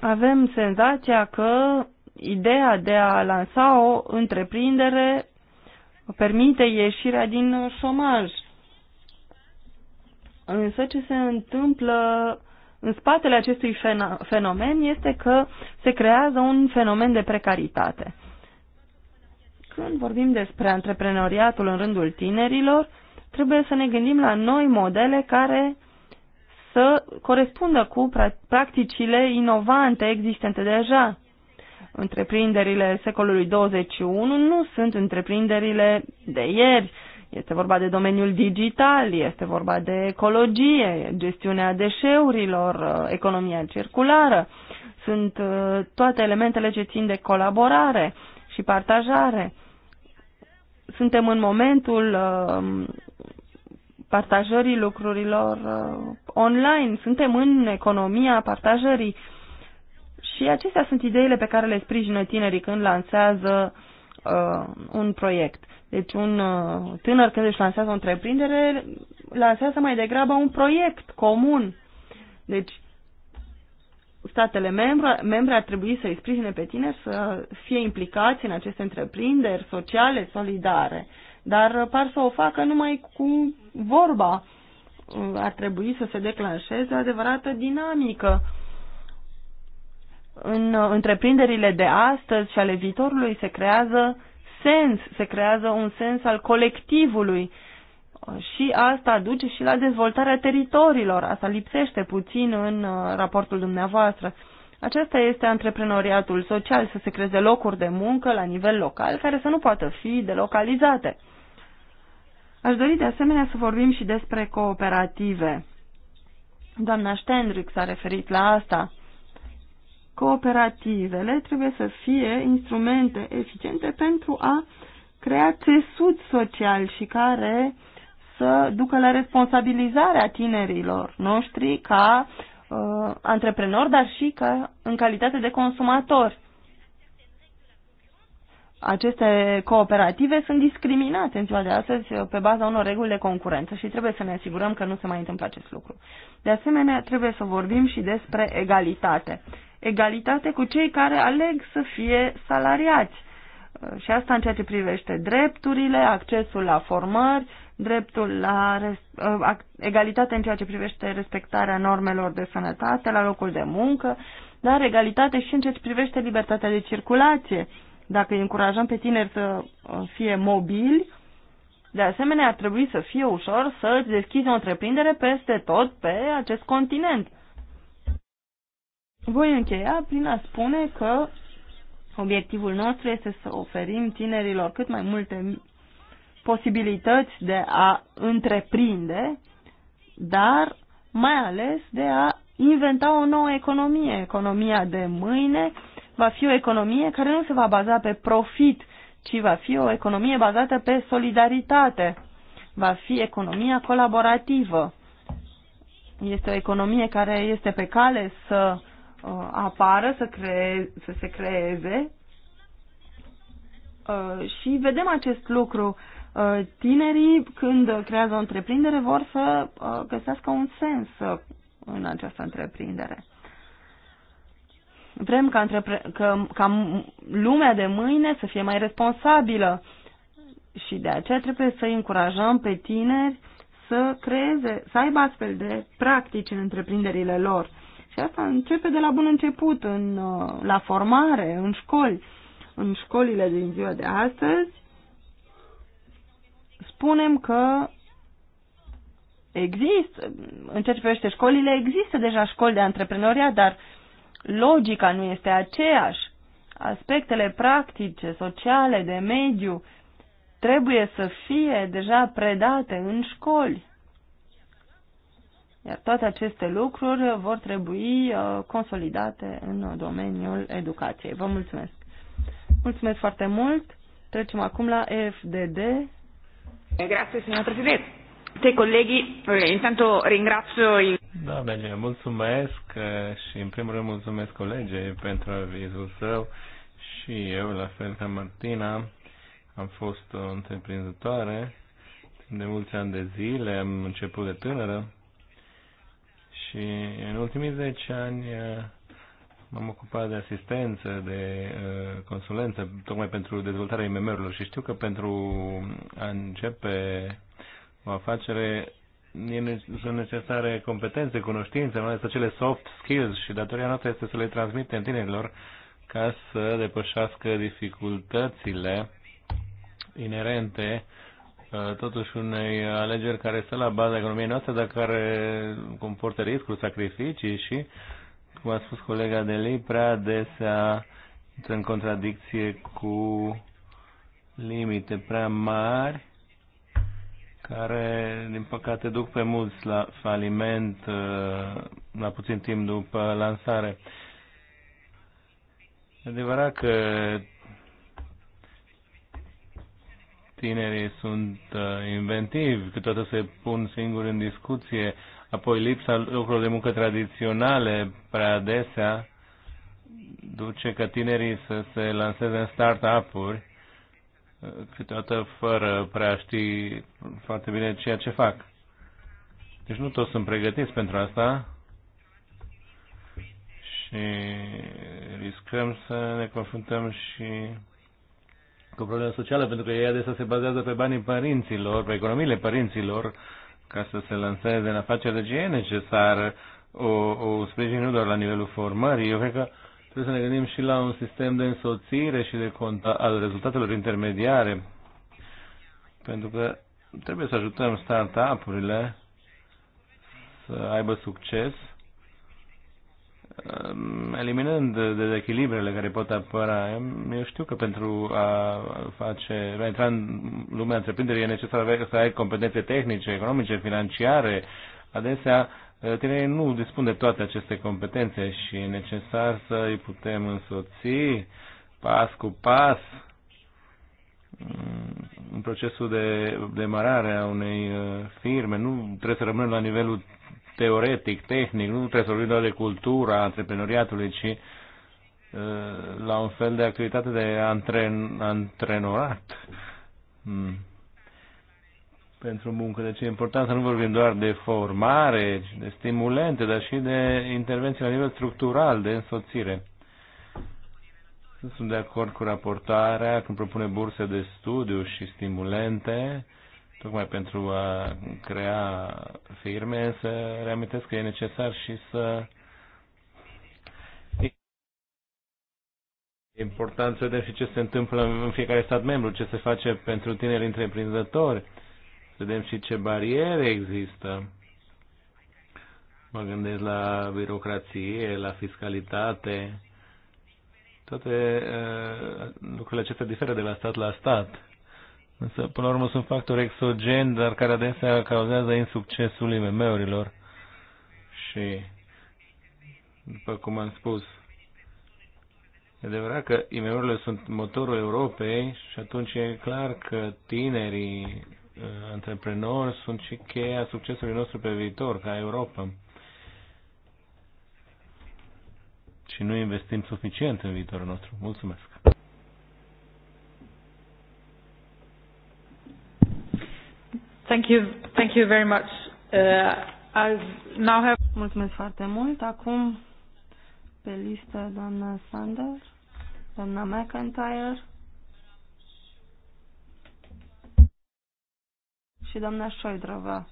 Avem senzația că ideea de a lansa o întreprindere permite ieșirea din șomaj. Însă ce se întâmplă în spatele acestui fenomen este că se creează un fenomen de precaritate. Când vorbim despre antreprenoriatul în rândul tinerilor, trebuie să ne gândim la noi modele care să corespundă cu practicile inovante existente deja. Întreprinderile secolului 21 nu sunt întreprinderile de ieri. Este vorba de domeniul digital, este vorba de ecologie, gestiunea deșeurilor, uh, economia circulară. Sunt uh, toate elementele ce țin de colaborare și partajare. Suntem în momentul uh, partajării lucrurilor online. Suntem în economia partajării. Și acestea sunt ideile pe care le sprijină tinerii când lansează uh, un proiect. Deci un uh, tânăr când își lansează o întreprindere, lansează mai degrabă un proiect comun. Deci statele membre, membre ar trebui să îi sprijine pe tineri să fie implicați în aceste întreprinderi sociale, solidare. Dar par să o facă numai cu vorba. Uh, ar trebui să se declanșeze o adevărată dinamică în uh, întreprinderile de astăzi și ale viitorului se creează sens, se creează un sens al colectivului și asta duce și la dezvoltarea teritoriilor. Asta lipsește puțin în uh, raportul dumneavoastră. Acesta este antreprenoriatul social, să se creeze locuri de muncă la nivel local care să nu poată fi delocalizate. Aș dori de asemenea să vorbim și despre cooperative. Doamna Stendrix s-a referit la asta cooperativele trebuie să fie instrumente eficiente pentru a crea țesut social și care să ducă la responsabilizarea tinerilor noștri ca uh, antreprenori, dar și ca, în calitate de consumatori. Aceste cooperative sunt discriminate în ziua de astăzi uh, pe baza unor reguli de concurență și trebuie să ne asigurăm că nu se mai întâmplă acest lucru. De asemenea, trebuie să vorbim și despre egalitate egalitate cu cei care aleg să fie salariați. Și asta în ceea ce privește drepturile, accesul la formări, dreptul la ă, egalitate în ceea ce privește respectarea normelor de sănătate la locul de muncă, dar egalitate și în ceea ce privește libertatea de circulație. Dacă îi încurajăm pe tineri să ă, fie mobili, de asemenea ar trebui să fie ușor să deschizi o întreprindere peste tot pe acest continent. Voi încheia prin a spune că obiectivul nostru este să oferim tinerilor cât mai multe posibilități de a întreprinde, dar mai ales de a inventa o nouă economie. Economia de mâine va fi o economie care nu se va baza pe profit, ci va fi o economie bazată pe solidaritate. Va fi economia colaborativă. Este o economie care este pe cale să uh, apară, să, creeze, să se creeze. Uh, și vedem acest lucru. Uh, tinerii, când creează o întreprindere, vor să uh, găsească un sens uh, în această întreprindere. Vrem ca, întrepre- că, ca lumea de mâine să fie mai responsabilă și de aceea trebuie să încurajăm pe tineri să creeze, să aibă astfel de practici în întreprinderile lor și asta începe de la bun început, în, uh, la formare, în școli. În școlile din ziua de astăzi spunem că există, în ceea ce privește școlile, există deja școli de antreprenoriat, dar logica nu este aceeași. Aspectele practice, sociale, de mediu, trebuie să fie deja predate în școli. Iar toate aceste lucruri vor trebui uh, consolidate în domeniul educației. Vă mulțumesc! Mulțumesc foarte mult! Trecem acum la FDD. Grazie, signor Presidente. Te colegi, eh, intanto ringrazio il... Da, bine, mulțumesc eh, și în primul rând mulțumesc colegii pentru avizul său și eu, la fel ca Martina, am fost o întreprinzătoare de mulți ani de zile, am început de tânără și în ultimii 10 ani uh, m-am ocupat de asistență, de uh, consulență, tocmai pentru dezvoltarea IMM-urilor și știu că pentru a începe o afacere sunt necesare competențe, cunoștințe, mai ales acele soft skills și datoria noastră este să le transmitem tinerilor ca să depășească dificultățile inerente uh, Uh, totuși unei alegeri care stă la baza economiei noastre, dar care comportă riscuri, sacrificii și, cum a spus colega de lei, prea adesea în contradicție cu limite prea mari care, din păcate, duc pe mulți la faliment uh, la puțin timp după lansare. E adevărat că tinerii sunt uh, inventivi, câteodată se pun singuri în discuție, apoi lipsa lucrurilor de muncă tradiționale prea adesea duce ca tinerii să se lanseze în start-up-uri, uh, câteodată fără prea ști foarte bine ceea ce fac. Deci nu toți sunt pregătiți pentru asta și riscăm să ne confruntăm și cu problema socială, pentru că ei adesea se bazează pe banii părinților, pe economiile părinților, ca să se lanseze în afaceri. Deci e necesar o, o sprijin nu doar la nivelul formării. Eu cred că trebuie să ne gândim și la un sistem de însoțire și de conta al rezultatelor intermediare. Pentru că trebuie să ajutăm up urile să aibă succes Ehm, eliminând dezechilibrele care pot apăra. Eu știu că pentru a face, a intra în lumea întreprinderii e necesar să ai competențe tehnice, economice, financiare. Adesea eh, tinerii nu dispun de toate aceste competențe și e necesar să îi putem însoți pas cu pas mm, în procesul de demarare a unei eh, firme. Nu trebuie să rămânem la nivelul teoretic, tehnic, nu trebuie să vorbim doar de cultura antreprenoriatului, ci uh, la un fel de activitate de antren, antrenorat hmm. pentru muncă. Deci e important să nu vorbim doar de formare, de stimulente, dar și de intervenții la nivel structural, de însoțire. Sunt de acord cu raportarea când propune burse de studiu și stimulente tocmai pentru a crea firme, să reamintesc că e necesar și să important să vedem și ce se întâmplă în fiecare stat membru, ce se face pentru tineri întreprinzători, să vedem și ce bariere există. Mă gândesc la birocrație, la fiscalitate. Toate uh, lucrurile acestea diferă de la stat la stat. Însă, până la urmă, sunt factori exogeni, dar care adesea cauzează insuccesul IMM-urilor. Și, după cum am spus, e adevărat că IMM-urile sunt motorul Europei și atunci e clar că tinerii uh, antreprenori sunt și cheia succesului nostru pe viitor, ca Europa. Și nu investim suficient în viitorul nostru. Mulțumesc! Uh, Mulțumesc foarte mult. Acum pe listă doamna Sanders, doamna McIntyre și doamna Șoidrova.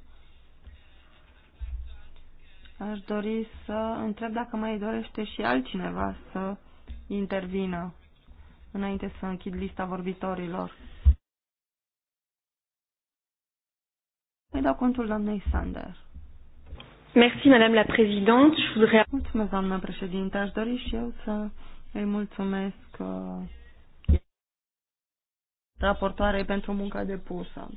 Aș dori să întreb dacă mai dorește și altcineva să intervină înainte să închid lista vorbitorilor. Îi dau contul doamnei Sander. Merci, Madame la Présidente. Je voudrais... Mulțumesc, doamna președinte. Aș dori și eu să îi mulțumesc uh, raportoarei pentru munca depusă.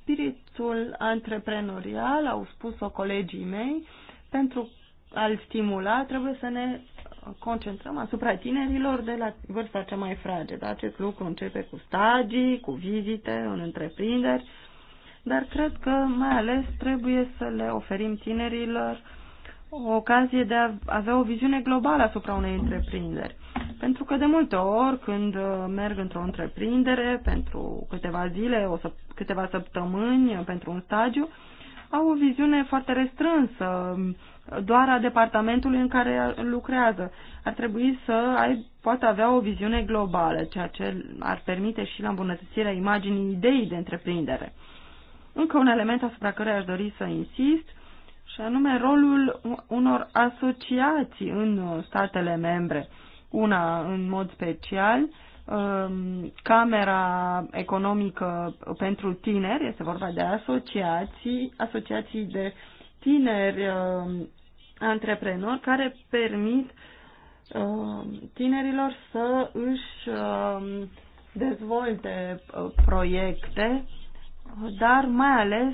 Spiritul antreprenorial, au spus-o colegii mei, pentru a-l stimula, trebuie să ne concentrăm asupra tinerilor de la vârsta cea mai fragedă. Acest lucru începe cu stagii, cu vizite în întreprinderi dar cred că mai ales trebuie să le oferim tinerilor o ocazie de a avea o viziune globală asupra unei întreprinderi. Pentru că de multe ori când uh, merg într-o întreprindere pentru câteva zile, o să, câteva săptămâni, uh, pentru un stagiu, au o viziune foarte restrânsă um, doar a departamentului în care lucrează. Ar trebui să ai, poate, avea o viziune globală, ceea ce ar permite și la îmbunătățirea imaginii ideii de întreprindere. Încă un element asupra căruia aș dori să insist, și anume rolul unor asociații în uh, statele membre. Una, în mod special, um, Camera Economică pentru Tineri, este vorba de asociații, asociații de tineri um, antreprenori care permit um, tinerilor să își dezvolte uh, proiecte dar mai ales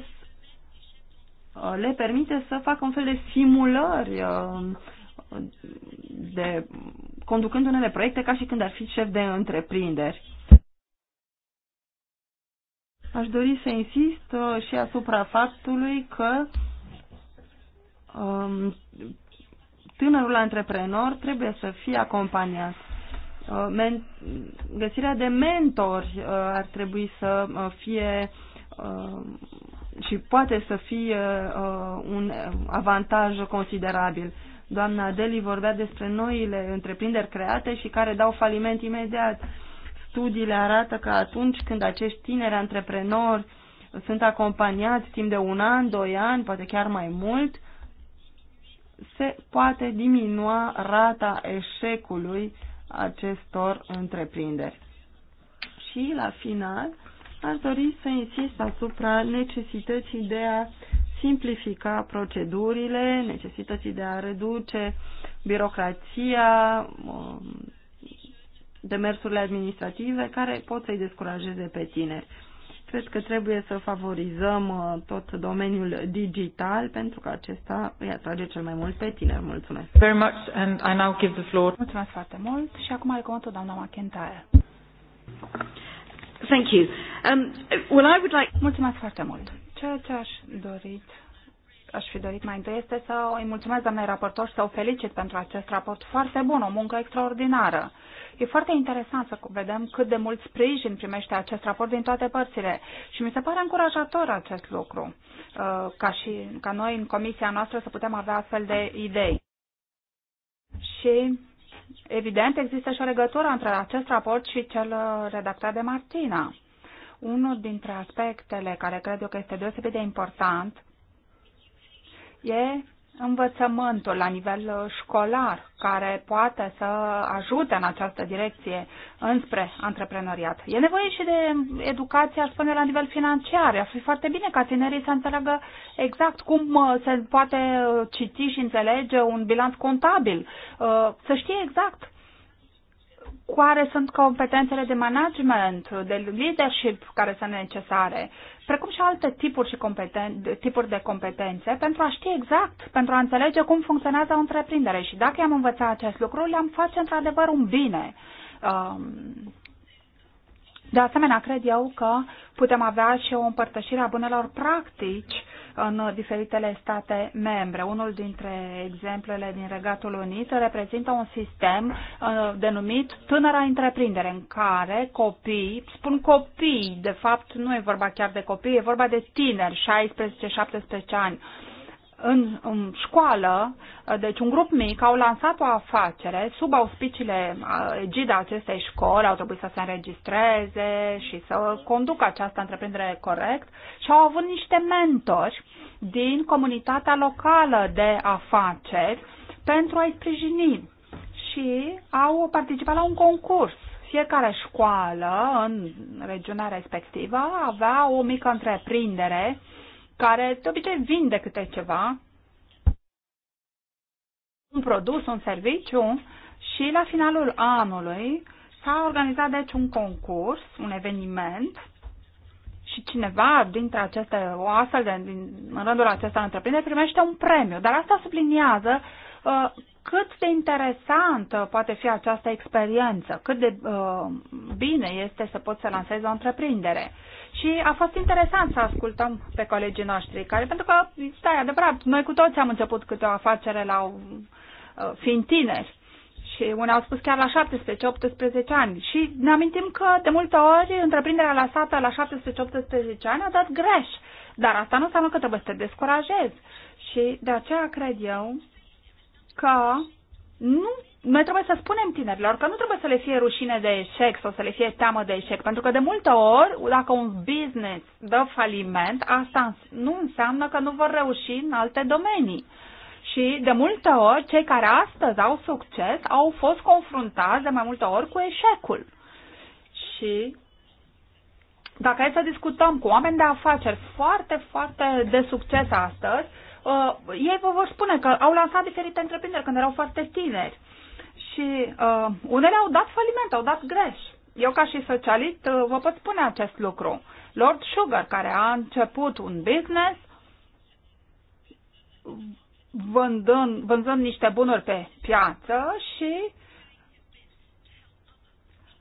uh, le permite să facă un fel de simulări uh, de conducând unele proiecte ca și când ar fi șef de întreprinderi. Aș dori să insist uh, și asupra faptului că um, tânărul antreprenor trebuie să fie acompaniat. Găsirea de mentori ar trebui să fie Um, și poate să fie uh, un avantaj considerabil. Doamna Adeli vorbea despre noile întreprinderi create și care dau faliment imediat. Studiile arată că atunci când acești tineri antreprenori sunt acompaniați timp de un an, doi ani, poate chiar mai mult, se poate diminua rata eșecului acestor întreprinderi. Și la final, Aș dori să insist asupra necesității de a simplifica procedurile, necesității de a reduce birocrația, um, demersurile administrative care pot să-i descurajeze pe tineri. Cred că trebuie să favorizăm uh, tot domeniul digital pentru că acesta îi atrage cel mai mult pe tineri. Mulțumesc. Very much and I now give the floor. Mulțumesc foarte mult și acum are cuvântul doamna McIntyre. Thank you. Um, well, I would like... Mulțumesc foarte mult. Ceea ce aș dorit aș fi dorit mai întâi este să îi mulțumesc doamnei raportor și să o felicit pentru acest raport foarte bun, o muncă extraordinară. E foarte interesant să vedem cât de mult sprijin primește acest raport din toate părțile și mi se pare încurajator acest lucru, uh, ca, și, ca noi în comisia noastră să putem avea astfel de idei. Și Evident, există și o legătură între acest raport și cel redactat de Martina. Unul dintre aspectele care cred eu că este deosebit de important e învățământul la nivel uh, școlar care poate să ajute în această direcție înspre antreprenoriat. E nevoie și de educație, aș spune, la nivel financiar. Ar fi foarte bine ca tinerii să înțeleagă exact cum uh, se poate uh, citi și înțelege un bilanț contabil, să știe exact care sunt competențele de management, de leadership care sunt necesare, precum și alte tipuri, și competen- tipuri de competențe pentru a ști exact, pentru a înțelege cum funcționează o întreprindere. Și dacă am învățat acest lucru, le-am face într-adevăr un bine. Um, de asemenea, cred eu că putem avea și o împărtășire a bunelor practici în diferitele state membre. Unul dintre exemplele din Regatul Unit reprezintă un sistem uh, denumit tânăra întreprindere, în care copii, spun copii, de fapt nu e vorba chiar de copii, e vorba de tineri, 16-17 ani, în, în școală, uh, deci un grup mic, au lansat o afacere sub auspiciile uh, egida acestei școli, au trebuit să se înregistreze și să conducă această întreprindere corect și au avut niște mentori din comunitatea locală de afaceri pentru a-i sprijini și au participat la un concurs fiecare școală în regiunea respectivă avea o mică întreprindere care de obicei vinde câte ceva, un produs, un serviciu și la finalul anului s-a organizat deci un concurs, un eveniment și cineva dintre aceste, o astfel de, din, în rândul acesta întreprinde, primește un premiu. Dar asta subliniază uh, cât de interesantă poate fi această experiență, cât de uh, bine este să poți să lansezi o întreprindere. Și a fost interesant să ascultăm pe colegii noștri, care, pentru că, stai, adevărat, noi cu toți am început câte o afacere la uh, fiind tineri. Și unii au spus chiar la 17-18 ani. Și ne amintim că, de multe ori, întreprinderea lăsată la 17-18 ani a dat greș. Dar asta nu înseamnă că trebuie să te descurajezi. Și de aceea cred eu că nu, noi trebuie să spunem tinerilor că nu trebuie să le fie rușine de eșec sau să le fie teamă de eșec, pentru că de multe ori, dacă un business dă faliment, asta nu înseamnă că nu vor reuși în alte domenii. Și de multe ori, cei care astăzi au succes au fost confruntați de mai multe ori cu eșecul. Și dacă e să discutăm cu oameni de afaceri foarte, foarte de succes astăzi, uh, ei vă vor spune că au lansat diferite întreprinderi când erau foarte tineri și uh, unele au dat faliment, au dat greș. Eu ca și socialist uh, vă pot spune acest lucru. Lord Sugar, care a început un business vândând, vânzând niște bunuri pe piață și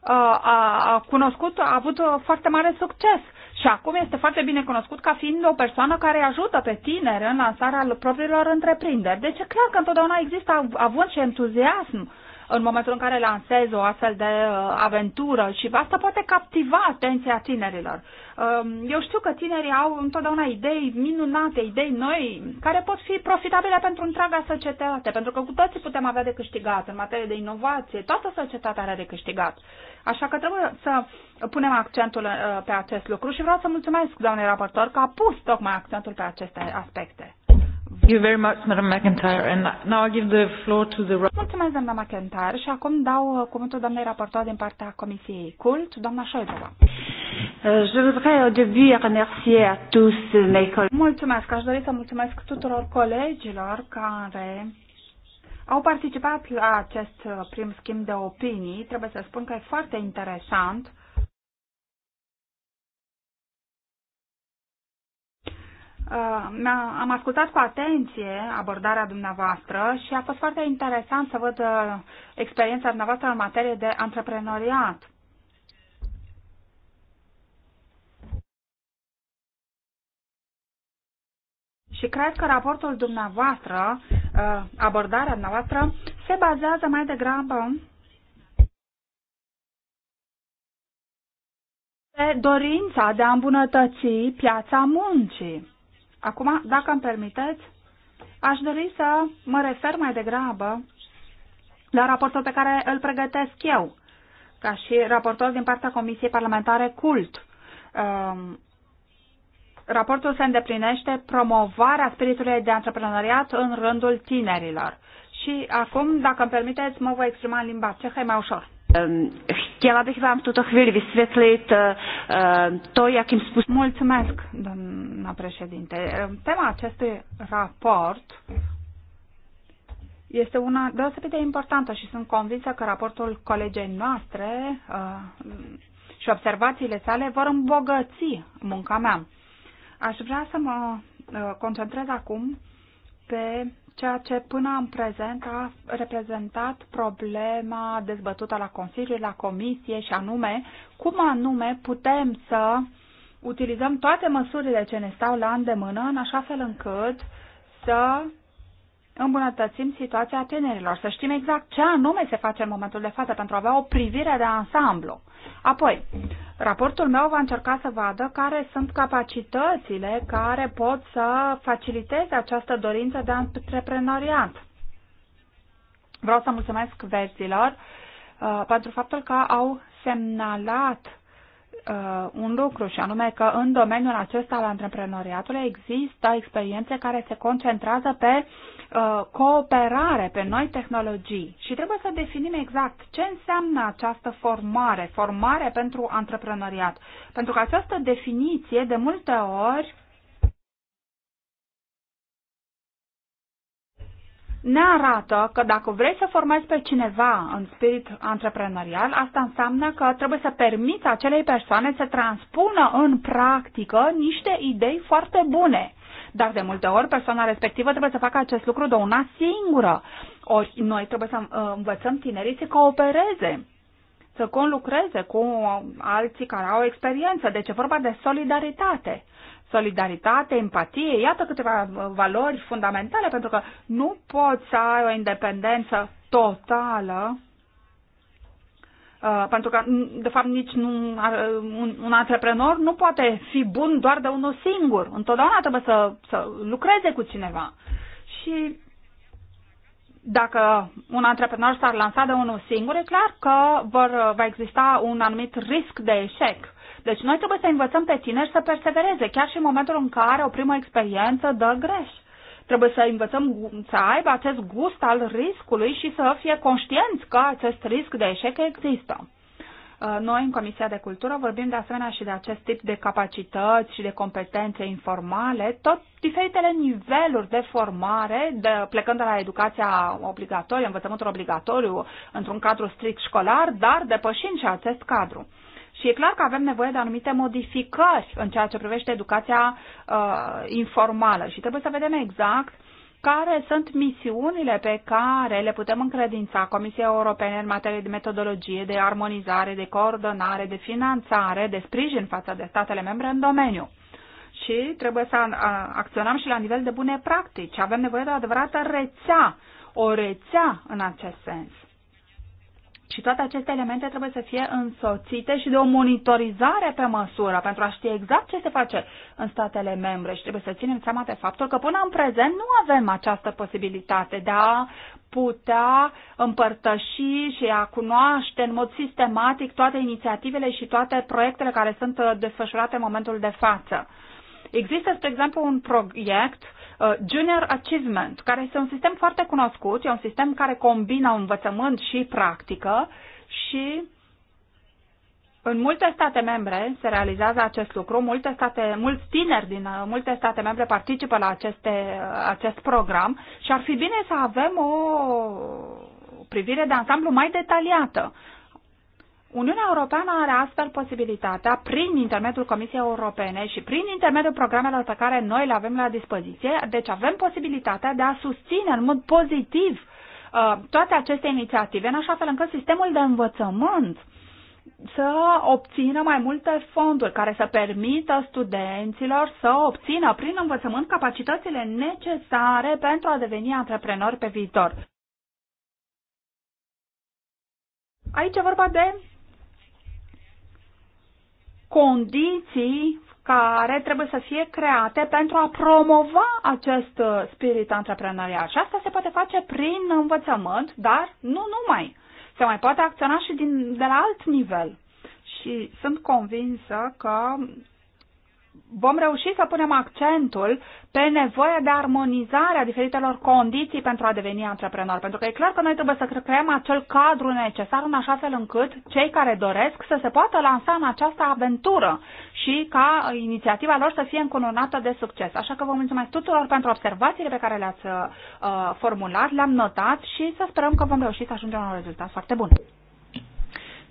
uh, a, a cunoscut, a avut uh, foarte mare succes. Și acum este foarte bine cunoscut ca fiind o persoană care ajută pe tineri în lansarea propriilor întreprinderi. Deci e clar că întotdeauna există având și entuziasm în momentul în care lansezi o astfel de uh, aventură și asta poate captiva atenția tinerilor. Um, eu știu că tinerii au întotdeauna idei minunate, idei noi, care pot fi profitabile pentru întreaga societate, pentru că cu toții putem avea de câștigat în materie de inovație, toată societatea are de câștigat. Așa că trebuie să punem accentul uh, pe acest lucru și vreau să mulțumesc, doamne raportor, că a pus tocmai accentul pe aceste aspecte. Thank you very much, Madam McIntyre. And now I give the floor to the... Mulțumesc, doamna McIntyre. Și acum dau uh, cuvântul doamnei raportor din partea Comisiei CULT, doamna Șoidova. Euh, je voudrais au début remercier à tous mes collègues. Mulțumesc. Aș dori să mulțumesc tuturor colegilor care au participat la acest uh, prim schimb de opinii. Trebuie să spun că e foarte interesant uh, Uh, am ascultat cu atenție abordarea dumneavoastră și a fost foarte interesant să văd uh, experiența dumneavoastră în materie de antreprenoriat. Și cred că raportul dumneavoastră, uh, abordarea dumneavoastră, se bazează mai degrabă pe dorința de a îmbunătăți piața muncii. Acum, dacă îmi permiteți, aș dori să mă refer mai degrabă la raportul pe care îl pregătesc eu, ca și raportor din partea Comisiei Parlamentare CULT. Um, raportul se îndeplinește promovarea spiritului de antreprenoriat în rândul tinerilor. Și acum, dacă îmi permiteți, mă voi exprima în limba cehă mai ușor. Ehm, chtěla bych vám v tuto chvíli vysvětlit eh, eh, to, jakým způsobem... Mulțumesc, doamna președinte. Ehm, tema acestui raport este una deosebit de importantă și sunt convinsă că raportul colegei noastre eh, și observațiile sale vor îmbogăți munca mea. Aș vrea să mă concentrez acum pe ceea ce până în prezent a reprezentat problema dezbătută la Consiliu, la Comisie și anume cum anume putem să utilizăm toate măsurile ce ne stau la îndemână în așa fel încât să îmbunătățim situația tinerilor, să știm exact ce anume se face în momentul de față pentru a avea o privire de ansamblu. Apoi, raportul meu va încerca să vadă care sunt capacitățile care pot să faciliteze această dorință de antreprenoriat. Vreau să mulțumesc verzilor uh, pentru faptul că au semnalat uh, un lucru și anume că în domeniul acesta al antreprenoriatului există experiențe care se concentrează pe Uh, cooperare pe noi tehnologii și trebuie să definim exact ce înseamnă această formare, formare pentru antreprenoriat. Pentru că această definiție de multe ori ne arată că dacă vrei să formezi pe cineva în spirit antreprenorial, asta înseamnă că trebuie să permiți acelei persoane să transpună în practică niște idei foarte bune. Dar de multe ori persoana respectivă trebuie să facă acest lucru de una singură. Ori noi trebuie să uh, învățăm tinerii să coopereze să conlucreze cu alții care au experiență. Deci e vorba de solidaritate. Solidaritate, empatie, iată câteva uh, valori fundamentale, pentru că nu poți să ai o independență totală Uh, pentru că, mm, de fapt, nici nu, un, un antreprenor nu poate fi bun doar de unul singur. Întotdeauna trebuie să, să lucreze cu cineva. Și dacă un antreprenor s-ar lansa de unul singur, e clar că vor, uh, va exista un anumit risc de eșec. Deci noi trebuie să învățăm pe tineri să persevereze, chiar și în momentul în care o primă experiență dă greș. Trebuie să învățăm să aibă acest gust al riscului și să fie conștienți că acest risc de eșec există. Uh, noi, în Comisia de Cultură, vorbim de asemenea și de acest tip de capacități și de competențe informale, tot diferitele niveluri de formare, de, plecând de la educația obligatorie, învățământul obligatoriu, într-un cadru strict școlar, dar depășind și acest cadru. Și e clar că avem nevoie de anumite modificări în ceea ce privește educația uh, informală și trebuie să vedem exact care sunt misiunile pe care le putem încredința Comisiei Europene în materie de metodologie, de armonizare, de coordonare, de finanțare, de sprijin față de statele membre în domeniu. Și trebuie să uh, acționăm și la nivel de bune practici. Avem nevoie de o adevărată rețea, o rețea în acest sens. Și toate aceste elemente trebuie să fie însoțite și de o monitorizare pe măsură pentru a ști exact ce se face în statele membre și trebuie să ținem seama de faptul că până în prezent nu avem această posibilitate de a putea împărtăși și a cunoaște în mod sistematic toate inițiativele și toate proiectele care sunt desfășurate în momentul de față. Există, spre exemplu, un proiect uh, Uh, junior Achievement, care este un sistem foarte cunoscut, e un sistem care combina învățământ și practică și în multe state membre se realizează acest lucru, multe state, mulți tineri din uh, multe state membre participă la aceste, uh, acest program și ar fi bine să avem o privire de ansamblu mai detaliată Uniunea Europeană are astfel posibilitatea, prin intermediul Comisiei Europene și prin intermediul programelor pe care noi le avem la dispoziție, deci avem posibilitatea de a susține în mod pozitiv uh, toate aceste inițiative, în așa fel încât sistemul de învățământ să obțină mai multe fonduri care să permită studenților să obțină prin învățământ capacitățile necesare pentru a deveni antreprenori pe viitor. Aici e vorba de condiții care trebuie să fie create pentru a promova acest uh, spirit antreprenorial. Și asta se poate face prin învățământ, dar nu numai. Se mai poate acționa și din, de la alt nivel. Și sunt convinsă că vom reuși să punem accentul pe nevoia de armonizare a diferitelor condiții pentru a deveni antreprenor. Pentru că e clar că noi trebuie să creăm acel cadru necesar în așa fel încât cei care doresc să se poată lansa în această aventură și ca inițiativa lor să fie încununată de succes. Așa că vă mulțumesc tuturor pentru observațiile pe care le-ați uh, formulat, le-am notat și să sperăm că vom reuși să ajungem la un rezultat foarte bun.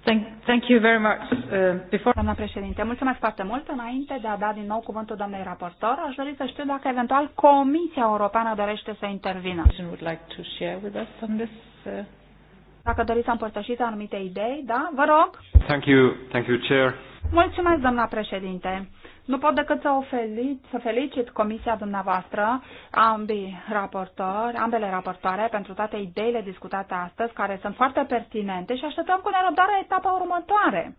Thank, thank you very much. Uh, before... Doamna președinte, mulțumesc foarte mult. Înainte de a da din nou cuvântul doamnei raportor, aș dori să știu dacă eventual Comisia Europeană dorește să intervină. Would like to share with us on this, uh... Dacă doriți să împărtășiți anumite idei, da? Vă rog. Thank you, thank you, Chair. Mulțumesc, doamna președinte. Nu pot decât să, o felicit, să felicit comisia dumneavoastră, ambii raportori, ambele raportoare, pentru toate ideile discutate astăzi, care sunt foarte pertinente și așteptăm cu nerăbdare etapa următoare.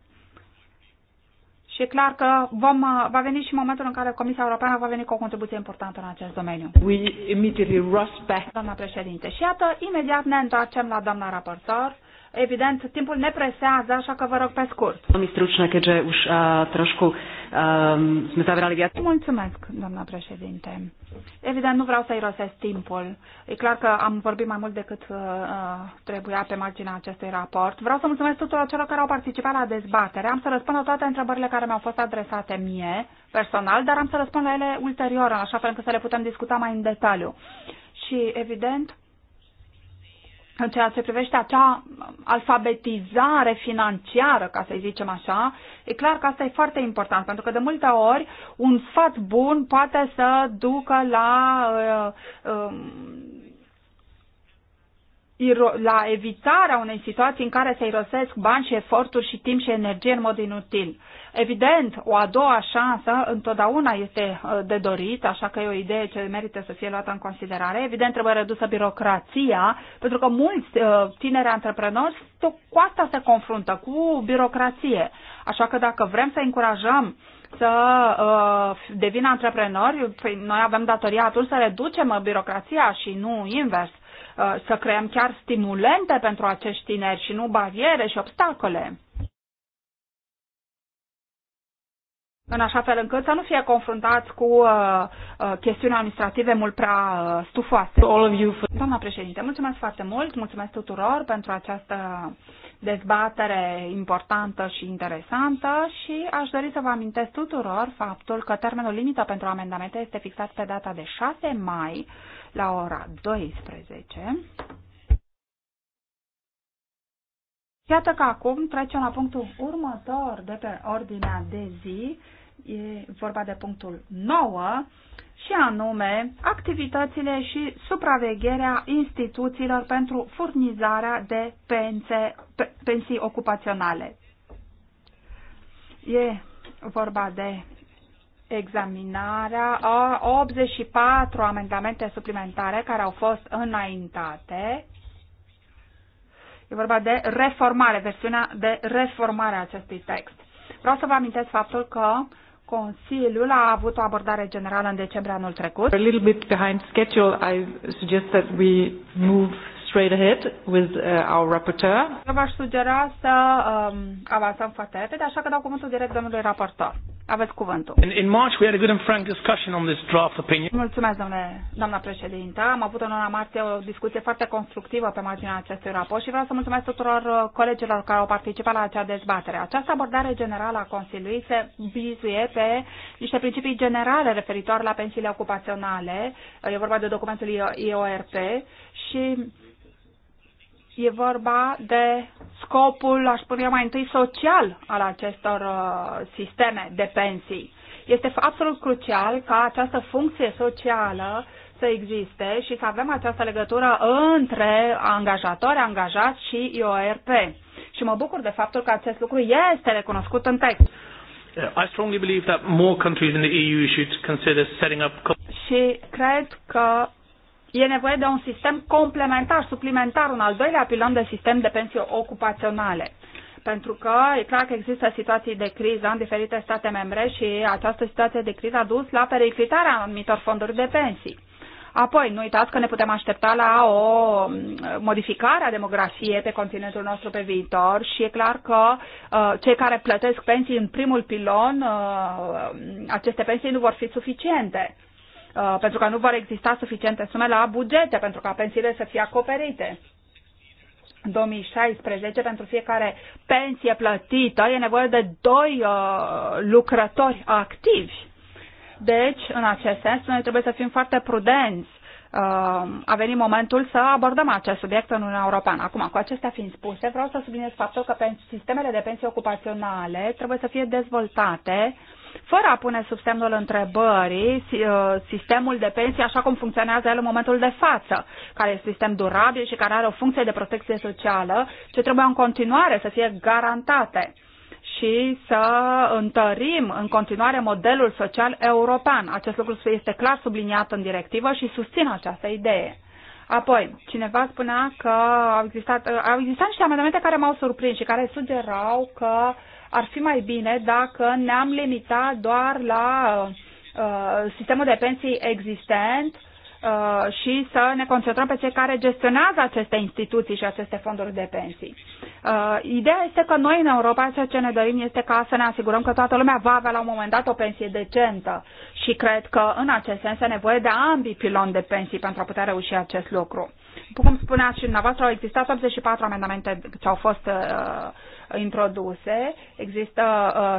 Și e clar că vom, uh, va veni și momentul în care Comisia Europeană va veni cu o contribuție importantă în acest domeniu. We immediately rush back. Doamna președinte, și iată, imediat ne întoarcem la doamna raportor Evident, timpul ne presează, așa că vă rog pe scurt. Mulțumesc, doamna președinte. Evident, nu vreau să irosesc timpul. E clar că am vorbit mai mult decât uh, trebuia pe marginea acestui raport. Vreau să mulțumesc tuturor celor care au participat la dezbatere. Am să răspund la toate întrebările care mi-au fost adresate mie, personal, dar am să răspund la ele ulterior, așa fel încât să le putem discuta mai în detaliu. Și, evident, în ceea ce privește acea alfabetizare financiară, ca să zicem așa, e clar că asta e foarte important, pentru că de multe ori un sfat bun poate să ducă la uh, uh, la evitarea unei situații în care se irosesc bani și eforturi și timp și energie în mod inutil. Evident, o a doua șansă întotdeauna este uh, de dorit, așa că e o idee ce merită să fie luată în considerare. Evident, trebuie redusă birocrația, pentru că mulți uh, tineri antreprenori cu asta se confruntă, cu birocrație. Așa că dacă vrem să încurajăm să uh, devină antreprenori, păi noi avem datoria atunci să reducem uh, birocrația și nu invers. Uh, să creăm chiar stimulente pentru acești tineri și nu bariere și obstacole. în așa fel încât să nu fie confruntați cu uh, uh, chestiuni administrative mult prea uh, stufoase. All of you for... Doamna președinte, mulțumesc foarte mult, mulțumesc tuturor pentru această dezbatere importantă și interesantă și aș dori să vă amintesc tuturor faptul că termenul limită pentru amendamente este fixat pe data de 6 mai la ora 12. Iată că acum trecem la punctul următor de pe ordinea de zi, e vorba de punctul 9, și anume activitățile și supravegherea instituțiilor pentru furnizarea de pense, pensii ocupaționale. E vorba de examinarea a 84 amendamente suplimentare care au fost înaintate. E vorba de reformare, versiunea de reformare a acestui text. Vreau să vă amintesc faptul că Consiliul a avut o abordare generală în decembrie anul trecut. A little bit behind schedule, I suggest that we move straight ahead with uh, our rapporteur. Eu v-aș sugera să um, avansăm foarte repede, așa că dau cuvântul direct domnului raportor. Aveți cuvântul. In, in March we had a good and frank discussion on this draft opinion. Mulțumesc, domnule, doamna președintă. Am avut în luna martie o discuție foarte constructivă pe marginea acestui raport și vreau să mulțumesc tuturor uh, colegilor care au participat la acea dezbatere. Această abordare generală a Consiliului se vizuie pe niște principii generale referitoare la pensiile ocupaționale. E vorba de documentul IORP și E vorba de scopul, aș spune eu mai întâi, social al acestor uh, sisteme de pensii. Este absolut crucial ca această funcție socială să existe și să avem această legătură între angajatori, angajați și IORP. Și mă bucur de faptul că acest lucru este recunoscut în text. I strongly believe that more countries in the EU should consider setting up. Și cred că e nevoie de un sistem complementar, suplimentar, un al doilea pilon de sistem de pensii ocupaționale. Pentru că e clar că există situații de criză în diferite state membre și această situație de criză a dus la periclitarea anumitor fonduri de pensii. Apoi, nu uitați că ne putem aștepta la o mm, modificare a demografiei pe continentul nostru pe viitor și e clar că uh, cei care plătesc pensii în primul pilon, uh, aceste pensii nu vor fi suficiente. Uh, pentru că nu vor exista suficiente sume la bugete pentru ca pensiile să fie acoperite. 2016, pentru fiecare pensie plătită, e nevoie de doi uh, lucrători activi. Deci, în acest sens, noi trebuie să fim foarte prudenți. Uh, a venit momentul să abordăm acest subiect în Uniunea Europeană. Acum, cu acestea fiind spuse, vreau să subliniez faptul că sistemele de pensii ocupaționale trebuie să fie dezvoltate fără a pune sub semnul întrebării uh, sistemul de pensii așa cum funcționează el în momentul de față, care este sistem durabil și care are o funcție de protecție socială, ce trebuie în continuare să fie garantate și să întărim în continuare modelul social european. Acest lucru este clar subliniat în directivă și susțin această idee. Apoi, cineva spunea că au existat, uh, au existat niște amendamente care m-au surprins și care sugerau că uh, ar fi mai bine dacă ne-am limitat doar la uh, uh, sistemul de pensii existent uh, și să ne concentrăm pe cei care gestionează aceste instituții și aceste fonduri de pensii. Uh, ideea este că noi în Europa ceea ce ne dorim este ca să ne asigurăm că toată lumea va avea la un moment dat o pensie decentă și cred că în acest sens e nevoie de ambii piloni de pensii pentru a putea reuși acest lucru. Cum spuneați și dumneavoastră, au existat 84 amendamente ce au fost uh, introduse. Există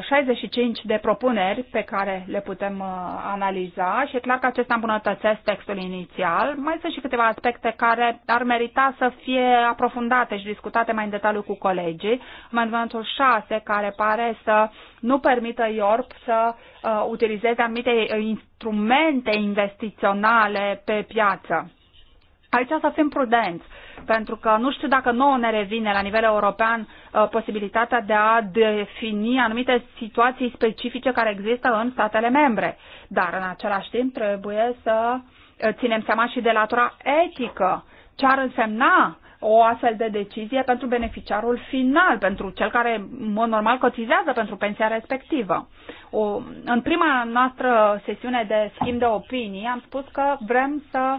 65 uh, de propuneri pe care le putem uh, analiza și e clar că acesta îmbunătățesc textul inițial. Mai sunt și câteva aspecte care ar merita să fie aprofundate și discutate mai în detaliu cu colegii. Amendamentul 6, care pare să nu permită IORP să uh, utilizeze anumite instrumente investiționale pe piață Aici să fim prudenți, pentru că nu știu dacă nouă ne revine la nivel european uh, posibilitatea de a defini anumite situații specifice care există în statele membre. Dar în același timp trebuie să uh, ținem seama și de latura etică. Ce ar însemna o astfel de decizie pentru beneficiarul final, pentru cel care, în mod normal, cotizează pentru pensia respectivă. O, în prima noastră sesiune de schimb de opinii am spus că vrem să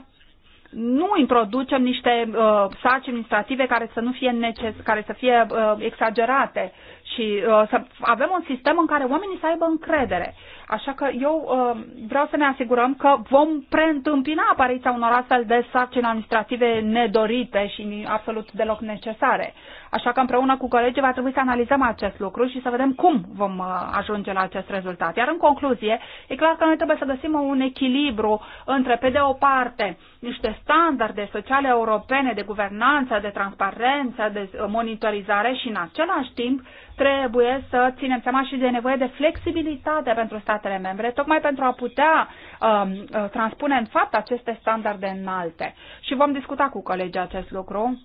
nu introducem niște uh, sarci administrative care să nu fie neces care să fie uh, exagerate și uh, să avem un sistem în care oamenii să aibă încredere. Așa că eu uh, vreau să ne asigurăm că vom preîntâmpina apariția unor astfel de sarcini administrative nedorite și absolut deloc necesare. Așa că împreună cu colegii va trebui să analizăm acest lucru și să vedem cum vom uh, ajunge la acest rezultat. Iar în concluzie, e clar că noi trebuie să găsim un echilibru între, pe de o parte, niște standarde sociale europene de guvernanță, de transparență, de uh, monitorizare și, în același timp, trebuie să ținem seama și de nevoie de flexibilitate pentru statele membre, tocmai pentru a putea um, uh, transpune în fapt aceste standarde înalte. Și vom discuta cu colegii acest lucru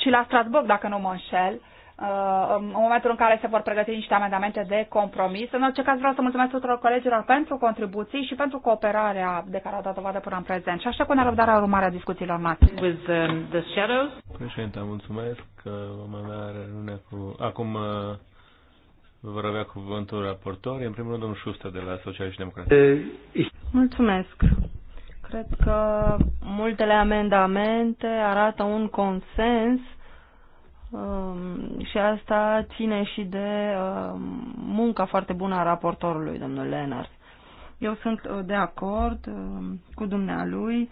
și la Strasbourg dacă nu mă înșel, uh, în momentul în care se vor pregăti niște amendamente de compromis. În orice caz vreau să mulțumesc tuturor colegilor pentru contribuții și pentru cooperarea de care a dat dovadă până în prezent. Și așa cu nerăbdarea urmarea discuțiilor noastre. Um, Președinte, mulțumesc că vom avea reuniunea cu... Acum uh, vor avea cuvântul raportori. În primul rând, domnul Șustă de la Socialiști Democrați. Eh, mulțumesc. Cred că multele amendamente arată un consens um, și asta ține și de um, munca foarte bună a raportorului, domnul Lenars. Eu sunt uh, de acord um, cu dumnealui.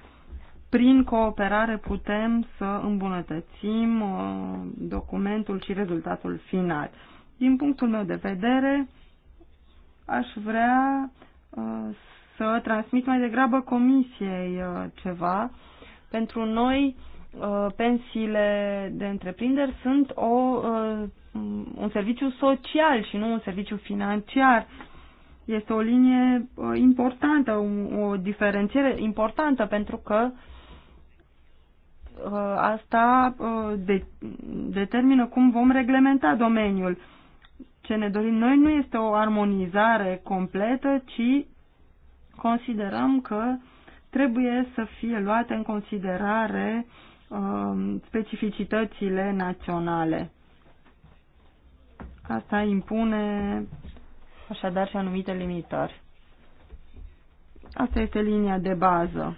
Prin cooperare putem să îmbunătățim uh, documentul și rezultatul final. Din punctul meu de vedere, aș vrea uh, să transmit mai degrabă comisiei uh, ceva. Pentru noi, uh, pensiile de întreprinderi sunt o, uh, un serviciu social și nu un serviciu financiar. Este o linie importantă, o diferențiere importantă pentru că asta de, determină cum vom reglementa domeniul. Ce ne dorim noi nu este o armonizare completă, ci considerăm că trebuie să fie luate în considerare um, specificitățile naționale. Asta impune așadar și anumite limitări. Asta este linia de bază.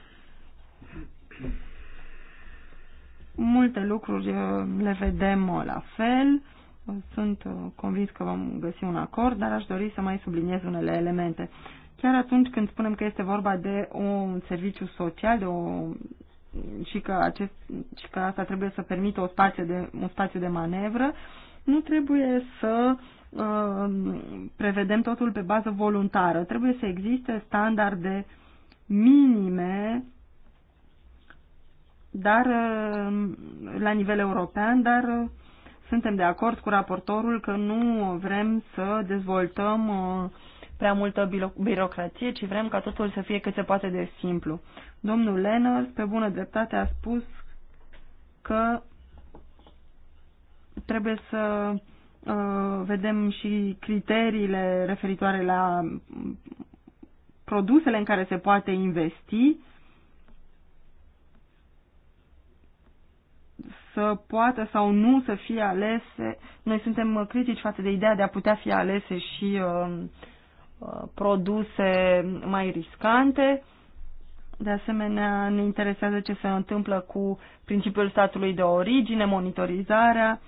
Multe lucruri uh, le vedem la fel. Sunt uh, convins că vom găsi un acord, dar aș dori să mai subliniez unele elemente. Chiar atunci când spunem că este vorba de un serviciu social de o, și, că acest, și că asta trebuie să permită o spațiu de, un spațiu de manevră, nu trebuie să uh, prevedem totul pe bază voluntară. Trebuie să existe standarde minime dar uh, la nivel european, dar uh, suntem de acord cu raportorul că nu vrem să dezvoltăm uh, prea multă birocrație, ci vrem ca totul să fie cât se poate de simplu. Domnul Lenners, pe bună dreptate, a spus că trebuie să uh, vedem și criteriile referitoare la produsele în care se poate investi, să poată sau nu să fie alese. Noi suntem critici față de ideea de a putea fi alese și uh, produse mai riscante. De asemenea, ne interesează ce se întâmplă cu principiul statului de origine, monitorizarea.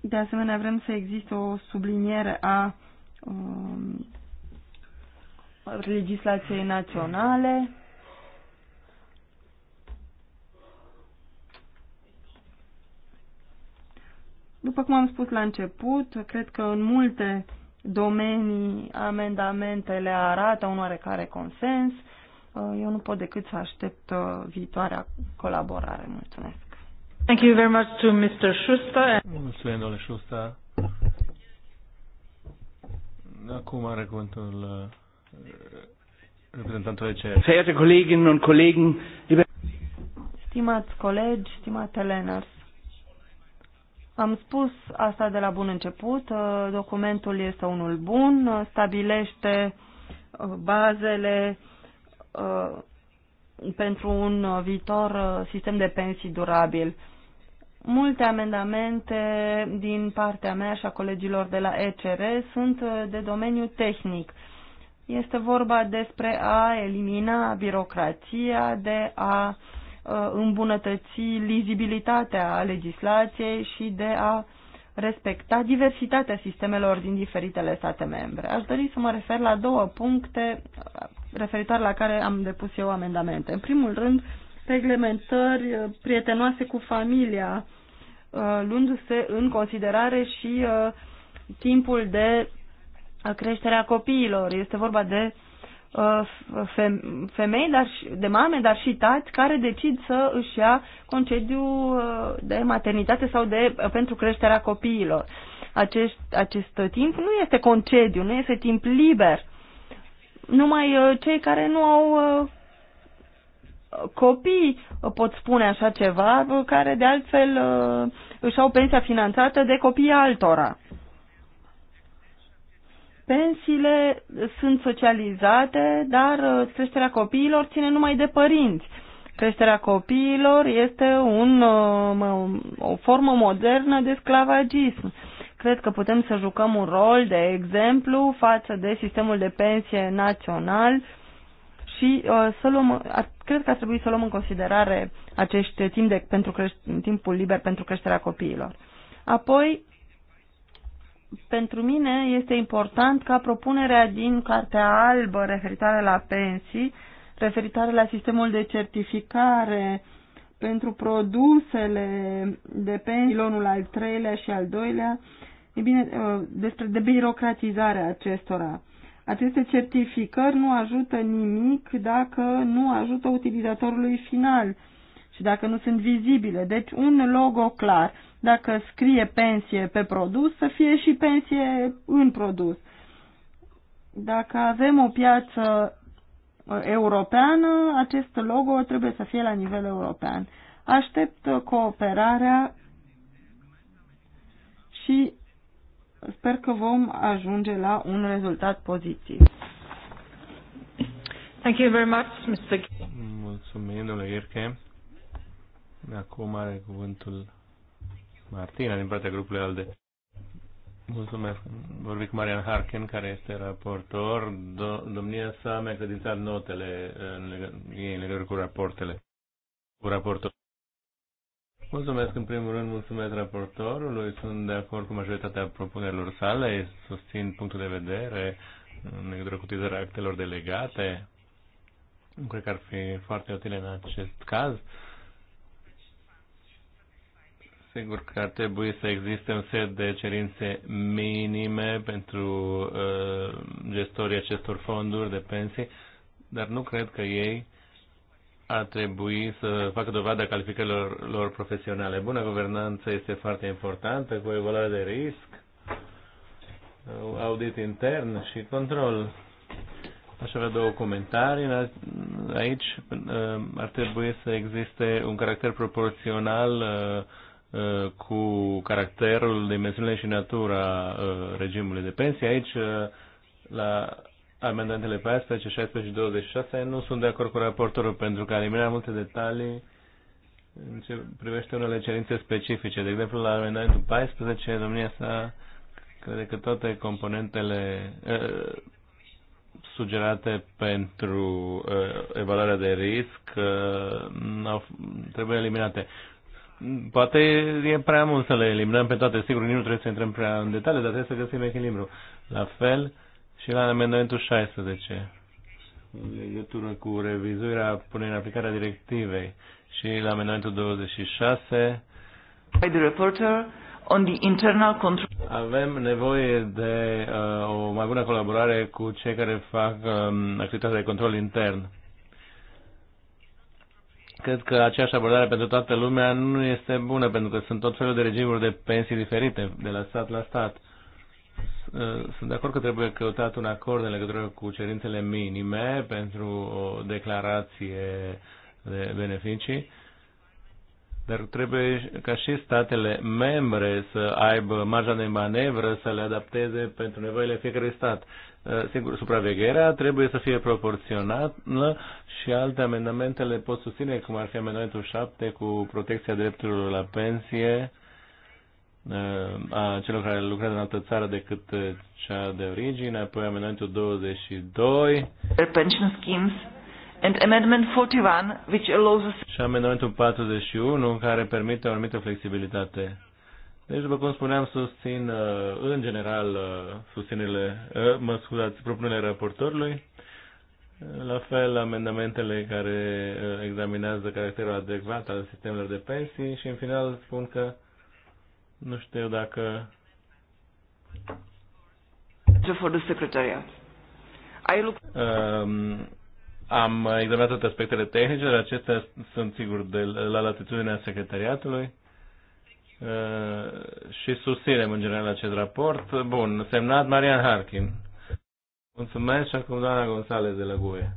De asemenea, vrem să existe o subliniere a um, legislației naționale. După cum am spus la început, cred că în multe domenii amendamentele arată un oarecare consens. Uh, eu nu pot decât să aștept uh, viitoarea colaborare. Mulțumesc. Thank you very much to Mr. Schuster. Mulțumesc, domnule Schuster. Acum are cuvântul uh, reprezentantul de Verehrte Kolleginnen und Kollegen, liebe Stimați colegi, stimate Lenars, am spus asta de la bun început, uh, documentul este unul bun, uh, stabilește uh, bazele pentru un viitor sistem de pensii durabil. Multe amendamente din partea mea și a colegilor de la ECR sunt de domeniu tehnic. Este vorba despre a elimina birocrația, de a uh, Uh, îmbunătăți lizibilitatea legislației și de a respecta diversitatea sistemelor din diferitele state membre. Aș dori să mă refer la două puncte referitoare la care am depus eu amendamente. În primul rând, reglementări uh, prietenoase cu familia, uh, luându-se în considerare și timpul de creșterea copiilor. Este vorba de Uh, femei, dar și, de mame, dar și tați care decid să își ia concediu uh, de maternitate sau de uh, pentru creșterea copiilor. Acest, acest timp nu este concediu, nu este timp liber. Numai cei care nu au copii pot spune așa ceva, care de altfel își au pensia finanțată de copiii altora. Pensiile sunt socializate, dar uh, creșterea copiilor ține numai de părinți. Creșterea copiilor este un, uh, o formă modernă de sclavagism. Cred că putem să jucăm un rol de exemplu față de sistemul de pensie național și uh, să luăm, ar, cred că ar trebui să luăm în considerare acești timp de, pentru creș, timpul liber pentru creșterea copiilor. Apoi, pentru mine este important ca propunerea din Cartea Albă referitoare la pensii, referitoare la sistemul de certificare pentru produsele de pensii, lonul al treilea și al doilea, e bine, ă, despre debirocratizarea acestora. Aceste certificări nu ajută nimic dacă nu ajută utilizatorului final și dacă nu sunt vizibile. Deci un logo clar dacă scrie pensie pe produs, să fie și pensie în produs. Dacă avem o piață uh, europeană, acest logo trebuie să fie la nivel european. Aștept uh, cooperarea și sper că vom ajunge la un rezultat pozitiv. Thank you very much, Mr. Mulțumim, domnule Ierke. Acum are cuvântul Martina din partea grupului ALDE. Mulțumesc. vorbim cu Marian Harken care este raportor. Do- domnia sa mi-a credințat notele în, leg- în legătură cu raportele. Cu raportul. Mulțumesc în primul rând, mulțumesc raportorului, sunt de acord cu majoritatea propunerilor sale, susțin punctul de vedere în legătură cu utilizarea actelor delegate. Nu cred că ar fi foarte utile în acest caz. Sigur că ar trebui să existe un set de cerințe minime pentru uh, gestorii acestor fonduri de pensii, dar nu cred că ei ar trebui să facă dovada calificărilor lor profesionale. Bună guvernanță este foarte importantă, cu evaluare de risc, audit intern și control. Aș avea două comentarii. Aici uh, ar trebui să existe un caracter proporțional uh, Uh, cu caracterul, dimensiunile și natura uh, regimului de pensie. Aici, uh, la amendamentele 14, 16 și 26, nu sunt de acord cu raportorul, pentru că a multe detalii în ce privește unele cerințe specifice. De exemplu, la amendamentul 14, domnia sa crede că toate componentele uh, sugerate pentru uh, evaluarea de risc uh, au, trebuie eliminate. Poate e prea mult să le eliminăm pe toate. Sigur, nu trebuie să intrăm prea în detalii, dar trebuie să găsim echilibru. La fel și la amendamentul 16 în legătură cu revizuirea punerii în aplicare a directivei și la amendamentul 26 by the reporter on the internal control. Avem nevoie de uh, o mai bună colaborare cu cei care fac um, activitatea de control intern Cred că aceeași abordare pentru toată lumea nu este bună, pentru că sunt tot felul de regimuri de pensii diferite de la stat la stat. Sunt de acord că trebuie căutat un acord în legătură cu cerințele minime pentru o declarație de beneficii, dar trebuie ca și statele membre să aibă marja de manevră să le adapteze pentru nevoile fiecărui stat. Eh, sigur, supravegherea trebuie să fie proporțională și alte amendamente le pot susține, cum ar fi amendamentul 7 cu protecția drepturilor la pensie eh, a celor care lucrează în altă țară decât eh, cea de origine, apoi amendamentul 22. Pension schemes and amendment 41, which allows us... Și amendamentul 41, care permite o anumită flexibilitate deci, după cum spuneam, susțin uh, în general uh, susținerile, uh, mă scuzați, propunerile raportorului. La fel, amendamentele care examinează caracterul adecvat al sistemelor de pensii și, în final, spun că nu știu dacă... For the secretariat. Ai lucru? um, am examinat toate aspectele tehnice, dar acestea sunt sigur de la latitudinea secretariatului Uh, și susținem în general acest raport. Bun, semnat Marian Harkin. Mulțumesc și acum doamna González de la GUE.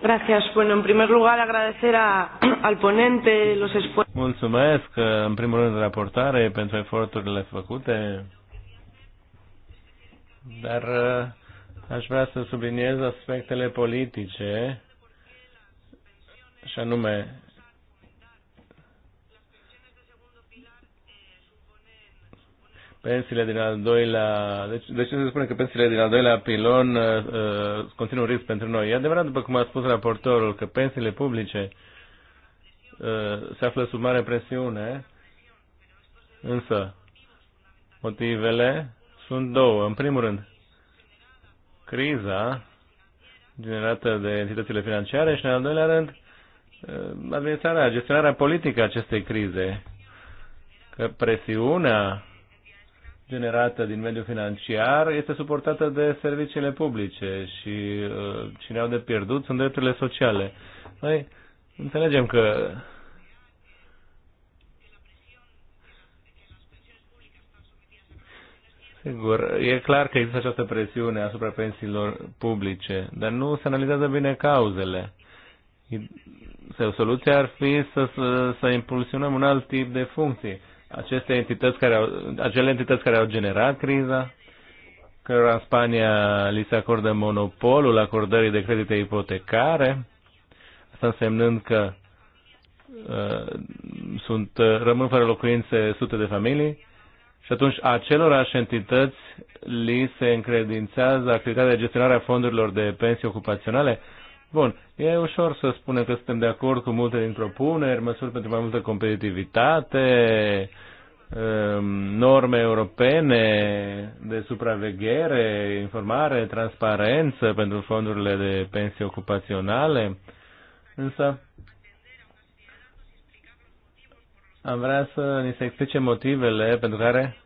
Gracias. Bueno, en primer lugar agradecer a, al ponente los esfuerzos. Mulțumesc, uh, în primul rând, raportare pentru eforturile făcute. Dar uh, aș vrea să subliniez aspectele politice și anume pensiile din al doilea... Deci, deci se spune că pensiile din al doilea pilon uh, uh, conțin un risc pentru noi. E adevărat, după cum a spus raportorul, că pensiile publice uh, se află sub mare presiune, însă motivele sunt două. În primul rând, criza generată de entitățile financiare și, în al doilea rând, uh, administrarea, gestionarea politică a acestei crize. Că presiunea generată din mediul financiar este suportată de serviciile publice și uh, cine au de pierdut sunt drepturile sociale. Noi înțelegem că Sigur, e clar că există această presiune asupra pensiilor publice, dar nu se analizează bine cauzele. Soluția ar fi să, să, să impulsionăm un alt tip de funcții aceste entități care au, acele entități care au generat criza, cărora în Spania li se acordă monopolul acordării de credite ipotecare, asta însemnând că uh, sunt, uh, rămân fără locuințe sute de familii, și atunci acelorași entități li se încredințează activitatea de gestionare a fondurilor de pensii ocupaționale, Bun, e ușor să spunem că suntem de acord cu multe din propuneri, măsuri pentru mai multă competitivitate, ehm, norme europene de supraveghere, informare, transparență pentru fondurile de pensii ocupaționale, însă am vrea să ni se explice motivele pentru care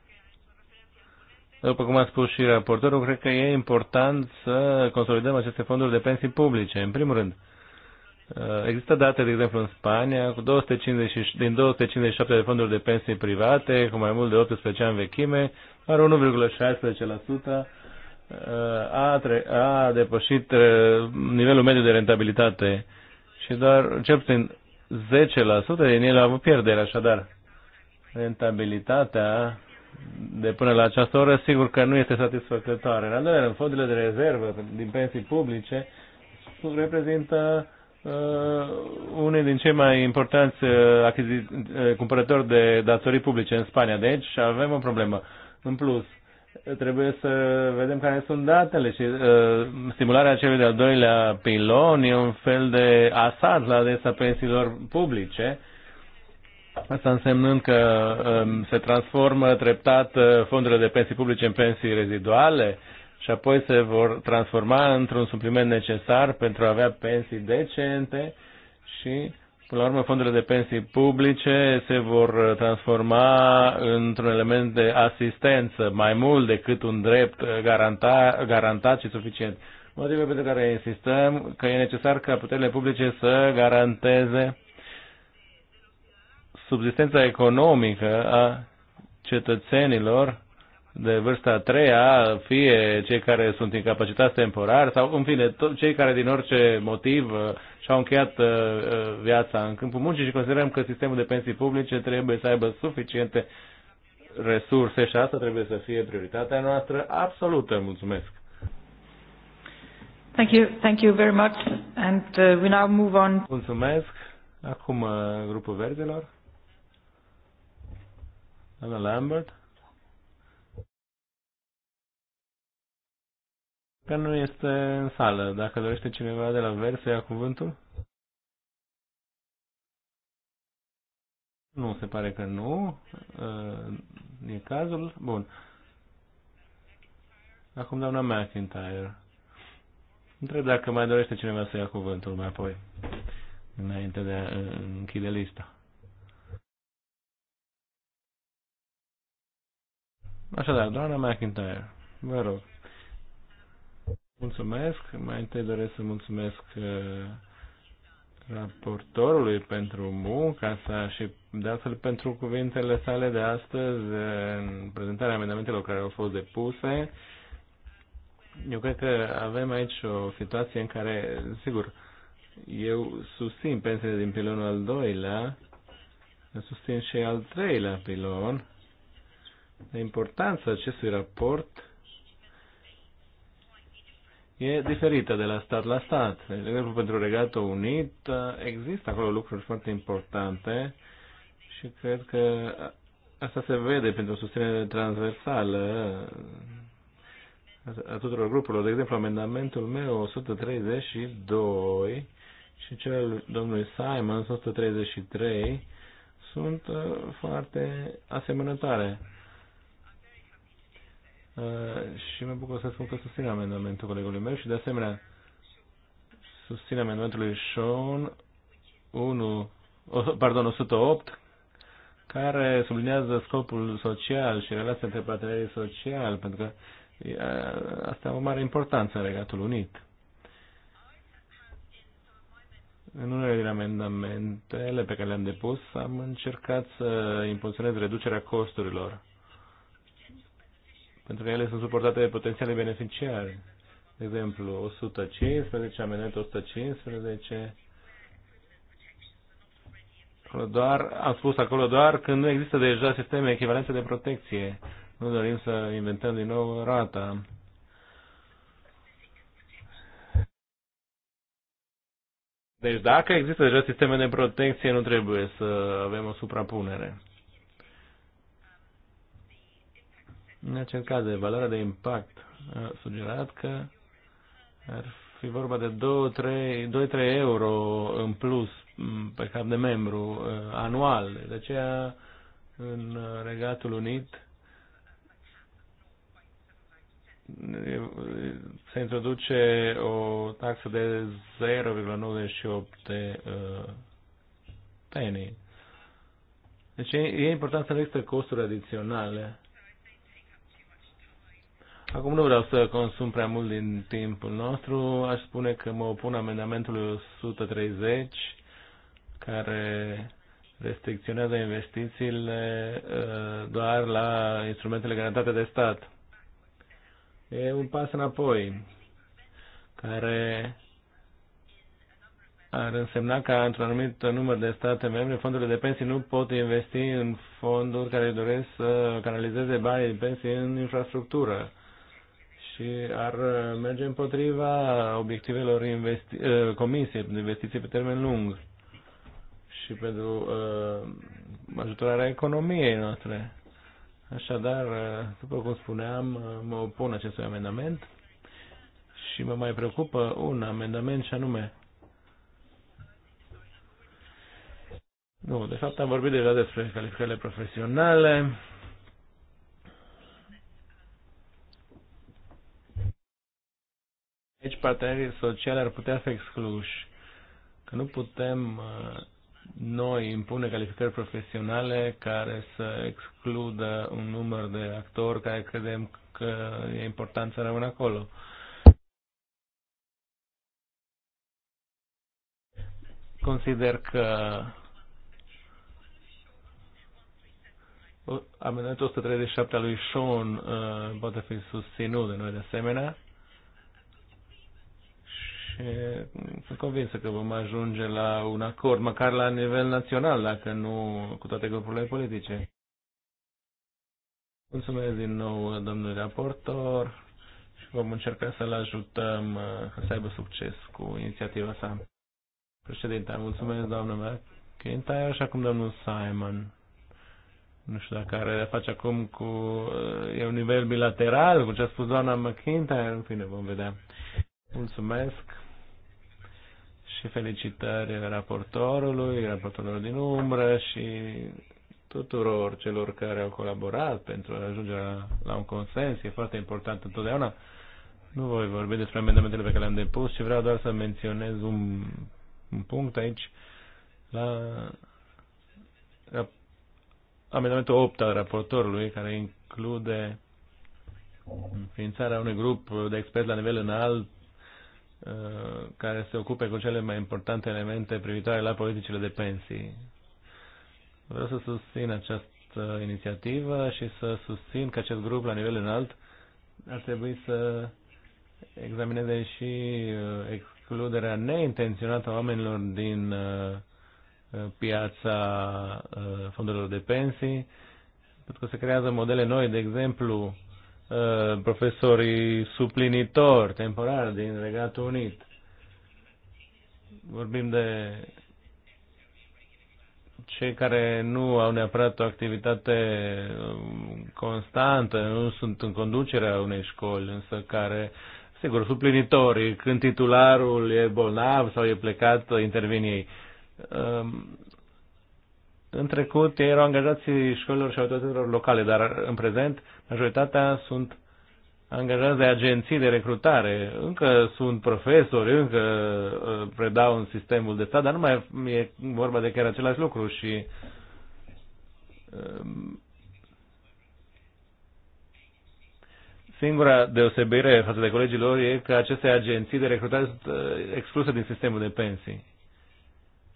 după cum a spus și raportorul, cred că e important să consolidăm aceste fonduri de pensii publice. În primul rând, uh, există date, de exemplu, în Spania, cu 250, din 257 de fonduri de pensii private, cu mai mult de 18 ani vechime, doar 1,16% uh, a, tre- a depășit uh, nivelul mediu de rentabilitate și doar cel puțin 10% din el a avut pierdere, așadar rentabilitatea de până la această oră, sigur că nu este satisfăcătoare. În al în fondurile de rezervă din pensii publice reprezintă uh, unul din cei mai importanți uh, achizi- uh, cumpărători de datorii publice în Spania. Deci avem o problemă. În plus, trebuie să vedem care sunt datele și uh, stimularea celui de-al doilea pilon e un fel de asad la adresa pensiilor publice Asta însemnând că um, se transformă treptat uh, fondurile de pensii publice în pensii reziduale și apoi se vor transforma într-un supliment necesar pentru a avea pensii decente și, până la urmă, fondurile de pensii publice se vor transforma într-un element de asistență mai mult decât un drept uh, garanta, garantat și suficient. Motivul pentru care insistăm că e necesar ca puterile publice să garanteze subsistența economică a cetățenilor de vârsta a treia, fie cei care sunt incapacitați temporar sau, în fine, cei care din orice motiv uh, și-au încheiat uh, uh, viața în câmpul muncii și considerăm că sistemul de pensii publice trebuie să aibă suficiente resurse și asta trebuie să fie prioritatea noastră absolută. Mulțumesc! Thank you, thank you very much and uh, we now move on. Mulțumesc! Acum grupul verdelor. Doamna Lambert? Că nu este în sală. Dacă dorește cineva de la vers să ia cuvântul? Nu, se pare că nu. Uh, e cazul. Bun. Acum doamna McIntyre. Întreb dacă mai dorește cineva să ia cuvântul mai apoi, înainte de a uh, închide lista. Așadar, doamna McIntyre, vă rog. Mulțumesc. Mai întâi doresc să mulțumesc uh, raportorului pentru munca sa și de altfel pentru cuvintele sale de astăzi în prezentarea amendamentelor care au fost depuse. Eu cred că avem aici o situație în care, sigur, eu susțin pensiile din pilonul al doilea, susțin și al treilea pilon, importanța acestui raport e diferită de la stat la stat. De exemplu, pentru Regatul Unit uh, există acolo lucruri foarte importante și cred că asta se vede pentru o susținere transversală a tuturor grupurilor. De exemplu, amendamentul meu 132 și cel al domnului Simon 133 sunt uh, foarte asemănătoare. Uh, și mă bucur să spun că susțin amendamentul colegului meu și de asemenea susțin amendamentul lui Sean 1, pardon, 108 care sublinează scopul social și relația între partenerii social, pentru că uh, asta e o mare importanță în Regatul Unit. În unele din amendamentele pe care le-am depus, am încercat să impulsionez reducerea costurilor pentru că ele sunt suportate de potențiale beneficiare. De exemplu, 115, amenet 115, doar, am spus acolo doar când nu există deja sisteme echivalente de protecție. Nu dorim să inventăm din nou rata. Deci dacă există deja sisteme de protecție, nu trebuie să avem o suprapunere. În acel caz, valoarea de impact a sugerat că ar fi vorba de 2-3 euro în plus pe cap de membru uh, anual. De aceea, în Regatul Unit, se introduce o taxă de 0,98 de uh, penny. Deci e, e important să nu există costuri adiționale Acum nu vreau să consum prea mult din timpul nostru. Aș spune că mă opun amendamentului 130, care restricționează investițiile uh, doar la instrumentele garantate de stat. E un pas înapoi, care ar însemna că într-un anumit număr de state membre, fondurile de pensii nu pot investi în fonduri care doresc să canalizeze banii de pensii în infrastructură și ar uh, merge împotriva obiectivelor investi- uh, Comisiei de investiții pe termen lung și pentru uh, ajutorarea economiei noastre. Așadar, uh, după cum spuneam, mă opun acestui amendament și mă mai preocupă un amendament și anume. Nu, de fapt am vorbit deja despre calificările profesionale. Aici partenerii sociale ar putea fi excluși, că nu putem uh, noi impune calificări profesionale care să excludă un număr de actori care credem că e important să rămână acolo. Consider că amendamentul 137 al lui Sean uh, poate fi susținut de noi de asemenea și sunt convinsă că vom ajunge la un acord, măcar la nivel național, dacă nu cu toate grupurile politice. Mulțumesc din nou, domnul raportor, și vom încerca să-l ajutăm uh, să aibă succes cu inițiativa sa. Președinte, mulțumesc, doamnă McIntyre, așa acum domnul Simon. Nu știu dacă are face acum cu... Uh, e un nivel bilateral cu ce a spus doamna McIntyre, în fine, vom vedea. Mulțumesc și felicitări raportorului, raportorului din umbră și tuturor celor care au colaborat pentru a ajunge la, la un consens. E foarte important întotdeauna. Nu voi vorbi despre amendamentele pe care le-am depus, ci vreau doar să menționez un, un punct aici la, la amendamentul 8 al raportorului, care include înființarea unui grup de experți la nivel înalt Uh, care se ocupe cu cele mai importante elemente privitoare la politicile de pensii. Vreau să susțin această inițiativă și să susțin că acest grup la nivel înalt ar trebui să examineze și uh, excluderea neintenționată a oamenilor din uh, piața fondurilor de pensii, pentru că se creează modele noi, de exemplu, Uh, profesorii suplinitori, temporari din Regatul Unit. Vorbim de cei care nu au neapărat o activitate um, constantă, nu sunt în conducerea unei școli, însă care, sigur, suplinitorii, când titularul e bolnav sau e plecat, intervin ei. Um, în trecut ei erau angajați școlilor și autorităților locale, dar în prezent majoritatea sunt angajați de agenții de recrutare. Încă sunt profesori, încă uh, predau în sistemul de stat, dar nu mai e vorba de chiar același lucru și um, Singura deosebire față de colegii lor e că aceste agenții de recrutare sunt uh, excluse din sistemul de pensii.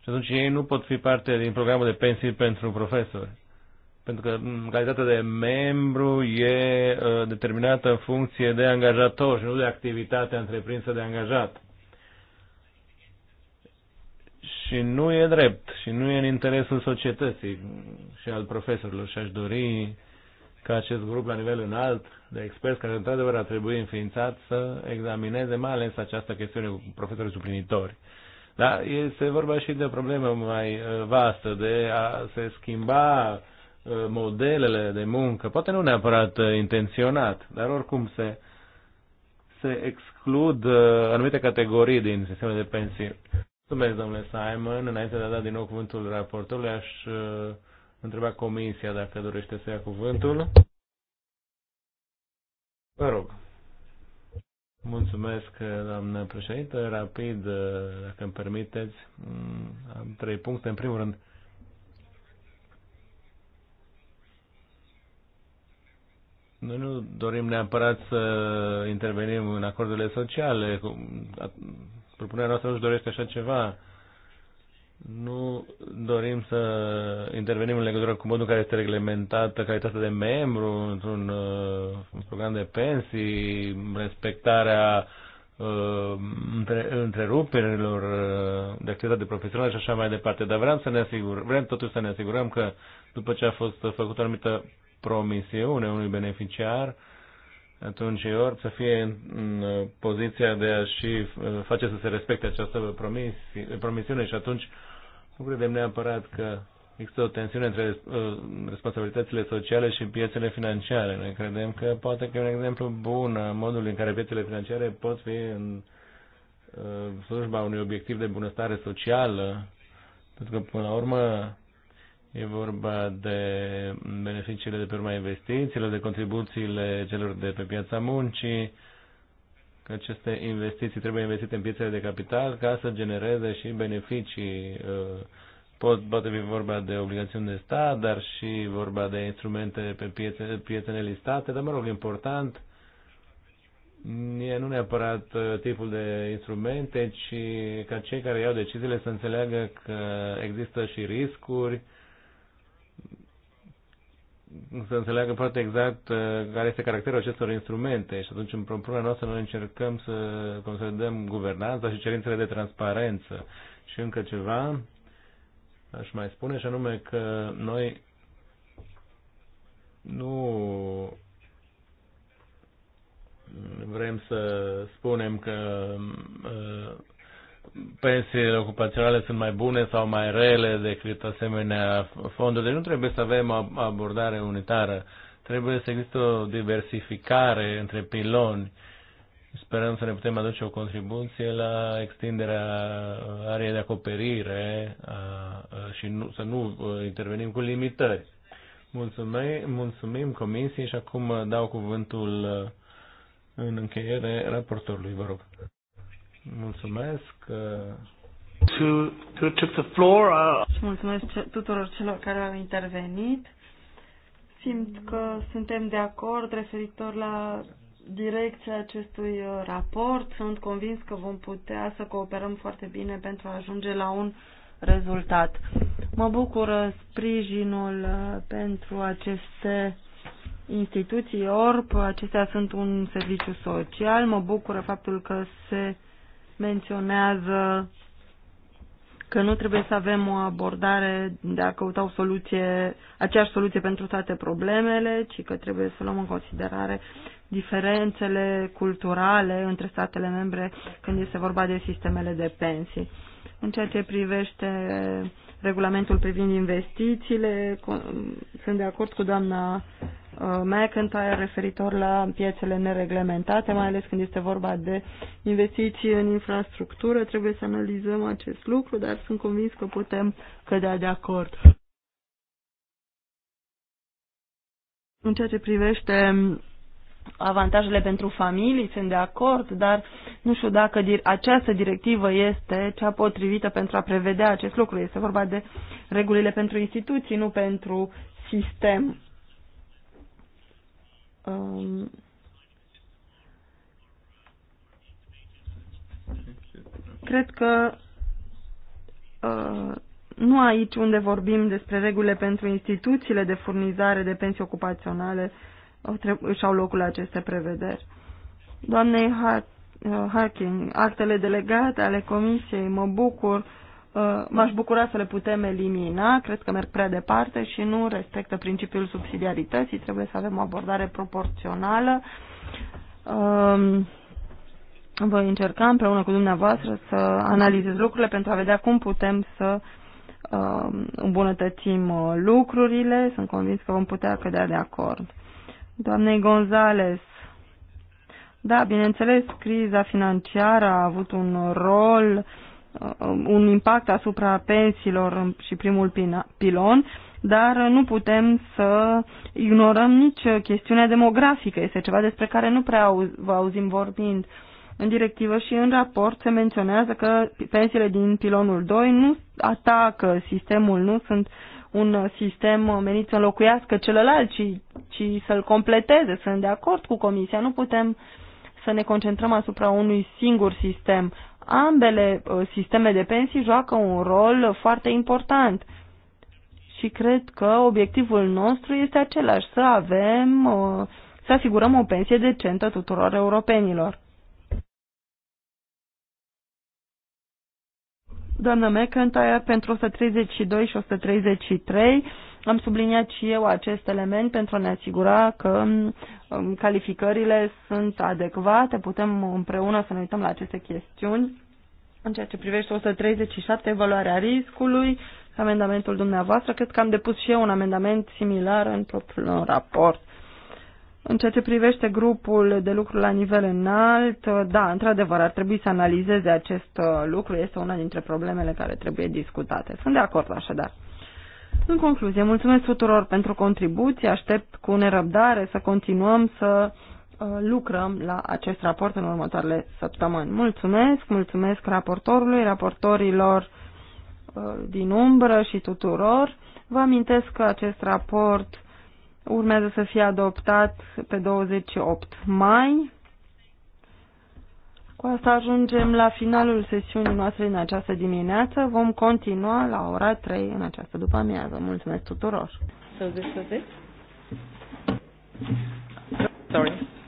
Și atunci ei nu pot fi parte din programul de pensii pentru profesori. Pentru că calitatea de membru e uh, determinată în funcție de angajator și nu de activitatea întreprinsă de angajat. Și nu e drept și nu e în interesul societății și al profesorilor și aș dori ca acest grup la nivel înalt de experți care într-adevăr ar trebui înființat să examineze mai ales această chestiune cu profesorii suplinitori. Dar este vorba și de o problemă mai uh, vastă, de a se schimba uh, modelele de muncă, poate nu neapărat uh, intenționat, dar oricum se, se exclud anumite categorii din sistemul de pensii. Mulțumesc, domnule Simon. Înainte de a da din nou cuvântul raportului, aș întreba comisia dacă dorește să ia cuvântul. Vă rog. Mulțumesc, doamnă președintă. Rapid, dacă îmi permiteți, mm, am trei puncte. În primul rând, Noi nu dorim neapărat să intervenim în acordurile sociale. Propunerea noastră nu-și dorește așa ceva nu dorim să intervenim în legătură cu modul în care este reglementată calitatea de membru într-un uh, program de pensii, respectarea uh, întreruperilor uh, de activitate profesională și așa mai departe. Dar vrem să ne asigur, vrem totuși să ne asigurăm că după ce a fost făcută o anumită promisiune unui beneficiar, atunci EORP să fie în, în poziția de a și uh, face să se respecte această promisi, promisiune și atunci uh, nu credem neapărat că există o tensiune între uh, responsabilitățile sociale și piețele financiare. Noi credem că poate că e un exemplu bun a modului în care piețele financiare pot fi în uh, slujba unui obiectiv de bunăstare socială, pentru că până la urmă E vorba de beneficiile de pe urma investițiilor, de contribuțiile celor de pe piața muncii, că aceste investiții trebuie investite în piețele de capital ca să genereze și beneficii. Uh, pot, poate fi vorba de obligațiuni de stat, dar și vorba de instrumente pe piețe, piețele listate, dar mă rog, important e nu neapărat uh, tipul de instrumente, ci ca cei care iau deciziile să înțeleagă că există și riscuri să înțeleagă foarte exact uh, care este caracterul acestor instrumente și atunci în propunerea noastră noi încercăm să consolidăm guvernanța și cerințele de transparență. Și încă ceva aș mai spune și anume că noi nu vrem să spunem că uh, pensiile ocupaționale sunt mai bune sau mai rele decât asemenea fonduri. Deci nu trebuie să avem o abordare unitară. Trebuie să există o diversificare între piloni. Sperăm să ne putem aduce o contribuție la extinderea ariei de acoperire și nu, să nu uh, intervenim cu limitări. Mulțumim, mulțumim comisiei și acum dau cuvântul uh, în încheiere raportorului, vă rog. Mulțumesc. To, to took the floor. Uh... Mulțumesc tuturor celor care au intervenit. Simt că suntem de acord referitor la direcția acestui uh, raport. Sunt convins că vom putea să cooperăm foarte bine pentru a ajunge la un rezultat. Mă bucură uh, sprijinul uh, pentru aceste instituții ORP. Acestea sunt un serviciu social. Mă bucură faptul că se menționează că nu trebuie să avem o abordare de a căuta o soluție, aceeași soluție pentru toate problemele, ci că trebuie să luăm în considerare diferențele culturale între statele membre când este vorba de sistemele de pensii. În ceea ce privește regulamentul privind investițiile, sunt de acord cu doamna Uh, McIntyre referitor la piețele nereglementate, mai ales când este vorba de investiții în infrastructură. Trebuie să analizăm acest lucru, dar sunt convins că putem cădea de acord. În ceea ce privește avantajele pentru familii, sunt de acord, dar nu știu dacă această directivă este cea potrivită pentru a prevedea acest lucru. Este vorba de regulile pentru instituții, nu pentru sistem Um, cred că uh, nu aici unde vorbim despre regulile pentru instituțiile de furnizare de pensii ocupaționale uh, își au locul aceste prevederi. Doamnei uh, Harkin, actele delegate ale Comisiei, mă bucur Uh, m-aș bucura să le putem elimina, cred că merg prea departe și nu respectă principiul subsidiarității, trebuie să avem o abordare proporțională. Um, voi încerca împreună cu dumneavoastră să analizez lucrurile pentru a vedea cum putem să um, îmbunătățim uh, lucrurile. Sunt convins că vom putea cădea de acord. Doamnei Gonzales, da, bineînțeles, criza financiară a avut un rol uh, Uh, un impact asupra pensiilor și primul pilon, dar nu putem să ignorăm nici chestiunea demografică. Este ceva despre care nu prea vă auzim vorbind. În directivă și în raport se menționează că pensiile din pilonul 2 nu atacă sistemul, nu sunt un sistem menit să înlocuiască celălalt, ci, ci să-l completeze. Sunt de acord cu Comisia, nu putem să ne concentrăm asupra unui singur sistem ambele uh, sisteme de pensii joacă un rol foarte important. Și cred că obiectivul nostru este același, să avem, uh, să asigurăm o pensie decentă tuturor europenilor. Doamna McIntyre, pentru 132 și 133 am subliniat și eu acest element pentru a ne asigura că um, calificările sunt adecvate, putem împreună să ne uităm la aceste chestiuni. În ceea ce privește 137, evaluarea riscului, amendamentul dumneavoastră, cred că am depus și eu un amendament similar în propriul raport. În ceea ce privește grupul de lucru la nivel înalt, da, într-adevăr, ar trebui să analizeze acest uh, lucru. Este una dintre problemele care trebuie discutate. Sunt de acord așadar. În concluzie, mulțumesc tuturor pentru contribuții, aștept cu nerăbdare să continuăm să uh, lucrăm la acest raport în următoarele săptămâni. Mulțumesc, mulțumesc raportorului, raportorilor uh, din umbră și tuturor. Vă amintesc că acest raport urmează să fie adoptat pe 28 mai cu asta ajungem la finalul sesiunii noastre în această dimineață. Vom continua la ora 3 în această după amiază. Mulțumesc tuturor! Să this Sorry.